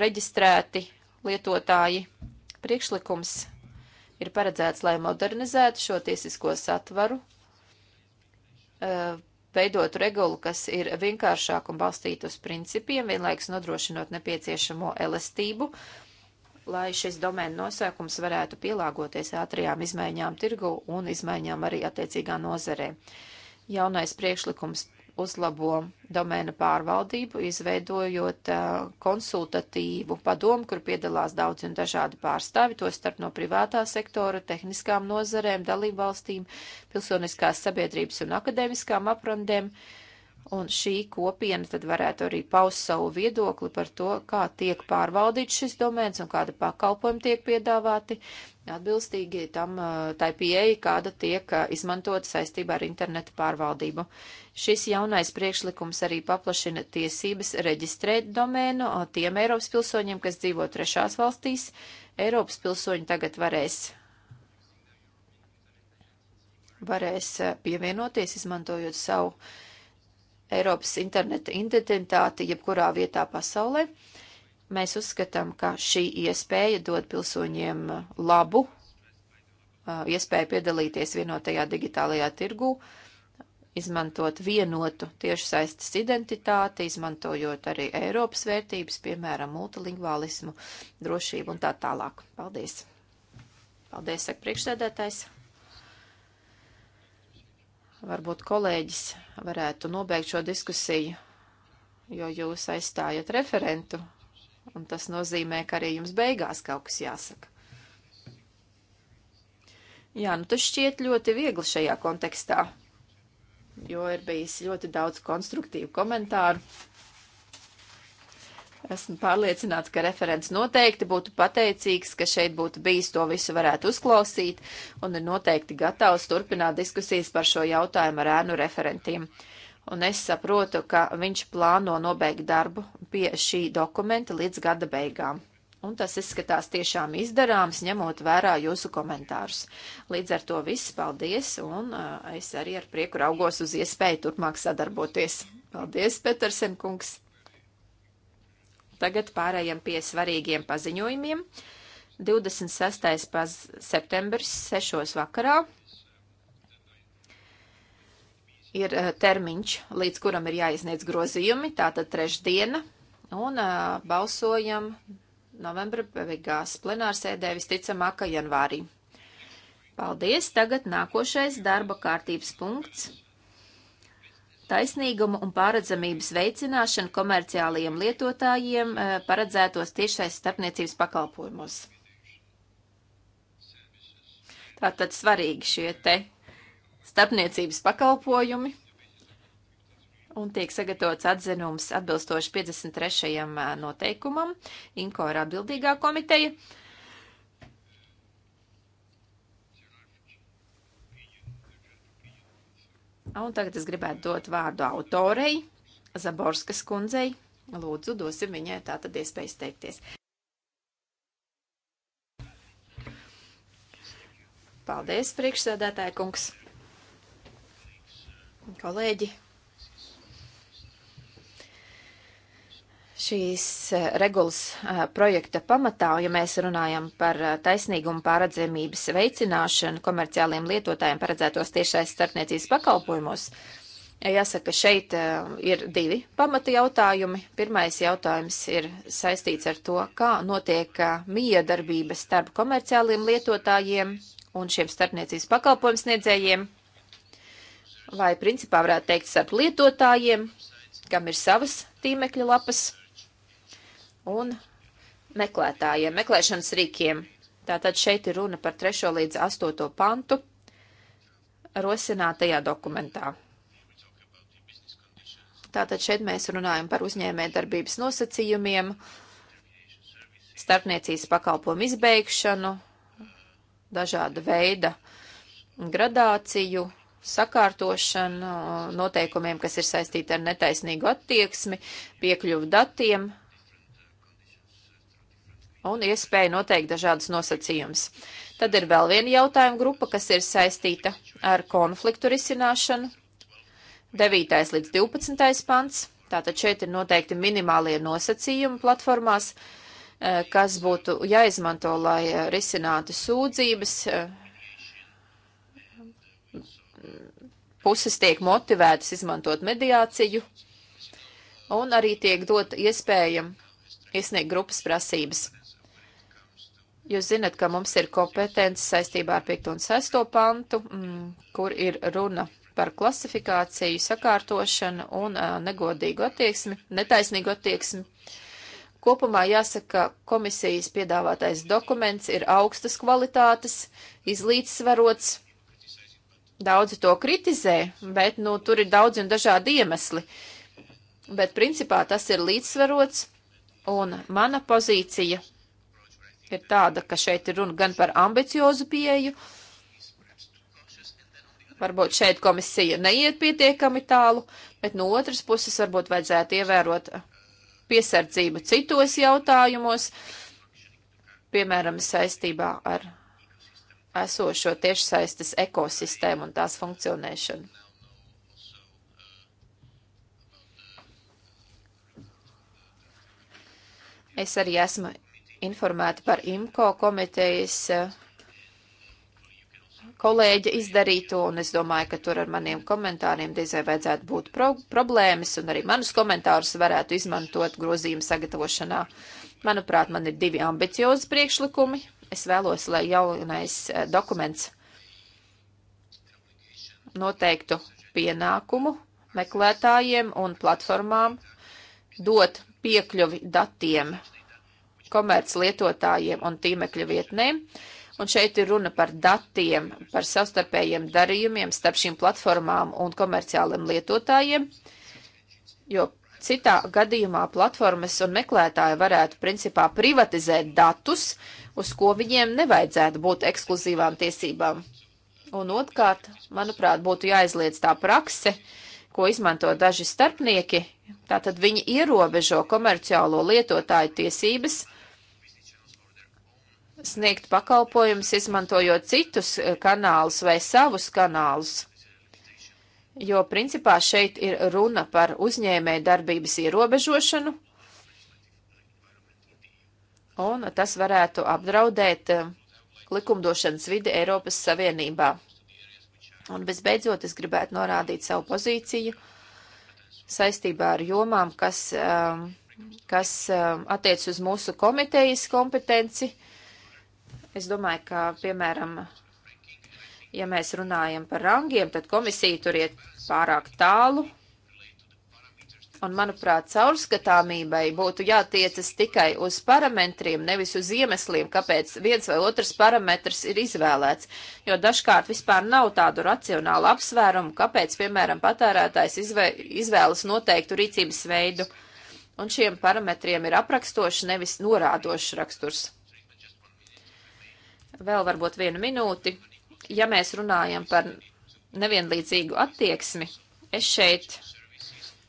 reģistrēti lietotāji. Priekšlikums ir paredzēts, lai modernizētu šo tiesisko satvaru, uh, veidot regulu, kas ir vienkāršāk un balstīt uz principiem, vienlaiks nodrošinot nepieciešamo elastību, lai šis domēna nosaukums varētu pielāgoties ātrijām izmaiņām tirgu un izmaiņām arī attiecīgā nozarē. Jaunais priekšlikums uzlabo domēna pārvaldību, izveidojot uh, konsultatīvu padomu, kur piedalās daudzi un dažādi pārstāvi, to starp no privātā sektora, tehniskām nozarēm, dalībvalstīm, pilsoniskās sabiedrības un akadēmiskām aprandēm. Uh, Un šī kopiena tad varētu arī paust savu viedokli par to, kā tiek pārvaldīts šis domēns un kāda pakalpojuma tiek piedāvāti, atbilstīgi tam tai pieeja, kāda tiek izmantota saistībā ar internetu pārvaldību. Šis jaunais priekšlikums arī paplašina tiesības reģistrēt domēnu tiem Eiropas pilsoņiem, kas dzīvo trešās valstīs. Eiropas pilsoņi tagad varēs varēs pievienoties, izmantojot savu uh, Eiropas interneta identitāti jebkurā vietā pasaulē. Mēs uzskatām, ka šī iespēja dod pilsoņiem labu iespēju piedalīties vienotajā digitālajā tirgū, izmantot vienotu tiešsaistes identitāti, izmantojot arī Eiropas vērtības, piemēram, multilingvālismu, drošību un tā tālāk. Paldies! Paldies, saka priekšsēdētājs! Varbūt kolēģis varētu nobeigt šo diskusiju, jo jūs aizstājat referentu, un tas nozīmē, ka arī jums beigās kaut kas jāsaka. Jā, nu tas šķiet ļoti viegli šajā kontekstā, jo ir bijis ļoti daudz konstruktīvu komentāru. Esmu pārliecināts, ka referents noteikti būtu pateicīgs, ka šeit būtu bijis to visu varētu uzklausīt un ir noteikti gatavs turpināt diskusijas par šo jautājumu ar ēnu referentiem. Un es saprotu, ka viņš plāno nobeigt darbu pie šī dokumenta līdz gada beigām un tas izskatās tiešām izdarāms, ņemot vērā jūsu komentārus. Līdz ar to viss paldies, un uh, es arī ar prieku raugos uz iespēju turpmāk sadarboties. Paldies, Petersen kungs! Tagad pārējiem pie svarīgiem paziņojumiem. 26. Paz septembris 6. vakarā ir eh, termiņš, līdz kuram ir jāiesniedz grozījumi, tātad trešdiena, un uh, balsojam novembra beigās eh, plenārsēdē visticamāk janvārī. Paldies! Tagad nākošais darba kārtības punkts taisnīguma un pārredzamības veicināšana komerciālajiem lietotājiem eh, paredzētos tiešais starpniecības pakalpojumos. Tātad svarīgi šie te starpniecības pakalpojumi un tiek sagatavots atzinums atbilstoši 53. Eh, noteikumam. Inko ir atbildīgā komiteja. Uh, Un tagad es gribētu dot vārdu autorei, Zaborskas kundzei. Lūdzu, dosim viņai tā tad iespēju izteikties. Paldies, priekšsēdētāja kungs. Kolēģi, šīs eh, regulas eh, projekta pamatā, ja mēs runājam par eh, taisnīgumu pārredzamības veicināšanu komerciāliem lietotājiem paredzētos tiešais starpniecības pakalpojumos, jāsaka, šeit ir divi pamata jautājumi. Pirmais jautājums ir saistīts ar to, kā notiek miedarbība starp komerciāliem lietotājiem un šiem starpniecības pakalpojumu sniedzējiem, vai principā varētu teikt starp lietotājiem, kam ir savas tīmekļa lapas un meklētājiem, meklēšanas rīkiem. Tātad šeit ir runa par 3. līdz 8. pantu rosinātajā dokumentā. Tātad šeit mēs runājam par uzņēmē darbības nosacījumiem, starpniecības pakalpojumu izbeigšanu, dažāda veida gradāciju, sakārtošanu, noteikumiem, kas ir saistīti ar netaisnīgu attieksmi, piekļuvu datiem, un iespēja noteikt dažādas nosacījumus. Tad ir vēl viena jautājuma grupa, kas ir saistīta ar konfliktu risināšanu. 9. līdz 12. pants. Tātad šeit ir noteikti minimālie nosacījumi platformās, eh, kas būtu jāizmanto, lai eh, risinātu sūdzības. Eh, puses tiek motivētas izmantot mediāciju, un arī tiek dot iespēja iesniegt grupas prasības. Jūs zinat, ka mums ir kompetence saistībā ar 5. un 6. pantu, mm, kur ir runa par klasifikāciju, sakārtošanu un negodīgu attieksmi, netaisnīgu attieksmi. Kopumā jāsaka, ka komisijas piedāvātais dokuments ir augstas kvalitātes, izlīdzsvarots. Daudzi to kritizē, bet nu, tur ir daudzi un dažādi iemesli. Bet principā tas ir līdzsvarots, un mana pozīcija ir tāda, ka šeit ir runa gan par ambiciozu pieeju, varbūt šeit komisija neiet pietiekami tālu, bet no otras puses varbūt vajadzētu ievērot piesardzību citos jautājumos, piemēram, saistībā ar esošo tiešsaistes ekosistēmu un tās funkcionēšanu. Es arī esmu informēti par IMCO komitejas eh, kolēģa izdarīto, un es domāju, ka tur ar maniem komentāriem diezai vajadzētu būt pro problēmas, un arī manus komentārus varētu izmantot grozījuma sagatavošanā. Manuprāt, man ir divi ambiciozi priekšlikumi. Es vēlos, lai jaunais eh, dokuments noteiktu pienākumu meklētājiem un platformām dot piekļuvi datiem komerc lietotājiem un tīmekļa vietnēm. Un šeit ir runa par datiem, par savstarpējiem darījumiem starp šīm platformām un komerciāliem lietotājiem, jo citā gadījumā platformas un meklētāji varētu principā privatizēt datus, uz ko viņiem nevajadzētu būt ekskluzīvām tiesībām. Un otrkārt, manuprāt, būtu jāizliedz tā prakse, ko izmanto daži starpnieki. Tātad viņi ierobežo komerciālo lietotāju tiesības sniegt pakalpojumus, izmantojot citus eh, kanālus vai savus kanālus. Jo principā šeit ir runa par uzņēmēju darbības ierobežošanu, un tas varētu apdraudēt eh, likumdošanas vidi Eiropas Savienībā. Un visbeidzot, es gribētu norādīt savu pozīciju saistībā ar jomām, kas, eh, kas attiec uz mūsu komitejas kompetenci. Uh, Es domāju, ka, piemēram, ja mēs runājam par rangiem, tad komisija tur iet pārāk tālu. Un, manuprāt, caurskatāmībai būtu jātiecas tikai uz parametriem, nevis uz iemesliem, kāpēc viens vai otrs parametrs ir izvēlēts. Jo dažkārt vispār nav tādu racionālu apsvērumu, kāpēc, piemēram, patērētājs izvē, izvēlas noteiktu rīcības veidu. Un šiem parametriem ir aprakstošs, nevis norādošs raksturs vēl varbūt vienu minūti. Ja mēs runājam par nevienlīdzīgu attieksmi, es šeit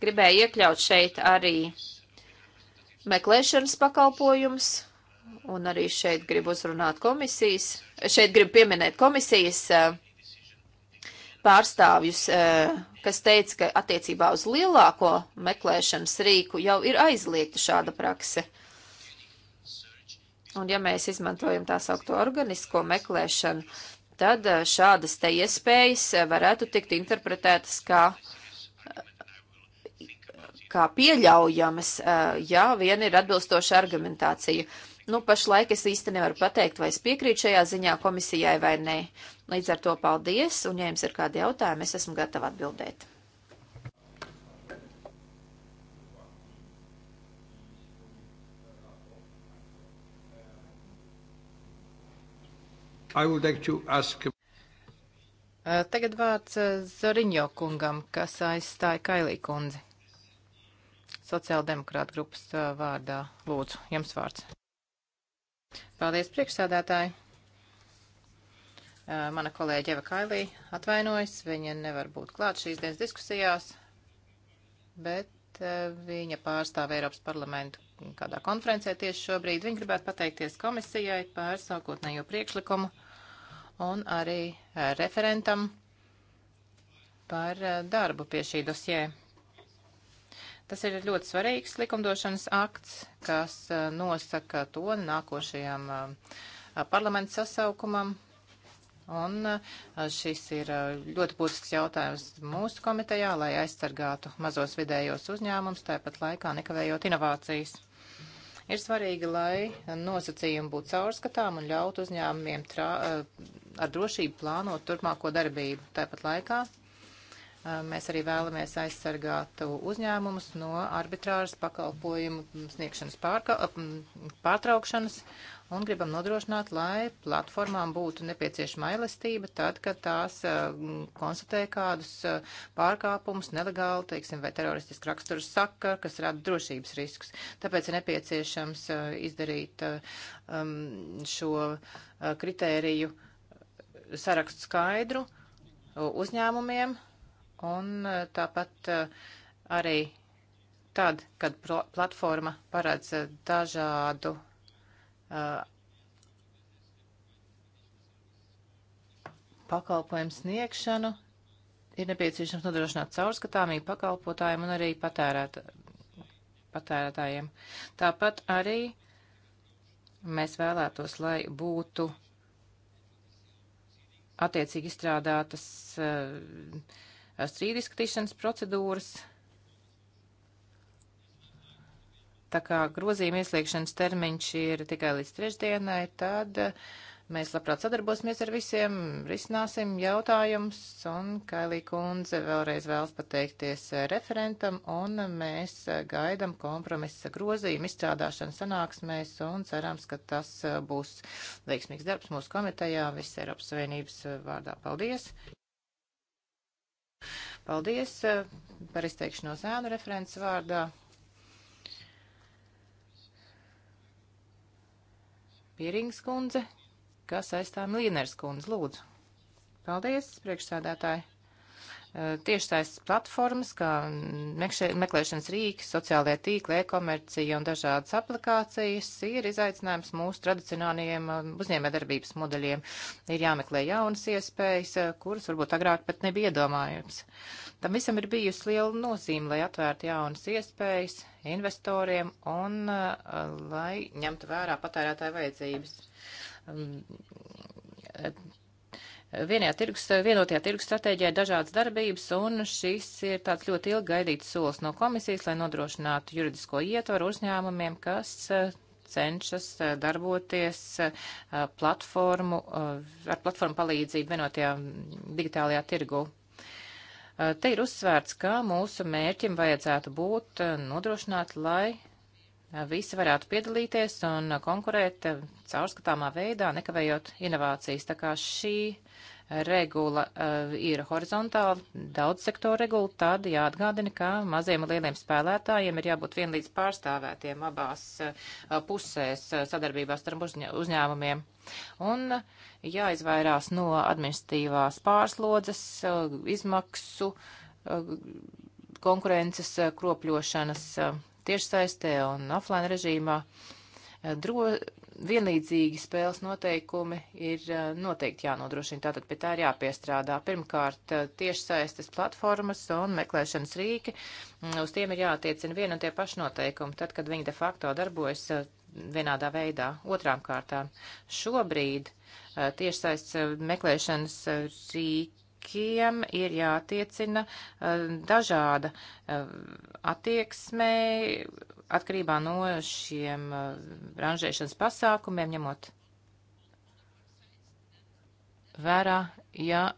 gribēju iekļaut šeit arī meklēšanas pakalpojums, un arī šeit gribu uzrunāt komisijas, šeit gribu pieminēt komisijas eh, pārstāvjus, eh, kas teica, ka attiecībā uz lielāko meklēšanas rīku jau ir aizliegta šāda prakse. Un ja mēs izmantojam tā saukto organisko meklēšanu, tad eh, šādas te iespējas eh, varētu tikt interpretētas kā, eh, kā pieļaujamas, ja vien ir atbilstoša argumentācija. Nu, pašlaik es īsti nevaru pateikt, vai es piekrītu šajā ziņā komisijai vai nē. Līdz ar to paldies, un ja jums ir kādi jautājumi, es esmu gatava atbildēt. Like ask... Eh, tagad vārds eh, Zoriņo kungam, kas aizstāja Kailī kundzi. Sociāldemokrāta grupas eh, vārdā. Lūdzu, jums vārds. Paldies, priekšsādātāji. Mana kolēģe Eva Kailī atvainojas, viņa nevar būt klāt šīs dienas diskusijās, bet viņa pārstāv Eiropas parlamentu kādā konferencē tieši šobrīd. Viņa gribētu pateikties komisijai par sākotnējo priekšlikumu un arī eh, referentam par eh, darbu pie šī dosjē. Tas ir ļoti svarīgs likumdošanas akts, kas eh, nosaka to nākošajam parlamentu sasaukumam. Un šis ir ļoti būtisks jautājums mūsu komitejā, lai aizsargātu mazos vidējos uzņēmums, tāpat laikā nekavējot inovācijas. Ir svarīgi, lai nosacījumi būtu caurskatām un ļaut uzņēmumiem trā, eh, ar drošību plānot turpmāko darbību. Tāpat laikā eh, mēs arī vēlamies aizsargāt uzņēmumus no arbitrāras pakalpojumu sniegšanas pārka, eh, pārtraukšanas un gribam nodrošināt, lai platformām būtu nepieciešama elastība tad, kad tās uh, konstatē kādus uh, pārkāpumus, nelegāli, teiksim, vai teroristisku raksturu sakar, kas rada drošības riskus. Tāpēc ir nepieciešams uh, izdarīt um, šo kritēriju sarakstu skaidru uzņēmumiem un tāpat arī tad, kad platforma paredz dažādu Uh, pakalpojumu sniegšanu, ir nepieciešams nodrošināt caurskatāmību pakalpotājiem un arī patērēt, patērētājiem. Tāpat arī mēs vēlētos, lai būtu attiecīgi izstrādātas uh, strīdu izskatīšanas procedūras, Tā kā grozījuma ieslēgšanas termiņš ir tikai līdz trešdienai, tad eh, mēs labprāt sadarbosimies ar visiem, risināsim jautājumus, un Kailī kundze vēlreiz vēlas pateikties eh, referentam, un mēs eh, gaidam kompromisa grozījuma izstrādāšanu sanāksmēs, un cerams, ka tas būs veiksmīgs darbs mūsu komitejā, viss Eiropas Savienības vārdā. Paldies! Paldies par izteikšanos ēnu referents vārdā. Pierings kundze, kas aizstāv Līneres kundze. Lūdzu. Paldies, priekšsādātāji. Eh, tiešsaistes platformas, kā meklēšanas rīki, sociālajie tīkli, e-komercija un dažādas aplikācijas ir izaicinājums mūsu tradicionālajiem eh, uzņēmējdarbības modeļiem. Ir jāmeklē jaunas iespējas, eh, kuras varbūt agrāk pat nebija iedomājums. Tam visam ir bijusi liela nozīme, lai atvērtu jaunas iespējas investoriem un lai ņemtu vērā patērētāju vajadzības mm, vienajā tirgus, vienotajā tirgus stratēģijā ir dažādas darbības, un šis ir tāds ļoti ilgi gaidīts solis no komisijas, lai nodrošinātu juridisko ietvaru uzņēmumiem, kas eh, cenšas eh, darboties eh, platformu, ar platformu palīdzību vienotajā mm, digitālajā tirgu. Te ir uzsvērts, ka mūsu mērķim vajadzētu būt nodrošināt, lai visi varētu piedalīties un konkurēt caurskatāmā veidā, nekavējot inovācijas. Tā kā šī regula uh, ir horizontāla, daudz sektoru regula, tad jāatgādina, ka maziem un lieliem spēlētājiem ir jābūt vienlīdz pārstāvētiem abās uh, pusēs uh, sadarbībās starp uzņēmumiem. Un jāizvairās no administratīvās pārslodzes, uh, izmaksu, uh, konkurences uh, kropļošanas. Uh, tiešsaistē un offline režīmā. Eh, dro, vienlīdzīgi spēles noteikumi ir eh, noteikti jānodrošina, tātad pie tā ir jāpiestrādā. Pirmkārt, eh, tiešsaistes platformas un meklēšanas rīki, mm, uz tiem ir jātiecina viena un tie paši noteikumi, tad, kad viņi de facto darbojas vienādā veidā. Otrām kārtām, šobrīd tiešsaistes meklēšanas rīki kuriem ir jātiecina eh, dažāda eh, attieksme atkarībā no šiem eh, ranžēšanas pasākumiem, ņemot vērā, ja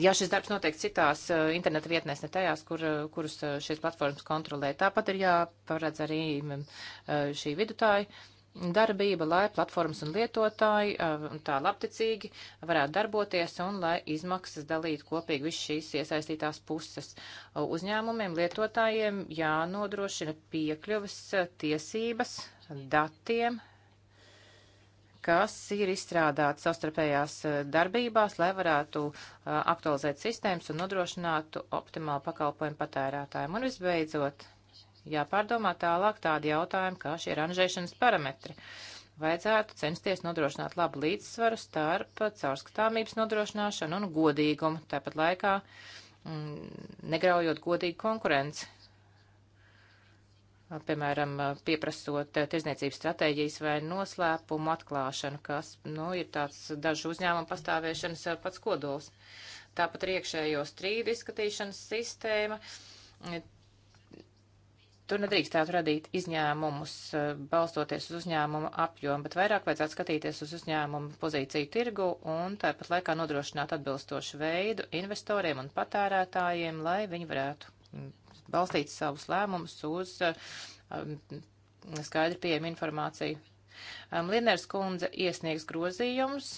Ja šis darbs notiek citās uh, interneta vietnēs, ne tajās, kur, kurus uh, šīs platformas kontrolē, tāpat ir jāparedz arī uh, šī vidutāja darbība, lai platformas un lietotāji eh, tā labticīgi varētu darboties un lai izmaksas dalītu kopīgi visas šīs iesaistītās puses. Eh, uzņēmumiem, lietotājiem jānodrošina piekļuvas eh, tiesības datiem, kas ir izstrādāti savstarpējās darbībās, lai varētu aktualizēt sistēmas un nodrošinātu optimālu pakalpojumu patērētājiem. Un visbeidzot, jāpārdomā tālāk tādi jautājumi, kā šie ranžēšanas parametri. Vajadzētu censties nodrošināt labu līdzsvaru starp caurskatāmības nodrošināšanu un godīgumu, tāpat laikā mm, negraujot godīgu konkurenci. Piemēram, pieprasot tirzniecības stratēģijas vai noslēpumu atklāšanu, kas nu, ir tāds dažu uzņēmumu pastāvēšanas pats kodols. Tāpat ir iekšējo strīdu izskatīšanas sistēma Tur nedrīkstētu radīt izņēmumus, e, balstoties uz uzņēmumu apjomu, bet vairāk vajadzētu skatīties uz uzņēmumu pozīciju tirgu un tāpat laikā nodrošināt atbilstošu veidu investoriem un patērētājiem, lai viņi varētu mm, balstīt savus lēmumus uz e, skaidri pieejamu informāciju. E, Liners kundze iesniegs grozījumus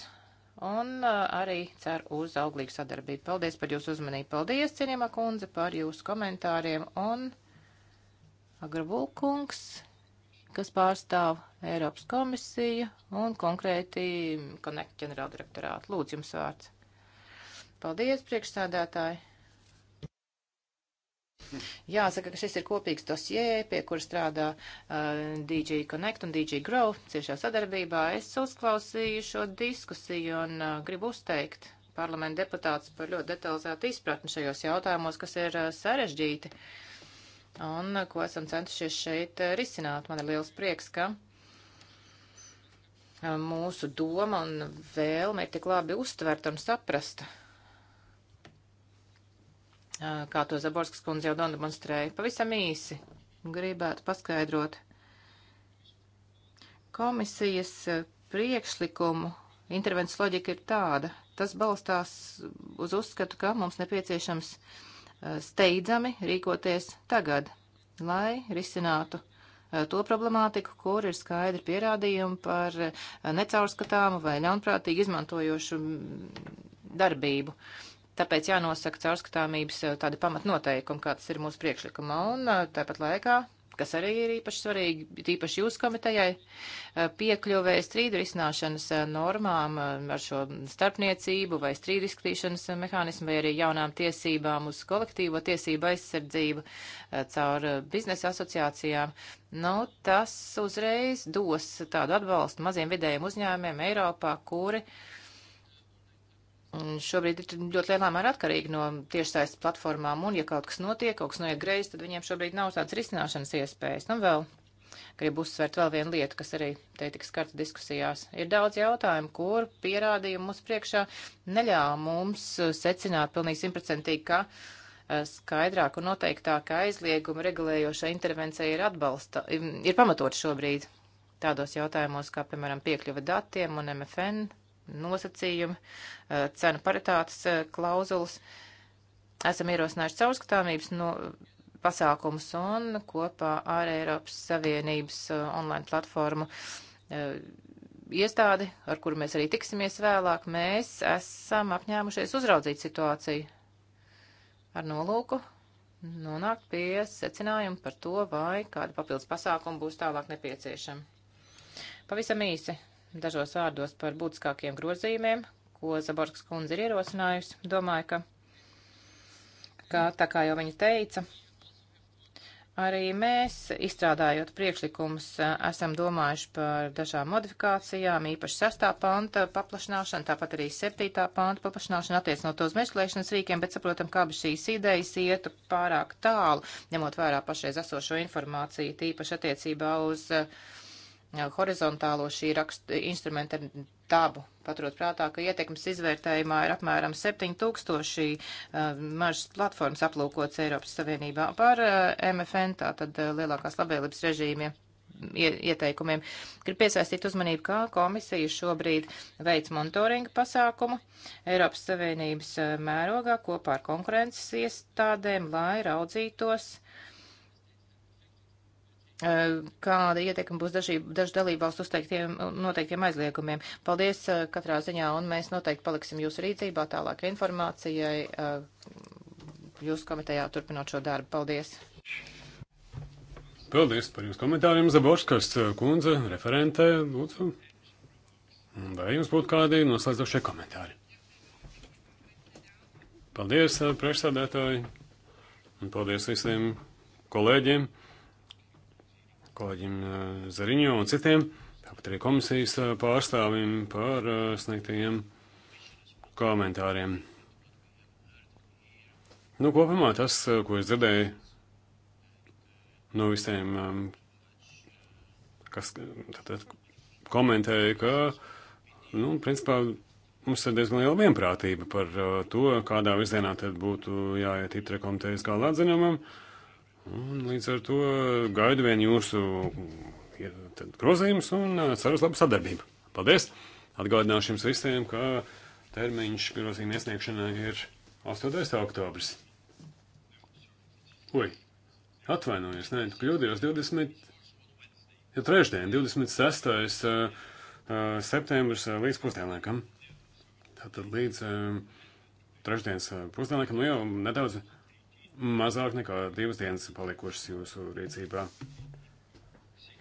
un arī cer uz auglīgu sadarbību. Paldies par jūsu uzmanību, paldies, cienījamā kundze, par jūsu komentāriem un. Agravulkungs, kas pārstāv Eiropas komisiju un konkrēti Connect ģenerāldirektorātu. Lūdzu, jums vārds. Paldies, priekšsādātāji! Jāsaka, ka šis ir kopīgs dosie, pie kura strādā uh, DJ Connect un DJ Grow ciešā sadarbībā. Es uzklausīju šo diskusiju un uh, gribu uzteikt parlamenta deputātus par ļoti detalizētu izpratni šajos jautājumos, kas ir uh, sarežģīti. Uh, un eh, ko esam centušies šeit eh, risināt. Man ir liels prieks, ka eh, mūsu doma un vēlme ir tik labi uztverta un saprasta. Kā to Zaborskas kundze jau demonstrēja, pavisam īsi gribētu paskaidrot komisijas priekšlikumu. Intervences loģika ir tāda. Tas balstās uz uzskatu, ka mums nepieciešams uh, Eh, steidzami rīkoties tagad, lai risinātu eh, to problemātiku, kur ir skaidri pierādījumi par eh, necaurskatāmu vai ļaunprātīgi izmantojošu mm, darbību. Tāpēc jānosaka caurskatāmības tādi pamatnoteikumi, kā tas ir mūsu priekšlikumā, un tāpat laikā kas arī ir īpaši svarīgi, īpaši jūs komitejai, piekļuvēja strīdu risināšanas normām ar šo starpniecību vai strīdu izskatīšanas mehānismu vai arī jaunām tiesībām uz kolektīvo tiesību aizsardzību caur biznesa asociācijām. Nu, tas uzreiz dos tādu atbalstu maziem vidējiem uzņēmiem Eiropā, kuri uh, šobrīd ir ļoti lielā mērā atkarīgi no tiešsaistes platformām, un ja kaut kas notiek, kaut kas noiet greizi, tad viņiem šobrīd nav tādas risināšanas iespējas. Nu, vēl gribu uzsvērt vēl vienu lietu, kas arī te tika skarta diskusijās. Ir daudz jautājumu, kur pierādījumi mums priekšā neļāva mums uh, secināt pilnīgi simtprocentīgi, ka uh, skaidrāk un noteiktāk aizlieguma regulējošā intervencija ir atbalsta, ir pamatot šobrīd tādos jautājumos, kā, piemēram, piekļuva datiem un MFN nosacījumi, eh, cenu paritātes eh, klauzulas. Esam ierosinājuši caurskatāmības no pasākumus un kopā ar Eiropas Savienības eh, online platformu iestādi, ar kuru mēs arī tiksimies vēlāk, mēs esam apņēmušies uzraudzīt situāciju ar nolūku nonākt pie secinājuma par to, vai kāda papildus pasākuma būs tālāk nepieciešama. Pavisam īsi dažos vārdos par būtiskākiem grozījumiem, ko Zaborskas kundze ir ierosinājusi. Domāju, ka, ka tā kā jau viņa teica, arī mēs, izstrādājot priekšlikumus, esam domājuši par dažām modifikācijām, īpaši 6. panta paplašināšanu, tāpat arī 7. panta paplašināšanu attiecinot uz mežlēšanas rīkiem, bet saprotam, kā abas šīs idejas ietu pārāk tālu, ņemot vērā pašreiz esošo informāciju, tīpaši attiecībā uz uh, horizontālo šī rakstu, instrumenta dabu. Paturot prātā, ka ietekmes izvērtējumā ir apmēram 7000 uh, mažas platformas aplūkots Eiropas Savienībā par uh, MFN, tātad uh, lielākās labvēlības režīmiem ieteikumiem. Gribu piesaistīt uzmanību, kā komisija šobrīd veic monitoringa pasākumu Eiropas Savienības mērogā kopā ar konkurences iestādēm, lai raudzītos, uh, Eh, kāda ietekme būs dažu dalībvalstu uzteiktiem noteiktiem aizliegumiem. Paldies eh, katrā ziņā, un mēs noteikti paliksim jūsu rīcībā tālāk informācijai. Eh, jūsu komitejā turpinot šo darbu. Paldies! Paldies par jūsu komentāriem, Zaborskas kundze, referente, lūdzu. Vai jums būtu kādi noslēdzošie komentāri? Paldies, priekšsādētāji, un paldies visiem kolēģiem kolēģim eh, Zariņo un citiem, tāpat arī komisijas eh, pārstāvim par eh, sniegtajiem komentāriem. Nu, kopumā tas, ko es dzirdēju no visiem, kas tātad komentēja, ka, nu, principā mums ir diezgan liela vienprātība par to, kādā virzienā tad būtu jāiet itrekomitejas kā latziņumam. Uh, Un līdz ar to gaidu vien jūsu grozījumus un uh, ceru uz labu sadarbību. Paldies! Atgādināšu jums visiem, ka termiņš grozījuma iesniegšanai ir 8. oktobris. Ui, atvainojos, nē, tu kļūdījos 20. Ja trešdien, 26. Uh, uh, septembris līdz pusdienlaikam. Tātad līdz trešdienas pusdienlaikam, nu jau nedaudz Mazāk nekā divas dienas palikušas jūsu rīcībā.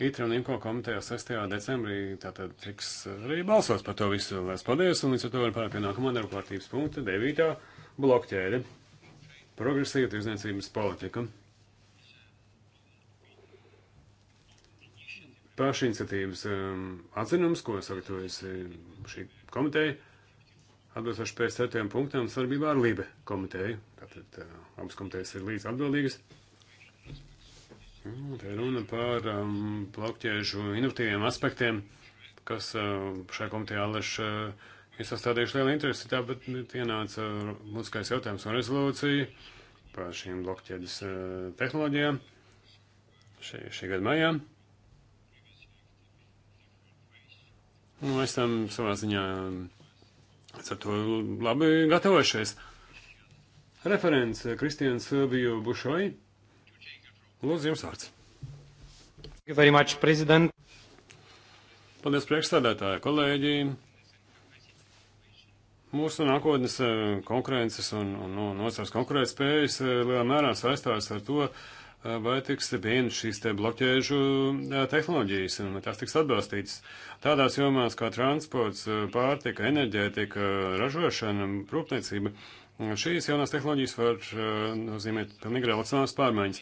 Itra un Imko komitejā 6. decembrī tātad tiks arī balsots par to visu. Lielas paldies, un līdz ar to varam pārēt pie nākamā darba kārtības punkta, 9. blokķēde. Progresīva tirzniecības politika. pašiniciatīvas um, atzinums, ko sagatavojusi šī komiteja atbilstoši pēc ceturtajam punktam svarbībā ar Libe komiteju. Tātad uh, abas komitejas ir līdz atbildīgas. Un, te runa par um, blokķēžu inovatīviem aspektiem, kas uh, šajā komitejā leš uh, ir sastādījuši lielu interesi, tāpat ienāca uh, mūziskais jautājums un rezolūcija par šīm blokķēdes uh, tehnoloģijām šī, šī gada maijā. Un mēs tam savā ziņā. Um, Es ar to labi gatavojušies. Referents eh, Kristians Biju Bušoji. Lūdzu, jums vārds. Much, president. Paldies priekšstādātāji, kolēģi. Mūsu nākotnes eh, konkurences un, un, un nozars konkurētspējas eh, lielā mērā saistās ar to, uh, vai tiks pieņemts šīs te bloķēžu tehnoloģijas un tās tiks atbalstītas. Tādās jomās kā transports, pārtika, enerģētika, ražošana, rūpniecība, šīs jaunās tehnoloģijas var nozīmēt pilnīgi relacionālas pārmaiņas.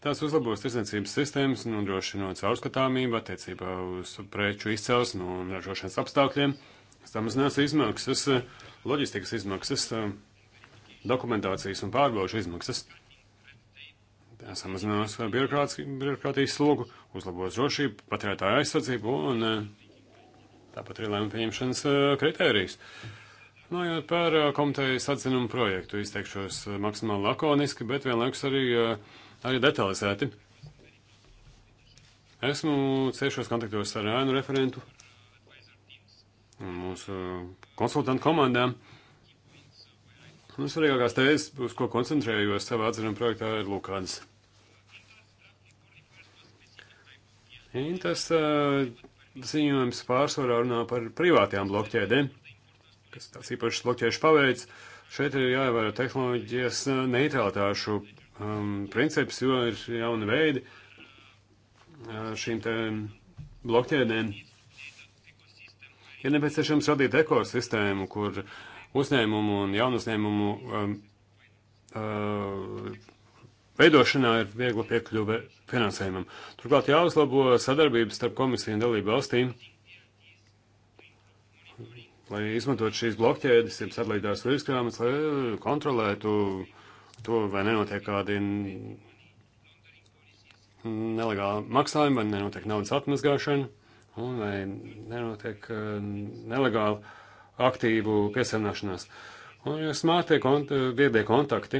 Tās uzlabos tirdzniecības sistēmas, nodrošinot caurskatāmību attiecībā uz preču izcelsmu un ražošanas apstākļiem. Samazinās izmaksas, loģistikas izmaksas, dokumentācijas un pārbaudžu izmaksas samazinās birokrātijas slogu, uzlabos drošību, patērētāju aizsardzību un eh, tāpat arī lēmumu pieņemšanas eh, kritērijas. Runājot par eh, komitejas atzinumu projektu, izteikšos maksimāli lakoniski, bet vienlaikus arī, arī detalizēti. Esmu ciešos kontaktos ar ēnu referentu un mūsu konsultantu komandām. Un svarīgākās tēzes, uz ko koncentrējos savā atzinuma projektā, ir Lukāns. Intas ziņojums pārsvarā runā par privātajām blokķēdēm, kas tāds īpašs blokķēžu paveids. Šeit ir jāievēro tehnoloģijas neutralitāšu um, princips, jo ir jauni veidi šīm te blokķēdēm. Ir nepieciešams radīt ekosistēmu, kur uzņēmumu un jaunu uzņēmumu um, uh, veidošanā ir viegla piekļuve finansējumam. Turklāt jāuzlabo sadarbības starp komisiju un dalību valstīm, lai izmantot šīs blokķēdes, jeb sadalītās virskrāmas, lai eh, kontrolētu to, vai nenotiek kādi nelegāli maksājumi, vai nenotiek naudas atmazgāšana, un vai nenotiek eh, nelegāli aktīvu piesavināšanās. Un jo smārtie kont viedie kontakti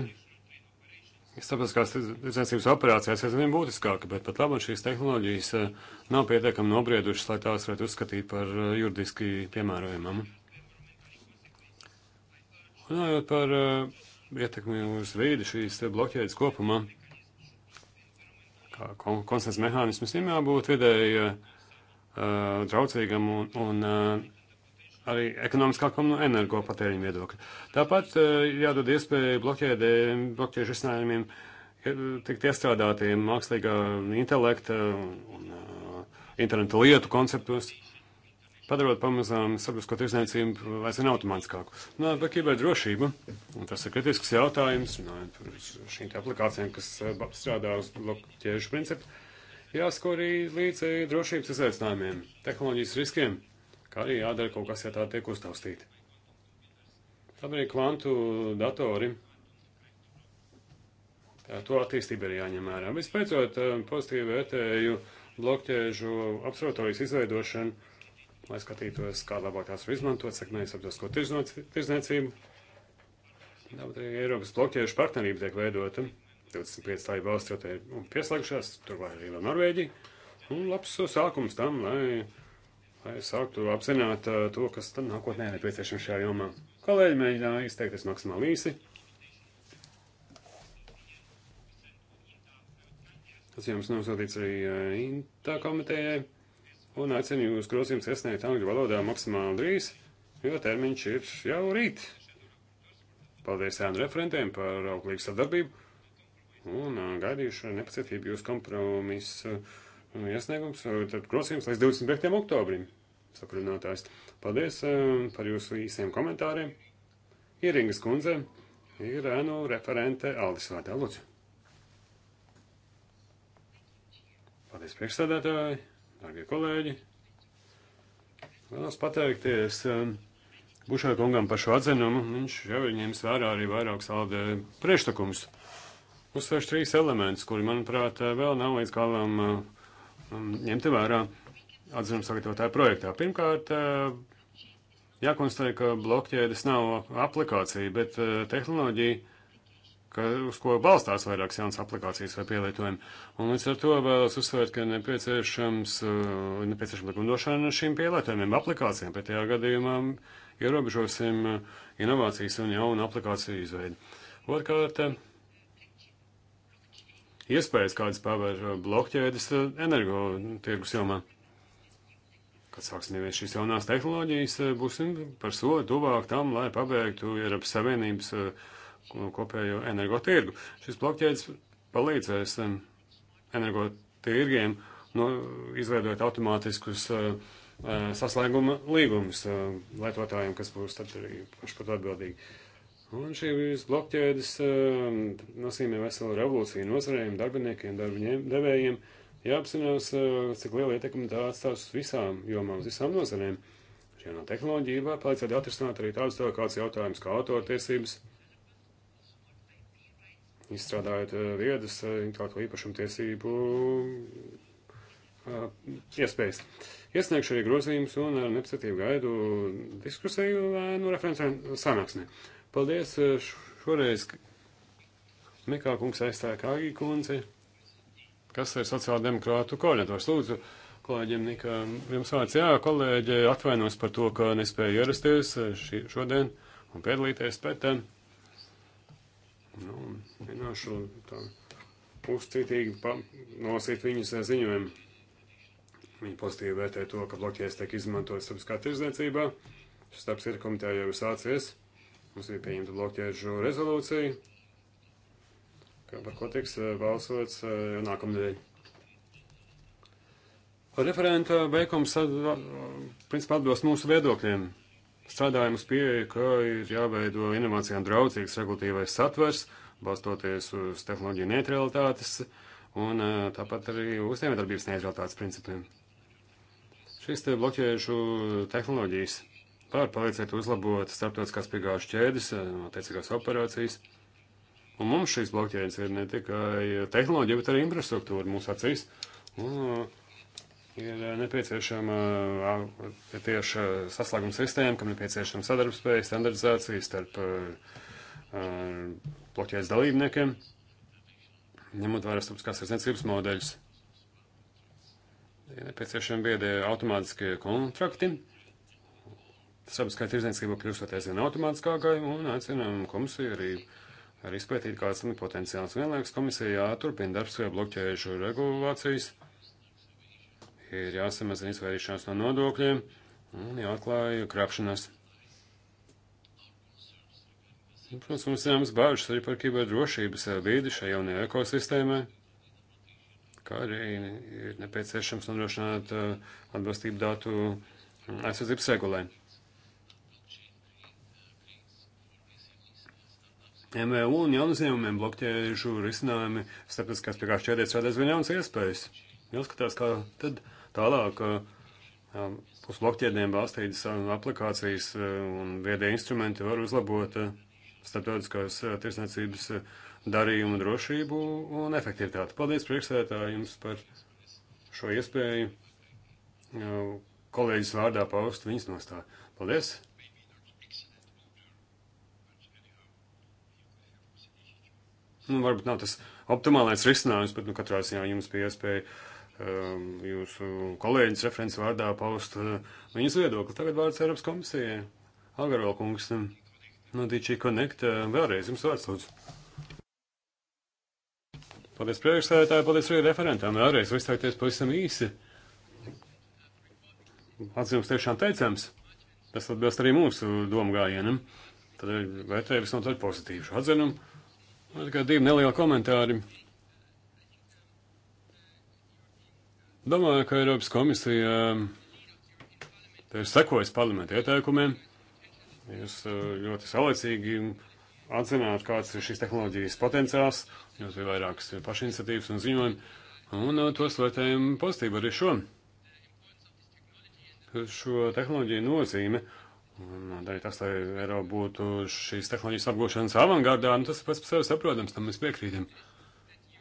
starptautiskās tirdzniecības operācijās aizvien būtiskāka, bet pat labi šīs tehnoloģijas eh, nav pietiekami nobriedušas, lai tās varētu uzskatīt par eh, juridiski piemērojamām. Runājot par eh, ietekmi uz vīdi šīs bloķēdes kopumā, kā konsensus mehānismus, viņam jābūt vidēji uh, draudzīgam un, un uh, arī ekonomiskā un energopatēriņa viedokļa. Tāpat e, jādod iespēju blokķēdēm, blokķēžu risinājumiem e, tikt iestrādātiem mākslīgā intelekta un e, interneta lietu konceptos, padarot pamazām sabiedrisko tirsniecību vairs vien automātiskāku. Nā, nu, par kiberdrošību, un tas ir kritisks jautājums, runājot par šīm aplikācijām, kas strādā uz blokķēžu principu, jāskor arī līdzi drošības izaicinājumiem, tehnoloģijas riskiem kā arī jādara kaut kas, ja tā tiek uztaustīta. Tad arī kvantu datori. Tā, to attīstība ir jāņem vērā. Vispēcot, eh, pozitīvi vērtēju blokķēžu observatorijas izveidošanu, lai skatītos, kā labāk tās var izmantot, sekmējas apdrasko tirzniecību. Tāpat arī Eiropas blokķēžu partnerība tiek veidota. 25 tāju valsts jau te ir um, pieslēgušās, turklāt arī vēl Norvēģija. Un labs sākums tam, lai lai sāktu apzināt to, kas tad nākotnē nepieciešams šajā jomā. Kolēģi mēģināja izteikties maksimāli īsi. Tas jums nosūtīts arī Intā komitejai. Un aicinu jūs grozījums iesniegt angļu valodā maksimāli drīz, jo termiņš ir jau rīt. Paldies ēnu referentiem par auglīgu sadarbību un gaidīšu nepacietību jūs kompromisu. Uh, Nu, iesniegums, eh, tad grozījums līdz 25. oktobrim, saprunātājs. Paldies eh, par jūsu īsiem komentāriem. Ieringas kundze ir ēnu referente Aldis Vārtā Lūdzu. Paldies priekšsēdētāji, dārgie kolēģi. Vēlos pateikties eh, Bušai kungam par šo atzinumu. Viņš jau ir ņēmis vērā arī vairākus Aldē priekšlikumus. Uzsvērš trīs elementus, kuri, manuprāt, vēl nav līdz galam uh, Mm, ņemti vērā atzinuma sagatavotāja projektā. Pirmkārt, eh, jākonstatē, ka blokķēdes nav aplikācija, bet eh, tehnoloģija, ka, uz ko balstās vairākas jaunas aplikācijas vai pielietojumi. Un līdz ar to vēlos uzsvērt, ka nepieciešams, eh, nepieciešama likumdošana šīm pielietojumiem, aplikācijām, pretējā gadījumā ierobežosim inovācijas un jaunu aplikāciju izveidi. Otrkārt, iespējas, kādas paver blokķēdes eh, energo tirgus jomā. Kad sāksim ievies šīs jaunās tehnoloģijas, eh, būsim par soli tuvāk tam, lai pabeigtu Eiropas Savienības eh, kopējo energo tirgu. Šis blokķēdes palīdzēs energo tirgiem nu, izveidot automātiskus uh, saslēguma līgumus uh, lietotājiem, kas būs tad arī paši par to atbildīgi. Un šīs blokķēdes ehm, nozīmē veselu revolūciju nozarēm, darbiniekiem, darbiņiem, devējiem. Jāapzinās, ehm, cik liela ietekme tā atstās uz visām jomām, uz visām nozarēm. Šajā no tehnoloģija var palīdzēt atrisināt arī tādus delikāts jautājumus kā autortiesības, izstrādājot ehm, viedus intelektuālo īpašumu tiesību iespējas. Iesniegšu arī grozījumus un ar nepacietību gaidu diskusiju no referencēm sanāksmē. Paldies eh, šoreiz Mikā kungs aizstāja Kāgī kundzi, kas ir sociāldemokrātu koordinators. Lūdzu, kolēģiem Nikā, jums vārds jā, kolēģi atvainos par to, ka nespēju ierasties eh, šī, šodien un piedalīties, bet eh, nu, vienkārši tā uzcītīgi pa, nolasīt viņas ziņojumu. Viņa pozitīvi vērtē to, ka bloķēs tiek izmantots starpskā tirdzniecībā. Šis starps ir komitē jau ir sācies. Mums bija pieņemta blokķēžu rezolūcija, kā par ko tiks eh, balsots eh, jau nākamnedēļ. Referenta veikums principā atbilst mūsu viedokļiem. Strādājam uz pieeju, ka ir jāveido inovācijām draudzīgs regulatīvais satvers, balstoties uz tehnoloģiju neutralitātes un eh, tāpat arī uzņēmējdarbības neutralitātes principiem. Šīs te bloķējušu tehnoloģijas var palīdzēt uzlabot starptautiskās piegāžu ķēdes, eh, attiecīgās operācijas. Un mums šīs blokķēdes ir ne tikai tehnoloģija, bet arī infrastruktūra mūsu acīs. Un, eh, ir nepieciešama eh, tieši saslēguma sistēma, kam nepieciešama sadarbspēja, standardizācija starp blokķēdes dalībniekiem, ņemot vērā starptautiskās aizniecības modeļus. Ir nepieciešami biedie automātiskie kontrakti, sabiedriskā tirdzniecība kļūstot aizvien automātiskākai un aicinām komisiju arī, arī izpētīt, kāds ir potenciāls. Vienlaikus komisija jāturpina darbs pie blokķējušu regulācijas, ir jāsamazina izvairīšanās no nodokļiem un jāatklāja krāpšanās. Protams, mums zināmas bāžas arī par kiberdrošības vīdi šajā jaunajā ekosistēmā kā arī ir nepieciešams nodrošināt uh, atbilstību datu mm, aizsardzības regulē. MVU un jaunu uzņēmumiem bloķējušu risinājumi starptautiskās piekāpšanās ķēdēs radīs vēl jaunas iespējas. Jāskatās, kā tad tālāk uh, um, uz blokķēdēm balstītas um, aplikācijas uh, un viedie instrumenti var uzlabot uh, starptautiskās tirsniecības darījumu drošību un efektivitāti. Paldies priekšsētāji jums par šo iespēju kolēģis vārdā paust viņas nostāju. Paldies! nu, varbūt nav tas optimālais risinājums, bet nu, katrā ziņā jums bija iespēja um, jūsu kolēģis referents vārdā paust uh, viņas viedokli. Tagad vārds Eiropas komisijai. Agarvēl kungs um, no DG Connect uh, vēlreiz jums vārds lūdzu. Paldies priekšsēdētāji, paldies arī referentām. Vēlreiz izteikties pavisam īsi. Atzīmes tiešām teicams. Tas atbilst arī mūsu domgājienam. Tad vērtējums no tad pozitīvu atzinumu. Man tikai divi nelieli komentāri. Domāju, ka Eiropas komisija ir sekojas parlamenta ieteikumiem. Jūs eh, ļoti saulēcīgi atzināt, kāds ir šīs tehnoloģijas potenciāls. Jums bija vairākas pašiniciatīvas un ziņojumi. Un eh, tos vērtējam pozitīvi arī šo. Šo tehnoloģiju nozīme Un darīt tas, lai Eiropa būtu šīs tehnoloģijas apgūšanas avangardā, nu tas pats par sevi saprotams, tam mēs piekrītam.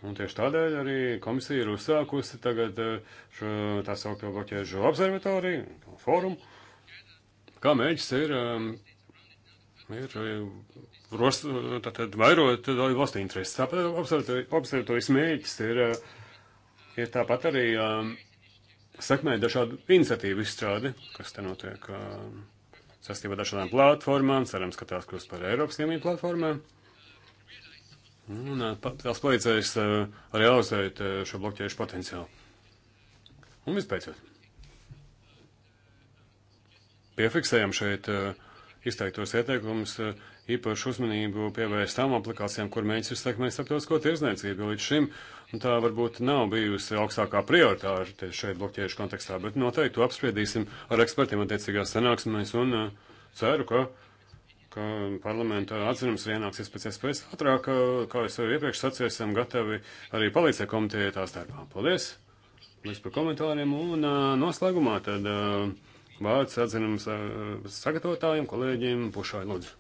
Un tieši tādēļ arī komisija ir uzsākusi tagad eh, šo tā saukto bloķēžu observatoriju, fórumu, kā mēģis ir, um, ir eh, ros, tātad vairot valstu intereses. Tāpat observatorijas mēģis ir, eh, ir tāpat arī um, sekmēt dažādu iniciatīvu izstrādi, kas te notiek. Uh, saistībā ar dažādām platformām, cerams, ka tās kļūs par Eiropas līmeņa platformām. Un eh, tās palīdzēs eh, realizēt eh, šo blokķēšu potenciālu. Un vispēcot. Piefiksējam šeit izteiktos ieteikumus īpašu uzmanību pievērst tām aplikācijām, kur mēģinās izsekmēt starptautisko tirzniecību. Līdz šim uh, Un tā varbūt nav bijusi augstākā prioritāte tieši šeit bloķiešu kontekstā, bet noteikti to apspriedīsim ar ekspertiem attiecīgās sanāksmēs un uh, ceru, ka, ka parlamenta atzinums ienāksies pēc iespējas ātrāk, kā, kā es jau iepriekš sacīju, esam gatavi arī palīdzēt komitejai tās darbā. Paldies! Paldies par komentāriem un uh, noslēgumā tad uh, vārds atzinums uh, sagatavotājiem, kolēģiem Pušai Lūdzu.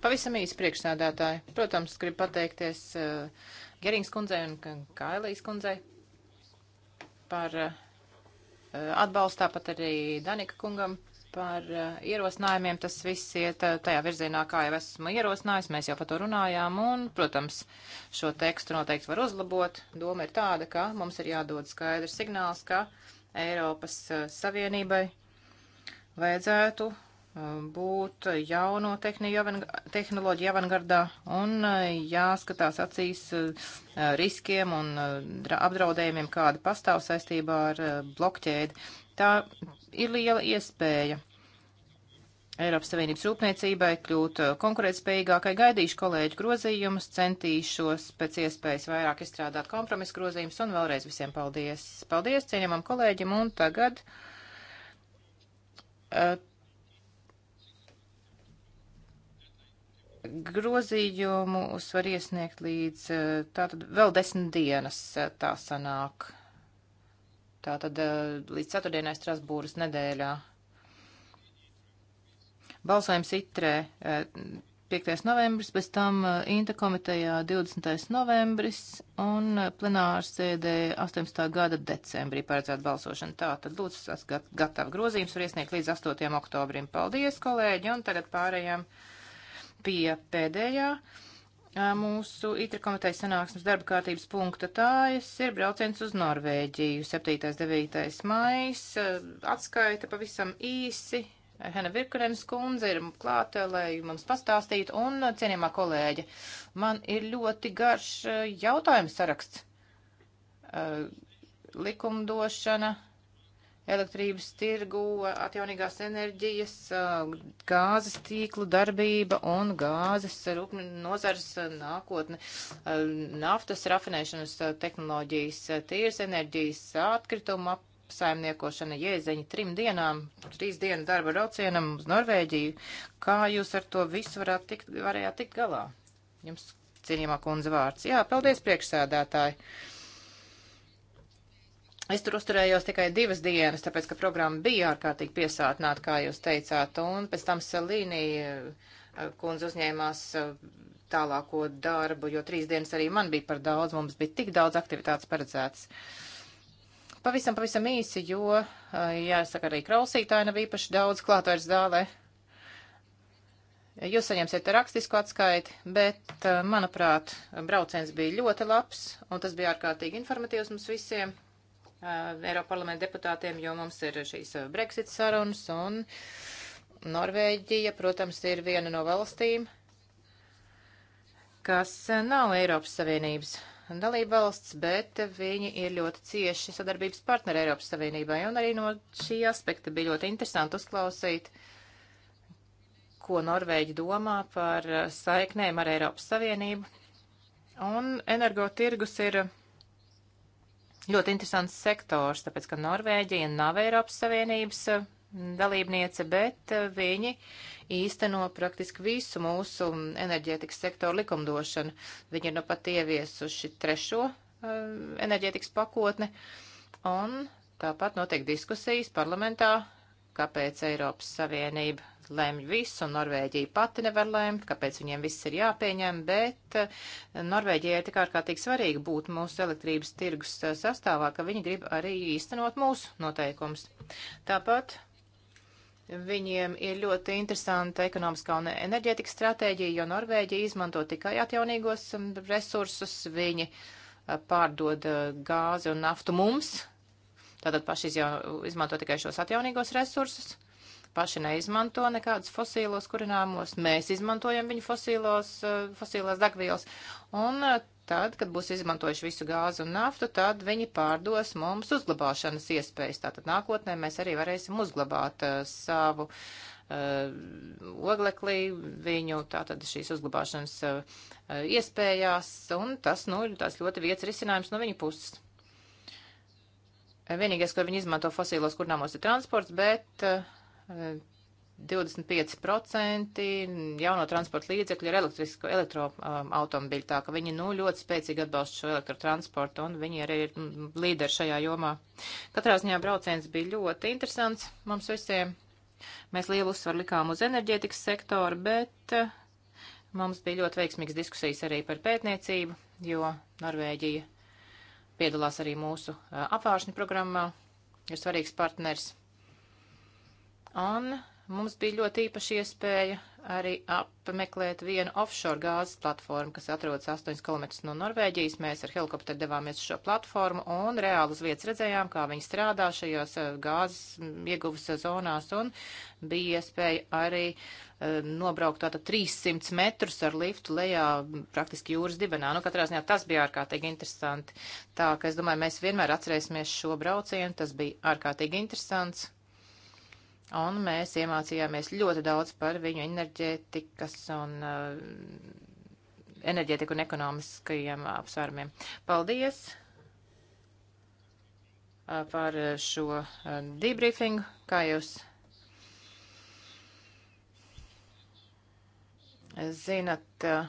Pavisam īsi priekšsādātāji. Protams, gribu pateikties uh, Gerings kundzei un Kailijas kundzei par eh, atbalstu, tāpat arī Danika kungam par eh, ierosinājumiem. Tas viss iet eh, tajā virzienā, kā jau esmu ierosinājis, mēs jau par to runājām, un, protams, šo tekstu noteikti var uzlabot. Doma ir tāda, ka mums ir jādod skaidrs signāls, ka Eiropas Savienībai vajadzētu būt jauno tehnoloģiju avangardā un e, jāskatās acīs e, riskiem un e, apdraudējumiem, kāda pastāv saistībā ar blokķēdi. Tā ir liela iespēja Eiropas Savienības rūpniecībai kļūt konkurētspējīgākai. Gaidīšu kolēģu grozījumus, centīšos pēc iespējas vairāk izstrādāt kompromisu grozījumus un vēlreiz visiem paldies. Paldies cienījamam kolēģim un tagad. Uh, grozījumus var iesniegt līdz eh, tātad vēl desmit dienas eh, tā sanāk. Tātad eh, līdz ceturtdienai Strasbūras nedēļā. Balsojums itrē 5. novembris, bez tam Inta komitejā 20. novembris un plenārs sēdē 18. gada decembrī paredzēta esat Tā tad lūdzu, esat gatavi grozījums var iesniegt līdz 8. oktobrim. Paldies, kolēģi, un tagad pārējām pie pēdējā mūsu itra komitejas sanāksmes darba kārtības punkta tājas ir brauciens uz Norvēģiju 7.9. mais. Atskaita pavisam īsi. Hena Virkurenes kundze ir klāta, lai mums pastāstītu, un cienījumā kolēģe, man ir ļoti garš jautājums saraksts. Likumdošana elektrības tirgu, atjaunīgās enerģijas, gāzes tīklu darbība un gāzes rūpni nozars nākotne, naftas rafinēšanas tehnoloģijas, tīras enerģijas, atkrituma apsaimniekošana, jēzeņi trim dienām, trīs dienu darba braucienam uz Norvēģiju. Kā jūs ar to visu varētu tikt, varējāt tikt galā? Jums cienījumā kundze vārds. Jā, paldies priekšsēdētāji. Uh, Es tur uzturējos tikai divas dienas, tāpēc, ka programma bija ārkārtīgi piesātināta, kā jūs teicāt, un pēc tam Salīnija eh, kundze uzņēmās eh, tālāko darbu, jo trīs dienas arī man bija par daudz, mums bija tik daudz aktivitātes paredzētas. Pavisam, pavisam īsi, jo, eh, jāsaka, arī klausītāji nav īpaši daudz klāt vairs dālē. Jūs saņemsiet rakstisku atskaiti, bet, manuprāt, brauciens bija ļoti labs, un tas bija ārkārtīgi informatīvs mums visiem Uh, Eiropa parlamenta deputātiem, jo mums ir šīs uh, Brexit sarunas un Norvēģija, protams, ir viena no valstīm, kas uh, nav Eiropas Savienības dalībvalsts, bet viņi ir ļoti cieši sadarbības partneri Eiropas Savienībai. Un arī no šī aspekta bija ļoti interesanti uzklausīt, ko Norvēģi domā par saiknēm ar Eiropas Savienību. Un energotirgus ir ļoti interesants sektors, tāpēc ka Norvēģija nav Eiropas Savienības eh, dalībniece, bet eh, viņi īsteno praktiski visu mūsu enerģētikas sektoru likumdošanu. Viņi ir nu pat ieviesuši trešo eh, enerģētikas pakotni un tāpat notiek diskusijas parlamentā, kāpēc Eiropas Savienība lemj visu, un Norvēģija pati nevar lemt, kāpēc viņiem viss ir jāpieņem, bet eh, Norvēģijai tik ārkārtīgi svarīgi būt mūsu elektrības tirgus eh, sastāvā, ka viņi grib arī īstenot mūsu noteikums. Tāpat viņiem ir ļoti interesanta ekonomiskā un enerģētikas stratēģija, jo Norvēģija izmanto tikai atjaunīgos mm, resursus, viņi eh, pārdod gāzi un naftu mums, tātad paši izmanto tikai šos atjaunīgos resursus paši neizmanto nekādus fosīlos kurināmos, mēs izmantojam viņu fosīlos, eh, fosīlās degvielas, un eh, tad, kad būs izmantojuši visu gāzi un naftu, tad viņi pārdos mums uzglabāšanas iespējas. Tātad nākotnē mēs arī varēsim uzglabāt uh, savu uh, ogleklī, viņu tātad šīs uzglabāšanas uh, iespējās, un tas, nu, tas ļoti vietas risinājums no viņa puses. Vienīgais, ko viņi izmanto fosīlos kurnāmos, ir transports, bet uh, 25% jauno transporta līdzekļu ir elektrisko elektroautomobiļu, tā ka viņi, nu, ļoti spēcīgi atbalsta šo elektrotransportu, un viņi arī ir mm, līderi šajā jomā. Katrā ziņā brauciens bija ļoti interesants mums visiem. Mēs lielu uzsvaru likām uz enerģētikas sektoru, bet eh, mums bija ļoti veiksmīgas diskusijas arī par pētniecību, jo Norvēģija piedalās arī mūsu eh, apvāršņu programmā, ir svarīgs partners Un mums bija ļoti īpaši iespēja arī apmeklēt vienu offshore gāzes platformu, kas atrodas 8 km no Norvēģijas. Mēs ar helikopteru devāmies uz šo platformu un reāli uz vietas redzējām, kā viņi strādā šajās eh, gāzes mm, ieguvas eh, zonās un bija iespēja arī uh, nobraukt tātad 300 metrus ar liftu lejā mm, praktiski jūras dibenā. Nu, katrā ziņā tas bija ārkārtīgi interesanti. Tā, ka es domāju, mēs vienmēr atcerēsimies šo braucienu, tas bija ārkārtīgi interesants Un mēs iemācījāmies ļoti daudz par viņu enerģētikas un uh, enerģētiku un ekonomiskajiem apsvērumiem. Paldies uh, par šo uh, debriefingu, kā jūs zinat. Uh,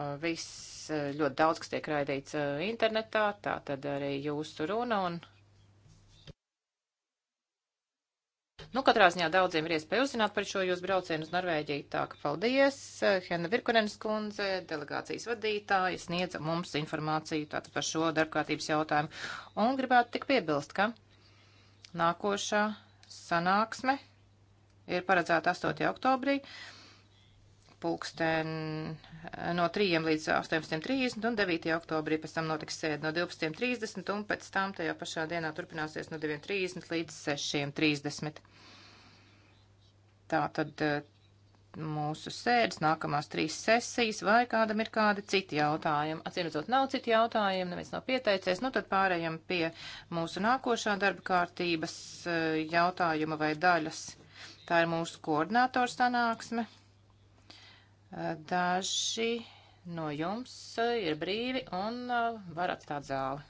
uh viss uh, ļoti daudz, kas tiek raidīts uh, internetā, tā tad arī jūsu runa un Nu, katrā ziņā daudziem ir iespēja uzzināt par šo jūsu braucienu uz Norvēģiju. Tā kā paldies, Henna Virkunenes kundze, delegācijas vadītāja, sniedza mums informāciju tātad par šo darbkārtības jautājumu. Un gribētu tik piebilst, ka nākošā sanāksme ir paredzēta 8. oktobrī. Uh, pulksten eh, no 3 līdz 18.30 un 9. oktobrī pēc tam notiks sēde no 12.30 un pēc tam tajā pašā dienā turpināsies no 9.30 līdz 6.30. Tā tad mūsu sēdes, nākamās trīs sesijas, vai kādam ir kādi citi jautājumi. Atcīmredzot, nav citi jautājumi, neviens nav pieteicies. Nu, tad pārējām pie mūsu nākošā darba kārtības eh, jautājuma vai daļas. Tā ir mūsu koordinātora sanāksme. Daži no jums ir brīvi un uh, var atstāt zāli.